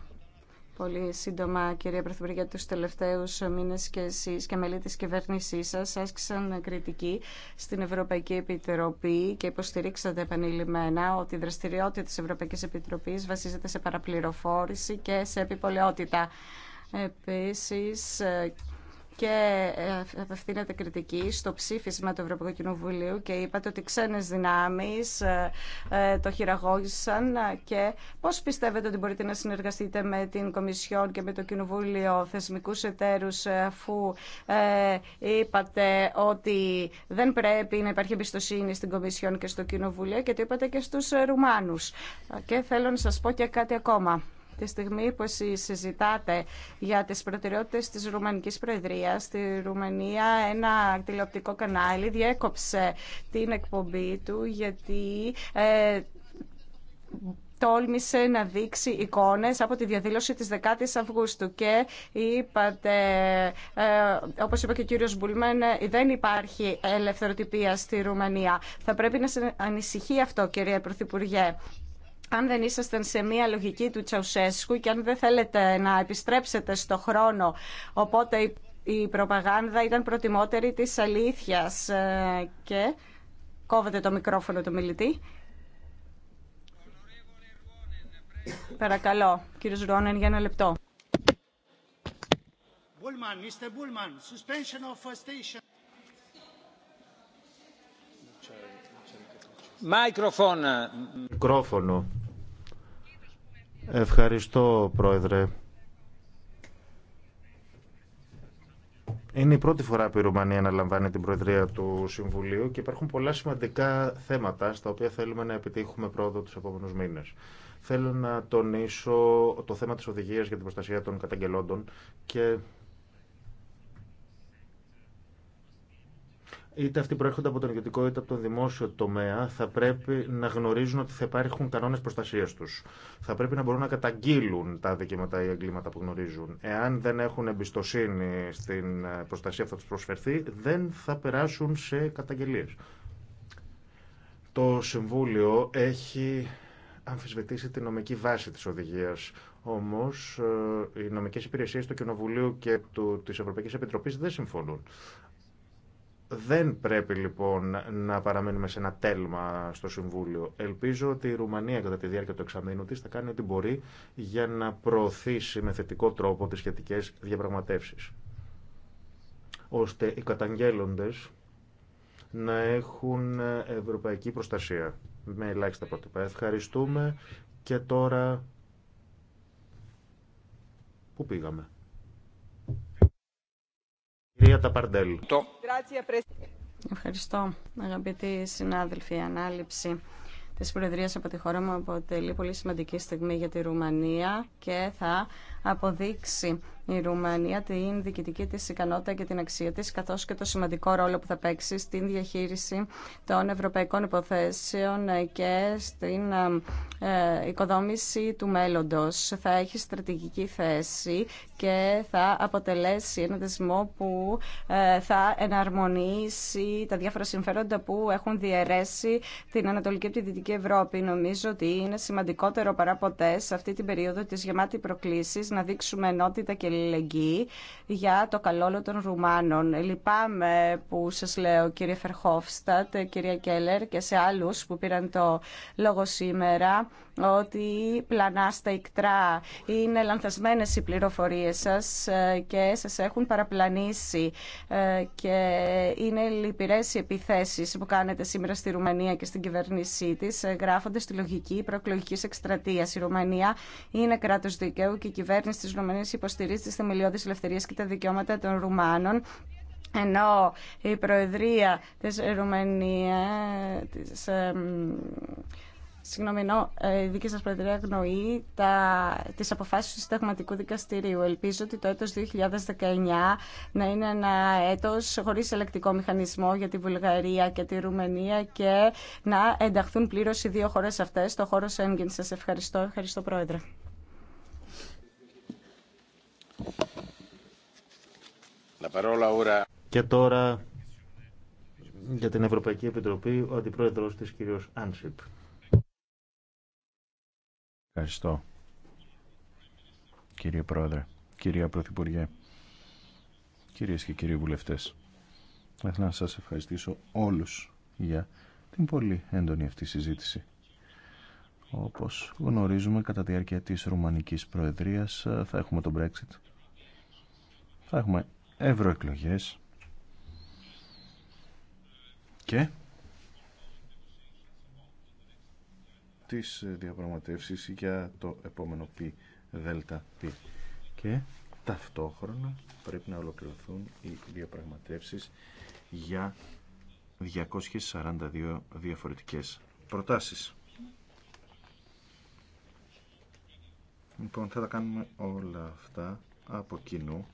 Πολύ σύντομα, κυρία Πρωθυπουργέ, του τελευταίου μήνε και εσείς και μέλη τη κυβέρνησή σα, άσκησαν κριτική στην Ευρωπαϊκή Επιτροπή και υποστηρίξατε επανειλημμένα ότι η δραστηριότητα τη Ευρωπαϊκή Επιτροπής βασίζεται σε παραπληροφόρηση και σε επιπολαιότητα. Επίση, και ε, απευθύνεται κριτική στο ψήφισμα του Ευρωπαϊκού Κοινοβουλίου και είπατε ότι ξένες δυνάμεις ε, ε, το χειραγώγησαν και πώς πιστεύετε ότι μπορείτε να συνεργαστείτε με την Κομισιόν και με το Κοινοβούλιο θεσμικούς εταίρους αφού είπατε ότι δεν πρέπει να υπάρχει εμπιστοσύνη στην Κομισιόν και στο Κοινοβούλιο και το είπατε και στους Ρουμάνους. Και θέλω να σας πω και κάτι ακόμα. Τη στιγμή που εσείς συζητάτε για τις προτεραιότητες της Ρουμανικής Προεδρίας στη Ρουμανία ένα τηλεοπτικό κανάλι διέκοψε την εκπομπή του γιατί. Ε, τόλμησε να δείξει εικόνες από τη διαδήλωση της 10ης Αυγούστου και είπατε, ε, όπως είπε και ο κύριος Μπουλμέν, δεν υπάρχει ελευθεροτυπία στη Ρουμανία. Θα πρέπει να σε ανησυχεί αυτό, κυρία Πρωθυπουργέ αν δεν ήσασταν σε μία λογική του Τσαουσέσκου και αν δεν θέλετε να επιστρέψετε στο χρόνο, οπότε η προπαγάνδα ήταν προτιμότερη της αλήθειας ε, και κόβετε το μικρόφωνο του μιλητή. Παρακαλώ, κύριος Ρόνεν, για ένα λεπτό. Μικρόφωνο. Ευχαριστώ, Πρόεδρε. Είναι η πρώτη φορά που η Ρουμανία αναλαμβάνει την Προεδρία του Συμβουλίου και υπάρχουν πολλά σημαντικά θέματα στα οποία θέλουμε να επιτύχουμε πρόοδο του επόμενου μήνε. Θέλω να τονίσω το θέμα τη οδηγία για την προστασία των καταγγελόντων και είτε αυτοί προέρχονται από τον ιδιωτικό είτε από τον δημόσιο τομέα, θα πρέπει να γνωρίζουν ότι θα υπάρχουν κανόνε προστασία του. Θα πρέπει να μπορούν να καταγγείλουν τα δικαιώματα ή εγκλήματα που γνωρίζουν. Εάν δεν έχουν εμπιστοσύνη στην ε, προστασία που θα του προσφερθεί, δεν θα περάσουν σε καταγγελίε. Το Συμβούλιο έχει αμφισβητήσει τη νομική βάση της οδηγίας. Όμως, ε, οι νομικές υπηρεσίες του Κοινοβουλίου και του, της Ευρωπαϊκής Επιτροπής δεν συμφωνούν. Δεν πρέπει λοιπόν να παραμένουμε σε ένα τέλμα στο Συμβούλιο. Ελπίζω ότι η Ρουμανία κατά τη διάρκεια του εξαμήνου της θα κάνει ό,τι μπορεί για να προωθήσει με θετικό τρόπο τις σχετικές διαπραγματεύσεις. Ώστε οι καταγγέλλοντες να έχουν ευρωπαϊκή προστασία με ελάχιστα πρότυπα. Ευχαριστούμε και τώρα... Πού πήγαμε. Κυρία Ταπαρντέλ. Ευχαριστώ, αγαπητοί συνάδελφοι. Η ανάληψη τη Προεδρία από τη χώρα μου αποτελεί πολύ σημαντική στιγμή για τη Ρουμανία και θα αποδείξει η Ρουμανία την διοικητική της ικανότητα και την αξία της, καθώς και το σημαντικό ρόλο που θα παίξει στην διαχείριση των ευρωπαϊκών υποθέσεων και στην ε, οικοδόμηση του μέλλοντος. Θα έχει στρατηγική θέση και θα αποτελέσει ένα δεσμό που ε, θα εναρμονίσει τα διάφορα συμφέροντα που έχουν διαιρέσει την Ανατολική και τη Δυτική Ευρώπη. Νομίζω ότι είναι σημαντικότερο παρά ποτέ σε αυτή την περίοδο της γεμάτη προκλήσεις να δείξουμε ενότητα και αλληλεγγύη για το καλό των Ρουμάνων. Λυπάμαι που σα λέω κύριε Φερχόφστατ, κυρία Κέλλερ και σε άλλου που πήραν το λόγο σήμερα ότι πλανά στα ικτρά. Είναι λανθασμένες οι πληροφορίες σας ε, και σας έχουν παραπλανήσει ε, και είναι λυπηρές οι επιθέσεις που κάνετε σήμερα στη Ρουμανία και στην κυβέρνησή της ε, γράφοντας τη λογική προεκλογικής εκστρατεία. Η Ρουμανία είναι κράτος δικαίου και η κυβέρνηση της Ρουμανίας υποστηρίζει τις θεμελιώδεις ελευθερίες και τα δικαιώματα των Ρουμάνων ενώ η Προεδρία της Ρουμανία, της, ε, συγγνώμη, η δική σα Προεδρία γνωρεί τι τις αποφάσεις του Συνταγματικού Δικαστηρίου. Ελπίζω ότι το έτος 2019 να είναι ένα έτος χωρίς ελεκτικό μηχανισμό για τη Βουλγαρία και τη Ρουμανία και να ενταχθούν πλήρως οι δύο χώρε αυτέ στο χώρο Σέγγεν. Σα. ευχαριστώ. Ευχαριστώ, Πρόεδρε. Και τώρα για την Ευρωπαϊκή Επιτροπή ο Αντιπρόεδρος της κύριος Άνσιπ. Ευχαριστώ. Κύριε Πρόεδρε, κυρία Πρωθυπουργέ, κυρίες και κύριοι βουλευτές, θα ήθελα να σας ευχαριστήσω όλους για την πολύ έντονη αυτή συζήτηση. Όπως γνωρίζουμε, κατά τη διάρκεια της Ρουμανικής Προεδρίας ε, θα έχουμε τον Brexit θα έχουμε ευρωεκλογέ. Και τις διαπραγματεύσεις για το επόμενο πι δέλτα πι. Και ταυτόχρονα πρέπει να ολοκληρωθούν οι διαπραγματεύσεις για 242 διαφορετικές προτάσεις. Λοιπόν, θα τα κάνουμε όλα αυτά από κοινού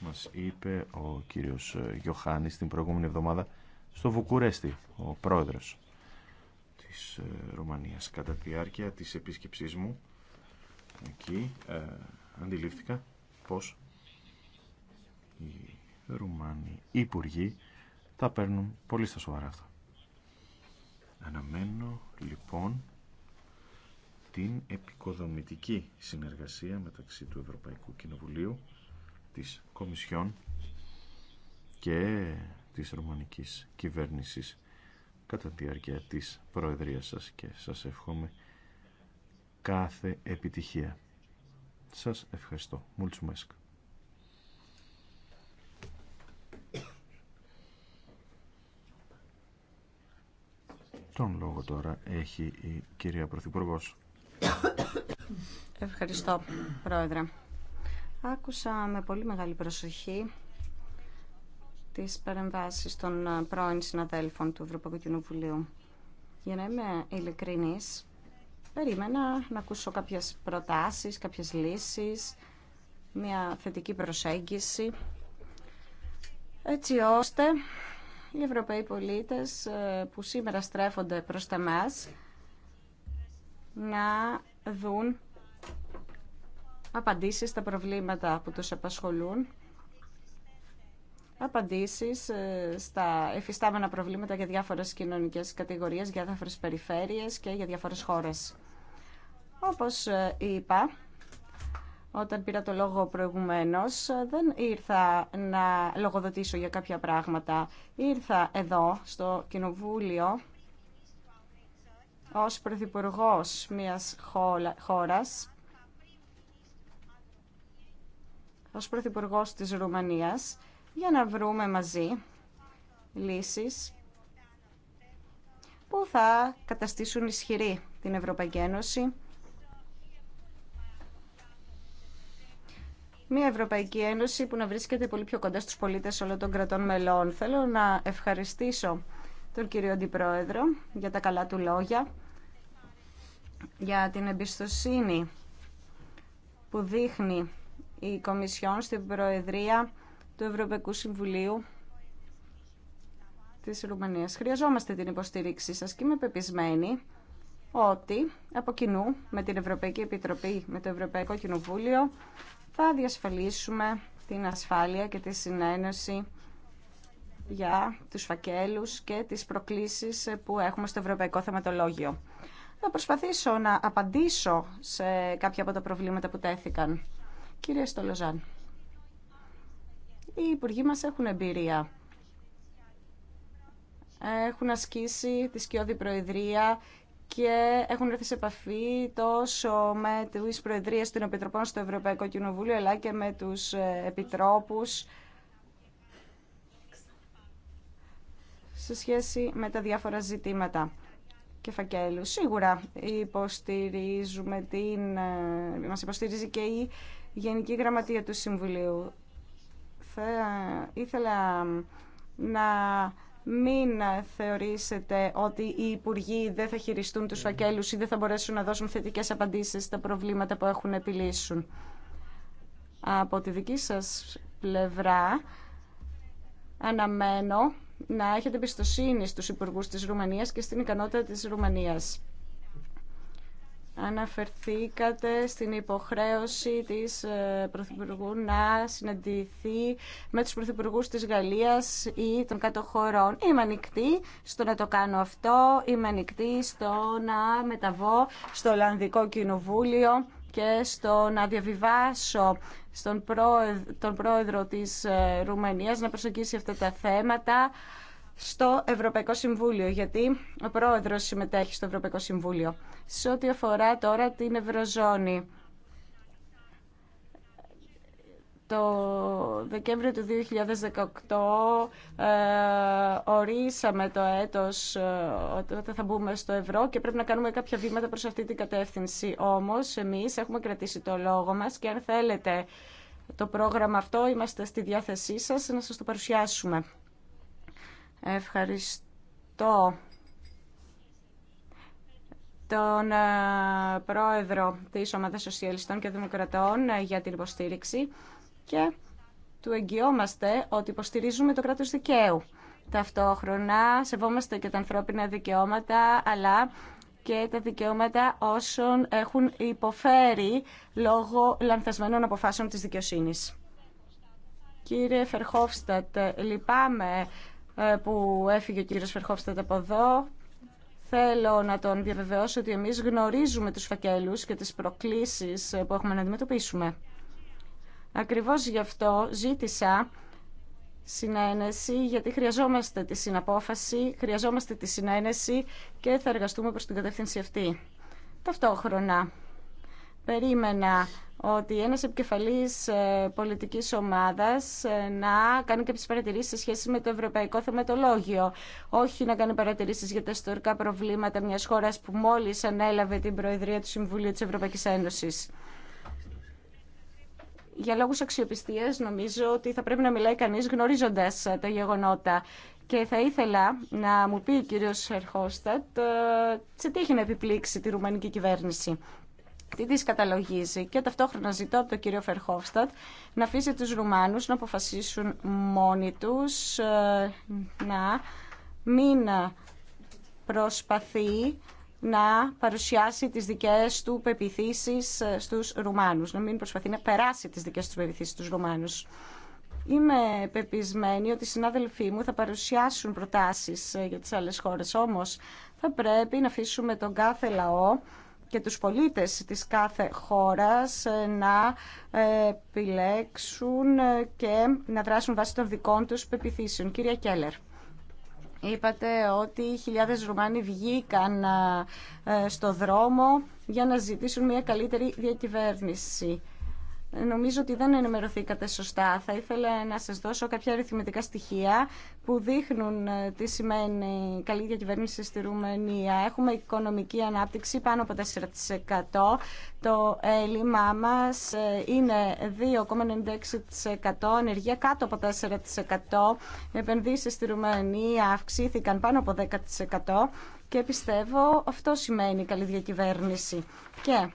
μας είπε ο κύριος ε, Γιωχάνης την προηγούμενη εβδομάδα στο Βουκουρέστι, ο πρόεδρος της ε, Ρουμανίας. Κατά τη διάρκεια της επίσκεψής μου εκεί ε, αντιλήφθηκα πως οι Ρουμάνοι υπουργοί τα παίρνουν πολύ στα σοβαρά αυτά. Αναμένω λοιπόν την επικοδομητική συνεργασία μεταξύ του Ευρωπαϊκού Κοινοβουλίου της Κομισιόν και της Ρουμανικής Κυβέρνησης κατά τη διάρκεια της Προεδρίας σας και σας ευχόμαι κάθε επιτυχία. Σας ευχαριστώ. Μουλτσουμέσκ. Τον λόγο τώρα έχει η κυρία Πρωθυπουργός. Ευχαριστώ, Πρόεδρε. Άκουσα με πολύ μεγάλη προσοχή τις παρεμβάσεις των πρώην συναδέλφων του Ευρωπαϊκού Κοινοβουλίου. Για να είμαι ειλικρινής, περίμενα να ακούσω κάποιες προτάσεις, κάποιες λύσεις, μια θετική προσέγγιση, έτσι ώστε οι Ευρωπαίοι πολίτες ε, που σήμερα στρέφονται προς τα μας να δουν απαντήσεις στα προβλήματα που τους απασχολούν, απαντήσεις ε, στα εφιστάμενα προβλήματα για διάφορες κοινωνικές κατηγορίες, για διάφορες περιφέρειες και για διάφορες χώρες. Όπως ε, είπα, όταν πήρα το λόγο προηγουμένως, ε, δεν ήρθα να λογοδοτήσω για κάποια πράγματα. Ήρθα εδώ, στο Κοινοβούλιο, ως Πρωθυπουργός μιας χώρας, ως Πρωθυπουργός της Ρουμανίας για να βρούμε μαζί λύσεις που θα καταστήσουν ισχυρή την Ευρωπαϊκή Ένωση. Μια Ευρωπαϊκή Ένωση που να βρίσκεται πολύ πιο κοντά στους πολίτες όλων των κρατών μελών. Θέλω να ευχαριστήσω τον κύριο Αντιπρόεδρο για τα καλά του λόγια, για την εμπιστοσύνη που δείχνει η Κομισιόν στην Προεδρία του Ευρωπαϊκού Συμβουλίου της Ρουμανίας. Χρειαζόμαστε την υποστήριξή σας και είμαι πεπισμένη ότι από κοινού με την Ευρωπαϊκή Επιτροπή, με το Ευρωπαϊκό Κοινοβούλιο θα διασφαλίσουμε την ασφάλεια και τη συνένωση για τους φακέλους και τις προκλήσεις που έχουμε στο Ευρωπαϊκό Θεματολόγιο. Θα προσπαθήσω να απαντήσω σε κάποια από τα προβλήματα που τέθηκαν. Κυρία Στολοζάν, οι υπουργοί μας έχουν εμπειρία. Έχουν ασκήσει τη σκιώδη προεδρία και έχουν έρθει σε επαφή τόσο με τις προεδρίες των Επιτροπών στο Ευρωπαϊκό Κοινοβούλιο αλλά και με τους ε, επιτρόπους σε σχέση με τα διάφορα ζητήματα και φακέλου. Σίγουρα υποστηρίζουμε την... Ε, μας υποστηρίζει και η Γενική Γραμματεία του Συμβουλίου. ήθελα να μην θεωρήσετε ότι οι υπουργοί δεν θα χειριστούν τους φακέλους ή δεν θα μπορέσουν να δώσουν θετικές απαντήσεις στα προβλήματα που έχουν επιλύσουν. Από τη δική σας πλευρά αναμένω να έχετε εμπιστοσύνη στους υπουργούς της Ρουμανίας και στην ικανότητα της Ρουμανίας. Αναφερθήκατε στην υποχρέωση της ε, Πρωθυπουργού να συναντηθεί με τους Πρωθυπουργούς της Γαλλίας ή των κατοχωρών. Είμαι ανοιχτή στο να το κάνω αυτό, είμαι ανοιχτή στο να μεταβώ στο Ολλανδικό Κοινοβούλιο και στο να διαβιβάσω στον πρόεδρο, τον πρόεδρο της ε, Ρουμανίας να προσεγγίσει αυτά τα θέματα στο Ευρωπαϊκό Συμβούλιο, γιατί ο πρόεδρος συμμετέχει στο Ευρωπαϊκό Συμβούλιο. Σε ό,τι αφορά τώρα την Ευρωζώνη, το Δεκέμβριο του 2018 ε, ορίσαμε το έτος ε, ότι θα μπούμε στο ευρώ και πρέπει να κάνουμε κάποια βήματα προς αυτή την κατεύθυνση. Όμως εμείς έχουμε κρατήσει το λόγο μας και αν θέλετε το πρόγραμμα αυτό είμαστε στη διάθεσή σας να σας το παρουσιάσουμε. Ευχαριστώ τον ε, πρόεδρο της Ομάδας Σοσιαλιστών και Δημοκρατών ε, για την υποστήριξη και του εγγυόμαστε ότι υποστηρίζουμε το κράτος δικαίου. Ταυτόχρονα σεβόμαστε και τα ανθρώπινα δικαιώματα, αλλά και τα δικαιώματα όσων έχουν υποφέρει λόγω λανθασμένων αποφάσεων της δικαιοσύνης. Κύριε Φερχόφστατ, λυπάμαι ε, που έφυγε ο κύριος Φερχόφστατ από εδώ. Θέλω να τον διαβεβαιώσω ότι εμείς γνωρίζουμε τους φακέλους και τις προκλήσεις ε, που έχουμε να αντιμετωπίσουμε. Ακριβώς γι' αυτό ζήτησα συνένεση, γιατί χρειαζόμαστε τη συναπόφαση, χρειαζόμαστε τη συνένεση και θα εργαστούμε προς την κατεύθυνση αυτή. Ταυτόχρονα, περίμενα ότι ένας επικεφαλής ε, πολιτικής ομάδας ε, να κάνει κάποιες παρατηρήσεις σε σχέση με το ευρωπαϊκό θεματολόγιο. Όχι να κάνει παρατηρήσεις για τα ιστορικά προβλήματα μιας χώρας που μόλις ανέλαβε την Προεδρία του Συμβουλίου της Ευρωπαϊκής Ένωσης. Για λόγους αξιοπιστίας νομίζω ότι θα πρέπει να μιλάει κανείς γνωρίζοντας ε, τα γεγονότα. Και θα ήθελα να μου πει ο κύριος Ερχόστατ σε τι έχει να επιπλήξει τη ρουμανική κυβέρνηση τις καταλογίζει και ταυτόχρονα ζητώ από τον κύριο Φερχόφστατ να αφήσει τους Ρουμάνους να αποφασίσουν μόνοι τους ε, να μην προσπαθεί να παρουσιάσει τις δικές του πεπιθήσεις ε, στους Ρουμάνους, να μην προσπαθεί να περάσει τις δικές του πεπιθήσεις στους Ρουμάνους. Είμαι πεπισμένη ότι οι συνάδελφοί μου θα παρουσιάσουν προτάσεις ε, για τις άλλες χώρες, όμως θα πρέπει να αφήσουμε τον κάθε λαό και τους πολίτες της κάθε χώρας ε, να ε, επιλέξουν ε, και να δράσουν βάσει των δικών τους πεπιθήσεων. Κυρία Κέλλερ. Είπατε ότι χιλιάδες Ρουμάνοι βγήκαν στο δρόμο για να ζητήσουν μια καλύτερη διακυβέρνηση. Νομίζω ότι δεν ενημερωθήκατε σωστά. Θα ήθελα να σας δώσω κάποια αριθμητικά στοιχεία που δείχνουν ε, τι σημαίνει καλή διακυβέρνηση στη Ρουμανία. Έχουμε οικονομική ανάπτυξη πάνω από 4%. Το έλλειμμά μας ε, είναι 2,96%. Ενεργεία κάτω από 4%. Οι επενδύσεις στη Ρουμανία αυξήθηκαν πάνω από 10%. Και πιστεύω αυτό σημαίνει καλή διακυβέρνηση. Και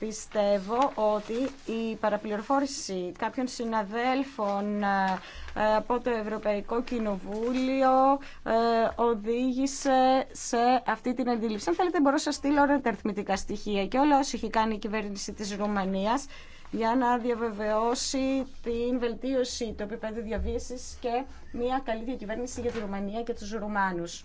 πιστεύω ότι η παραπληροφόρηση κάποιων συναδέλφων ε, από το Ευρωπαϊκό Κοινοβούλιο ε, οδήγησε σε αυτή την αντίληψη. Αν θέλετε μπορώ να σας στείλω όλα τα αριθμητικά στοιχεία και όλα όσα έχει κάνει η κυβέρνηση της Ρουμανίας για να διαβεβαιώσει την βελτίωση του επίπεδου διαβίωσης και μια καλή διακυβέρνηση για τη Ρουμανία και τους Ρουμάνους.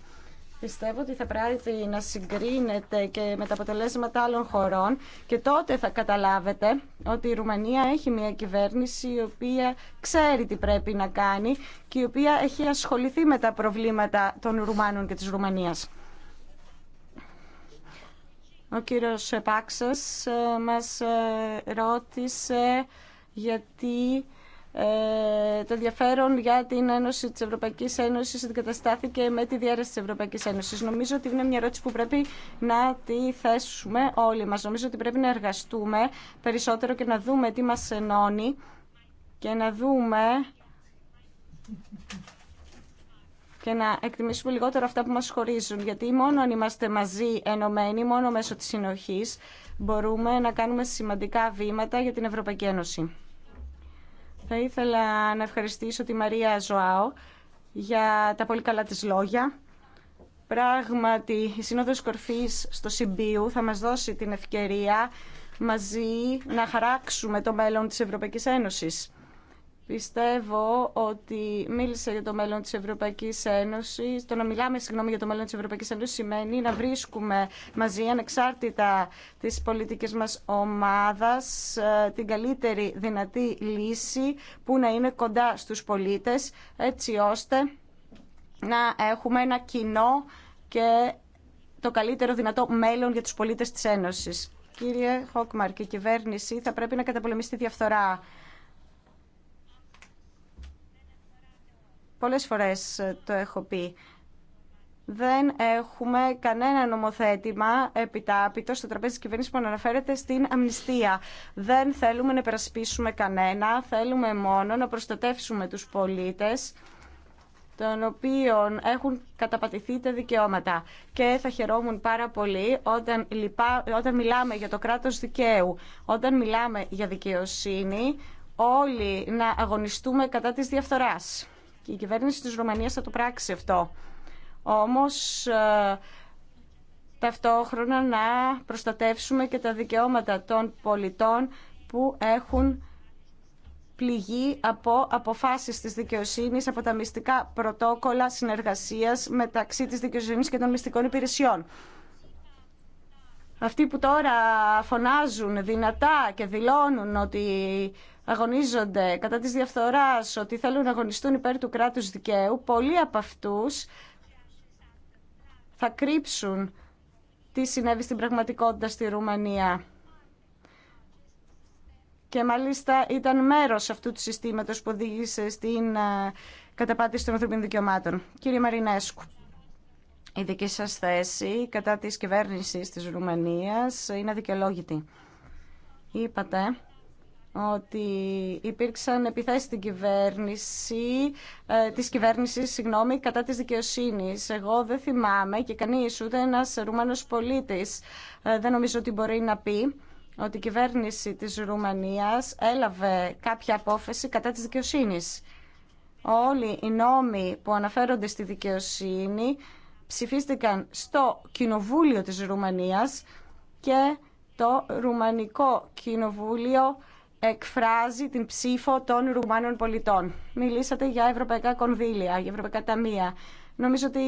Πιστεύω ότι θα πρέπει να συγκρίνετε και με τα αποτελέσματα άλλων χωρών και τότε θα καταλάβετε ότι η Ρουμανία έχει μια κυβέρνηση η οποία ξέρει τι πρέπει να κάνει και η οποία έχει ασχοληθεί με τα προβλήματα των Ρουμάνων και της Ρουμανίας. Ο κύριος Πάξας ε, μας ε, ρώτησε γιατί ε, το ενδιαφέρον για την Ένωση της Ευρωπαϊκής Ένωσης αντικαταστάθηκε με τη διέρεση της Ευρωπαϊκής Ένωσης. Νομίζω ότι είναι μια ερώτηση που πρέπει να τη θέσουμε όλοι μας. Νομίζω ότι πρέπει να εργαστούμε περισσότερο και να δούμε τι μας ενώνει και να δούμε και να εκτιμήσουμε λιγότερο αυτά που μας χωρίζουν. Γιατί μόνο αν είμαστε μαζί ενωμένοι, μόνο μέσω της συνοχής, μπορούμε να κάνουμε σημαντικά βήματα για την Ευρωπαϊκή Ένωση. Θα ήθελα να ευχαριστήσω τη Μαρία Ζωάο για τα πολύ καλά της λόγια. Πράγματι, η Σύνοδος Κορφής στο Συμπίου θα μας δώσει την ευκαιρία μαζί να χαράξουμε το μέλλον της Ευρωπαϊκής Ένωσης. Πιστεύω ότι μίλησε για το μέλλον της Ευρωπαϊκής Ένωσης. Το να μιλάμε συγγνώμη, για το μέλλον της Ευρωπαϊκής Ένωσης σημαίνει να βρίσκουμε μαζί ανεξάρτητα της πολιτικής μας ομάδας ε, την καλύτερη δυνατή λύση που να είναι κοντά στους πολίτες έτσι ώστε να έχουμε ένα κοινό και το καλύτερο δυνατό μέλλον για τους πολίτες της Ένωσης. Κύριε Χόκμαρ, και η κυβέρνηση θα πρέπει να καταπολεμήσει τη διαφθορά. Πολλές φορές ε, το έχω πει. Δεν έχουμε κανένα νομοθέτημα επιτάπητο στο τραπέζι της κυβέρνησης που αναφέρεται στην αμνηστία. Δεν θέλουμε να υπερασπίσουμε κανένα, θέλουμε μόνο να προστατεύσουμε τους πολίτες των οποίων έχουν καταπατηθεί τα δικαιώματα. Και θα χαιρόμουν πάρα πολύ όταν, όταν μιλάμε για το κράτος δικαίου, όταν μιλάμε για δικαιοσύνη, όλοι να αγωνιστούμε κατά της διαφθοράς. Και η κυβέρνηση της Ρουμανίας θα το πράξει αυτό. Όμως ε, ταυτόχρονα να προστατεύσουμε και τα δικαιώματα των πολιτών που έχουν πληγεί από αποφάσεις της δικαιοσύνης, από τα μυστικά πρωτόκολλα συνεργασίας μεταξύ της δικαιοσύνης και των μυστικών υπηρεσιών. Αυτοί που τώρα φωνάζουν δυνατά και δηλώνουν ότι αγωνίζονται κατά της διαφθοράς, ότι θέλουν να αγωνιστούν υπέρ του κράτους δικαίου, πολλοί από αυτούς θα κρύψουν τι συνέβη στην πραγματικότητα στη Ρουμανία. Και μάλιστα ήταν μέρος αυτού του συστήματος που οδήγησε στην ε, καταπάτηση των ανθρωπίνων δικαιωμάτων. Κύριε Μαρινέσκου, η δική σας θέση κατά της κυβέρνησης της Ρουμανίας είναι αδικαιολόγητη. Είπατε ότι υπήρξαν επιθέσεις στην κυβέρνηση, ε, της κυβέρνησης συγγνώμη, κατά της δικαιοσύνης. Εγώ δεν θυμάμαι και κανείς ούτε ένας Ρουμανός πολίτης ε, δεν νομίζω ότι μπορεί να πει ότι η κυβέρνηση της Ρουμανίας έλαβε κάποια απόφαση κατά της δικαιοσύνης. Όλοι οι νόμοι που αναφέρονται στη δικαιοσύνη ψηφίστηκαν στο Κοινοβούλιο της Ρουμανίας και το Ρουμανικό Κοινοβούλιο εκφράζει την ψήφο των Ρουμάνων πολιτών. Μιλήσατε για ευρωπαϊκά κονδύλια, για ευρωπαϊκά ταμεία. Νομίζω ότι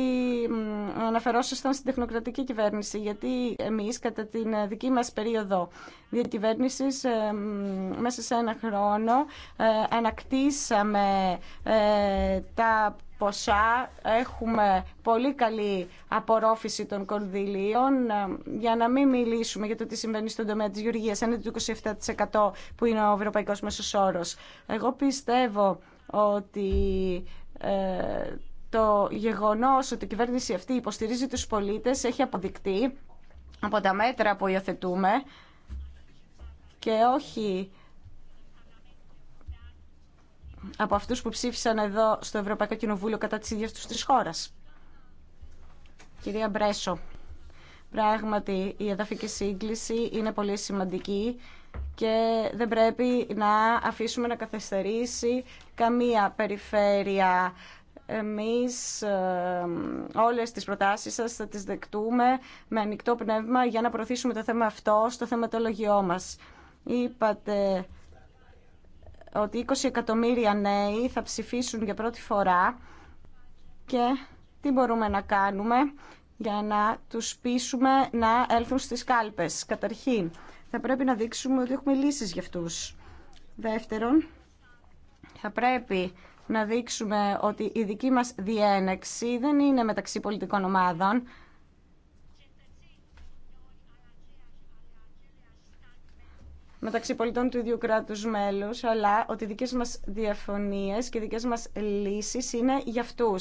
αναφερόσασταν στην τεχνοκρατική κυβέρνηση, γιατί εμείς κατά την ε, δική μας περίοδο διακυβέρνησης ε, μέσα σε ένα χρόνο ε, ανακτήσαμε τα ποσά, έχουμε πολύ καλή απορρόφηση των κονδυλίων για να μην μιλήσουμε για το τι συμβαίνει στον τομέα της γεωργίας, Είναι του 27% που είναι ο ευρωπαϊκός μέσος όρος. Εγώ πιστεύω ότι ε, το γεγονός ότι η κυβέρνηση αυτή υποστηρίζει τους πολίτες έχει αποδεικτεί από τα μέτρα που υιοθετούμε και όχι από αυτούς που ψήφισαν εδώ στο Ευρωπαϊκό Κοινοβούλιο κατά της ίδιας τους της χώρας. Κυρία Μπρέσο, πράγματι η εδαφική σύγκληση είναι πολύ σημαντική και δεν πρέπει να αφήσουμε να καθυστερήσει καμία περιφέρεια. Εμείς ε, όλες τις προτάσεις σας θα τις δεκτούμε με ανοιχτό πνεύμα για να προωθήσουμε το θέμα αυτό στο θεματολογιό μας. Είπατε ότι 20 εκατομμύρια νέοι θα ψηφίσουν για πρώτη φορά και τι μπορούμε να κάνουμε για να τους πείσουμε να έλθουν στις κάλπες. Καταρχήν, θα πρέπει να δείξουμε ότι έχουμε λύσεις για αυτούς. Δεύτερον, θα πρέπει να δείξουμε ότι η δική μας διένεξη δεν είναι μεταξύ πολιτικών ομάδων, μεταξύ πολιτών του ίδιου κράτου μέλου, αλλά ότι οι δικές μα διαφωνίες και οι δικέ μας λύσεις είναι για αυτού.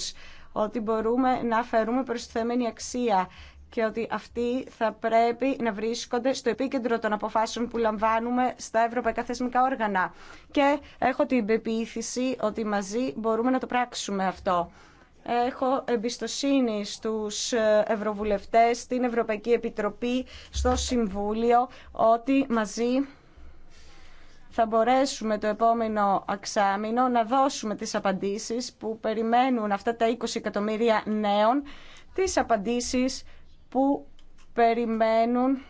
Ότι μπορούμε να αφαιρούμε προσθέμενη αξία και ότι αυτοί θα πρέπει να βρίσκονται στο επίκεντρο των αποφάσεων που λαμβάνουμε στα ευρωπαϊκά θεσμικά όργανα. Και έχω την πεποίθηση ότι μαζί μπορούμε να το πράξουμε αυτό. Έχω εμπιστοσύνη στους ευρωβουλευτές, στην Ευρωπαϊκή Επιτροπή, στο Συμβούλιο, ότι μαζί θα μπορέσουμε το επόμενο αξάμεινο να δώσουμε τις απαντήσεις που περιμένουν αυτά τα 20 εκατομμύρια νέων, τις απαντήσεις που περιμένουν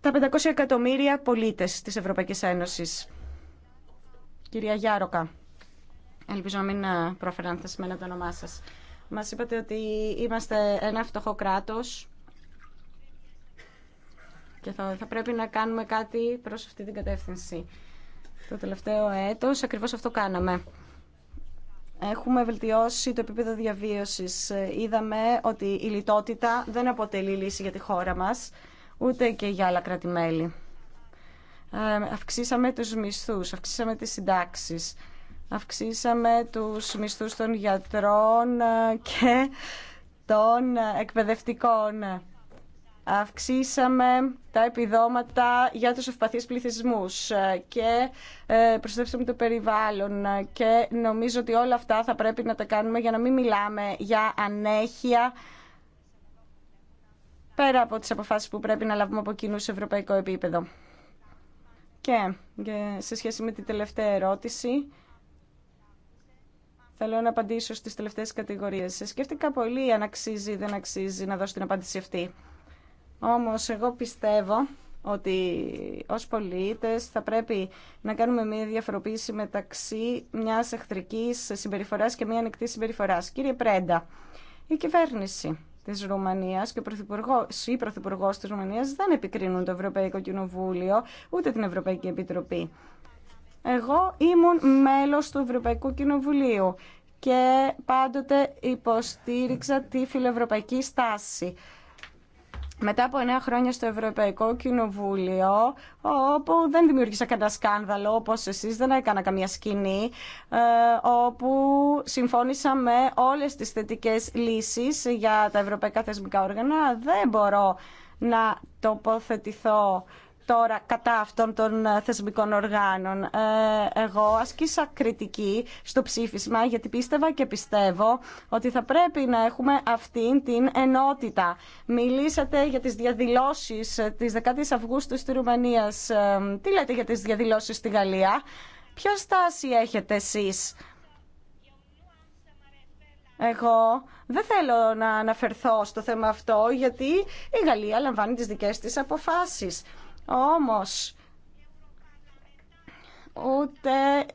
τα 500 εκατομμύρια πολίτες της Ευρωπαϊκής Ένωσης. Κυρία Γιάροκα, ελπίζω να μην ε, προφέραν σημαίνει το όνομά σας. Μας είπατε ότι είμαστε ένα φτωχό κράτος και θα, πρέπει να κάνουμε κάτι προς αυτή την κατεύθυνση. Το τελευταίο έτος ακριβώς αυτό κάναμε. Έχουμε βελτιώσει το επίπεδο διαβίωσης. Είδαμε ότι η λιτότητα δεν αποτελεί λύση για τη χώρα μας, ούτε και για άλλα κράτη-μέλη. αυξήσαμε τους μισθούς, αυξήσαμε τις συντάξεις, αυξήσαμε τους μισθούς των γιατρών ε, και των ε, εκπαιδευτικών Αυξήσαμε τα επιδόματα για τους ευπαθείς πληθυσμούς και ε, προσθέσαμε το περιβάλλον και νομίζω ότι όλα αυτά θα πρέπει να τα κάνουμε για να μην μιλάμε για ανέχεια πέρα από τις αποφάσεις που πρέπει να λάβουμε από κοινού σε ευρωπαϊκό επίπεδο. Και σε σχέση με την τελευταία ερώτηση, θέλω να απαντήσω στις τελευταίες κατηγορίες. Σκέφτηκα πολύ αν αξίζει ή δεν αξίζει να δώσω την απάντηση αυτή. Όμως εγώ πιστεύω ότι ως πολίτες θα πρέπει να κάνουμε μια διαφοροποίηση μεταξύ μιας εχθρικής συμπεριφοράς και μια ανοιχτή συμπεριφοράς. Κύριε Πρέντα, η κυβέρνηση της Ρουμανίας και ο πρωθυπουργός, ή πρωθυπουργός της Ρουμανίας δεν επικρίνουν το Ευρωπαϊκό Κοινοβούλιο ούτε την Ευρωπαϊκή Επιτροπή. Εγώ ήμουν μέλος του Ευρωπαϊκού Κοινοβουλίου και πάντοτε υποστήριξα τη φιλοευρωπαϊκή στάση μετά από 9 χρόνια στο Ευρωπαϊκό Κοινοβούλιο, όπου δεν δημιούργησα κανένα σκάνδαλο, όπως εσείς, δεν έκανα καμία σκηνή, ε, όπου συμφώνησα με όλες τις θετικές λύσεις για τα ευρωπαϊκά θεσμικά όργανα, δεν μπορώ να τοποθετηθώ τώρα κατά αυτών των ε, θεσμικών οργάνων. Ε, εγώ άσκησα κριτική στο ψήφισμα γιατί πίστευα και πιστεύω ότι θα πρέπει να έχουμε αυτήν την ενότητα. Μιλήσατε για τις διαδηλώσεις ε, της 10ης Αυγούστου στη Ρουμανία. Τι λέτε για τις διαδηλώσεις στη Γαλλία. Ποια στάση έχετε εσείς. Εγώ δεν θέλω να αναφερθώ στο θέμα αυτό γιατί η Γαλλία λαμβάνει τις δικές της αποφάσεις. Όμως, ούτε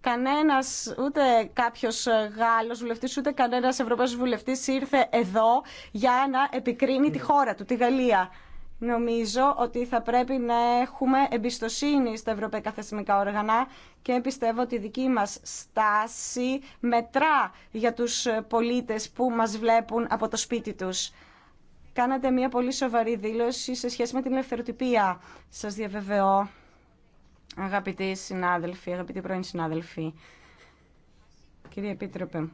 κανένας, ούτε κάποιος Γάλλος βουλευτής, ούτε κανένας Ευρωπαίος βουλευτής ήρθε εδώ για να επικρίνει τη χώρα του, τη Γαλλία. Νομίζω ότι θα πρέπει να έχουμε εμπιστοσύνη στα ευρωπαϊκά θεσμικά όργανα και πιστεύω ότι η δική μας στάση μετρά για τους πολίτες που μας βλέπουν από το σπίτι τους κάνατε μια πολύ σοβαρή δήλωση σε σχέση με την ελευθεροτυπία. Σας διαβεβαιώ, αγαπητοί συνάδελφοι, αγαπητοί πρώην συνάδελφοι, κύριε Επίτροπε,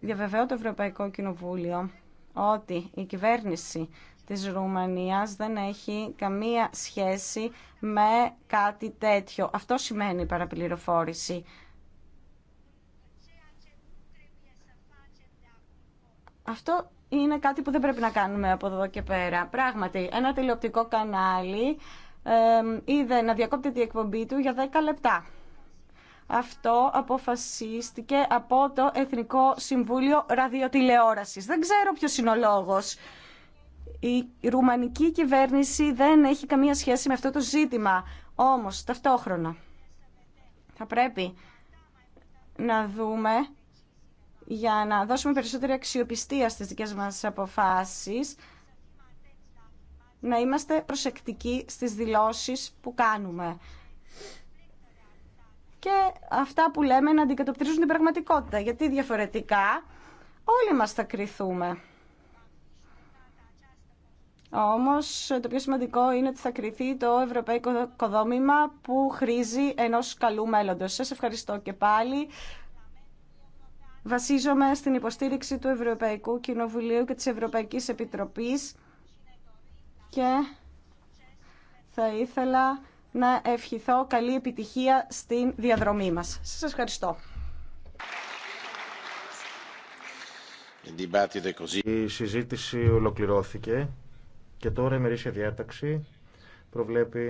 διαβεβαιώ το Ευρωπαϊκό Κοινοβούλιο ότι η κυβέρνηση της Ρουμανίας δεν έχει καμία σχέση με κάτι τέτοιο. Αυτό σημαίνει παραπληροφόρηση. Αυτό είναι κάτι που δεν πρέπει να κάνουμε από εδώ και πέρα. Πράγματι, ένα τηλεοπτικό κανάλι είδε να διακόπτει η εκπομπή του για 10 λεπτά. Αυτό αποφασίστηκε από το Εθνικό Συμβούλιο Ραδιοτηλεόρασης. Δεν ξέρω ποιος είναι ο λόγος. Η ρουμανική κυβέρνηση δεν έχει καμία σχέση με αυτό το ζήτημα. Όμως, ταυτόχρονα, θα πρέπει να δούμε για να δώσουμε περισσότερη αξιοπιστία στις δικές μας αποφάσεις, να είμαστε προσεκτικοί στις δηλώσεις που κάνουμε. Και αυτά που λέμε να αντικατοπτρίζουν την πραγματικότητα, γιατί διαφορετικά όλοι μας θα κριθούμε. Όμως το πιο σημαντικό είναι ότι θα κρυθεί το ευρωπαϊκό οικοδόμημα που χρήζει ενός καλού μέλλοντος. Σας ευχαριστώ και πάλι Βασίζομαι στην υποστήριξη του Ευρωπαϊκού Κοινοβουλίου και της Ευρωπαϊκής Επιτροπής και θα ήθελα να ευχηθώ καλή επιτυχία στην διαδρομή μας. Σας ευχαριστώ. Η συζήτηση ολοκληρώθηκε και τώρα η μερίσια διάταξη προβλέπει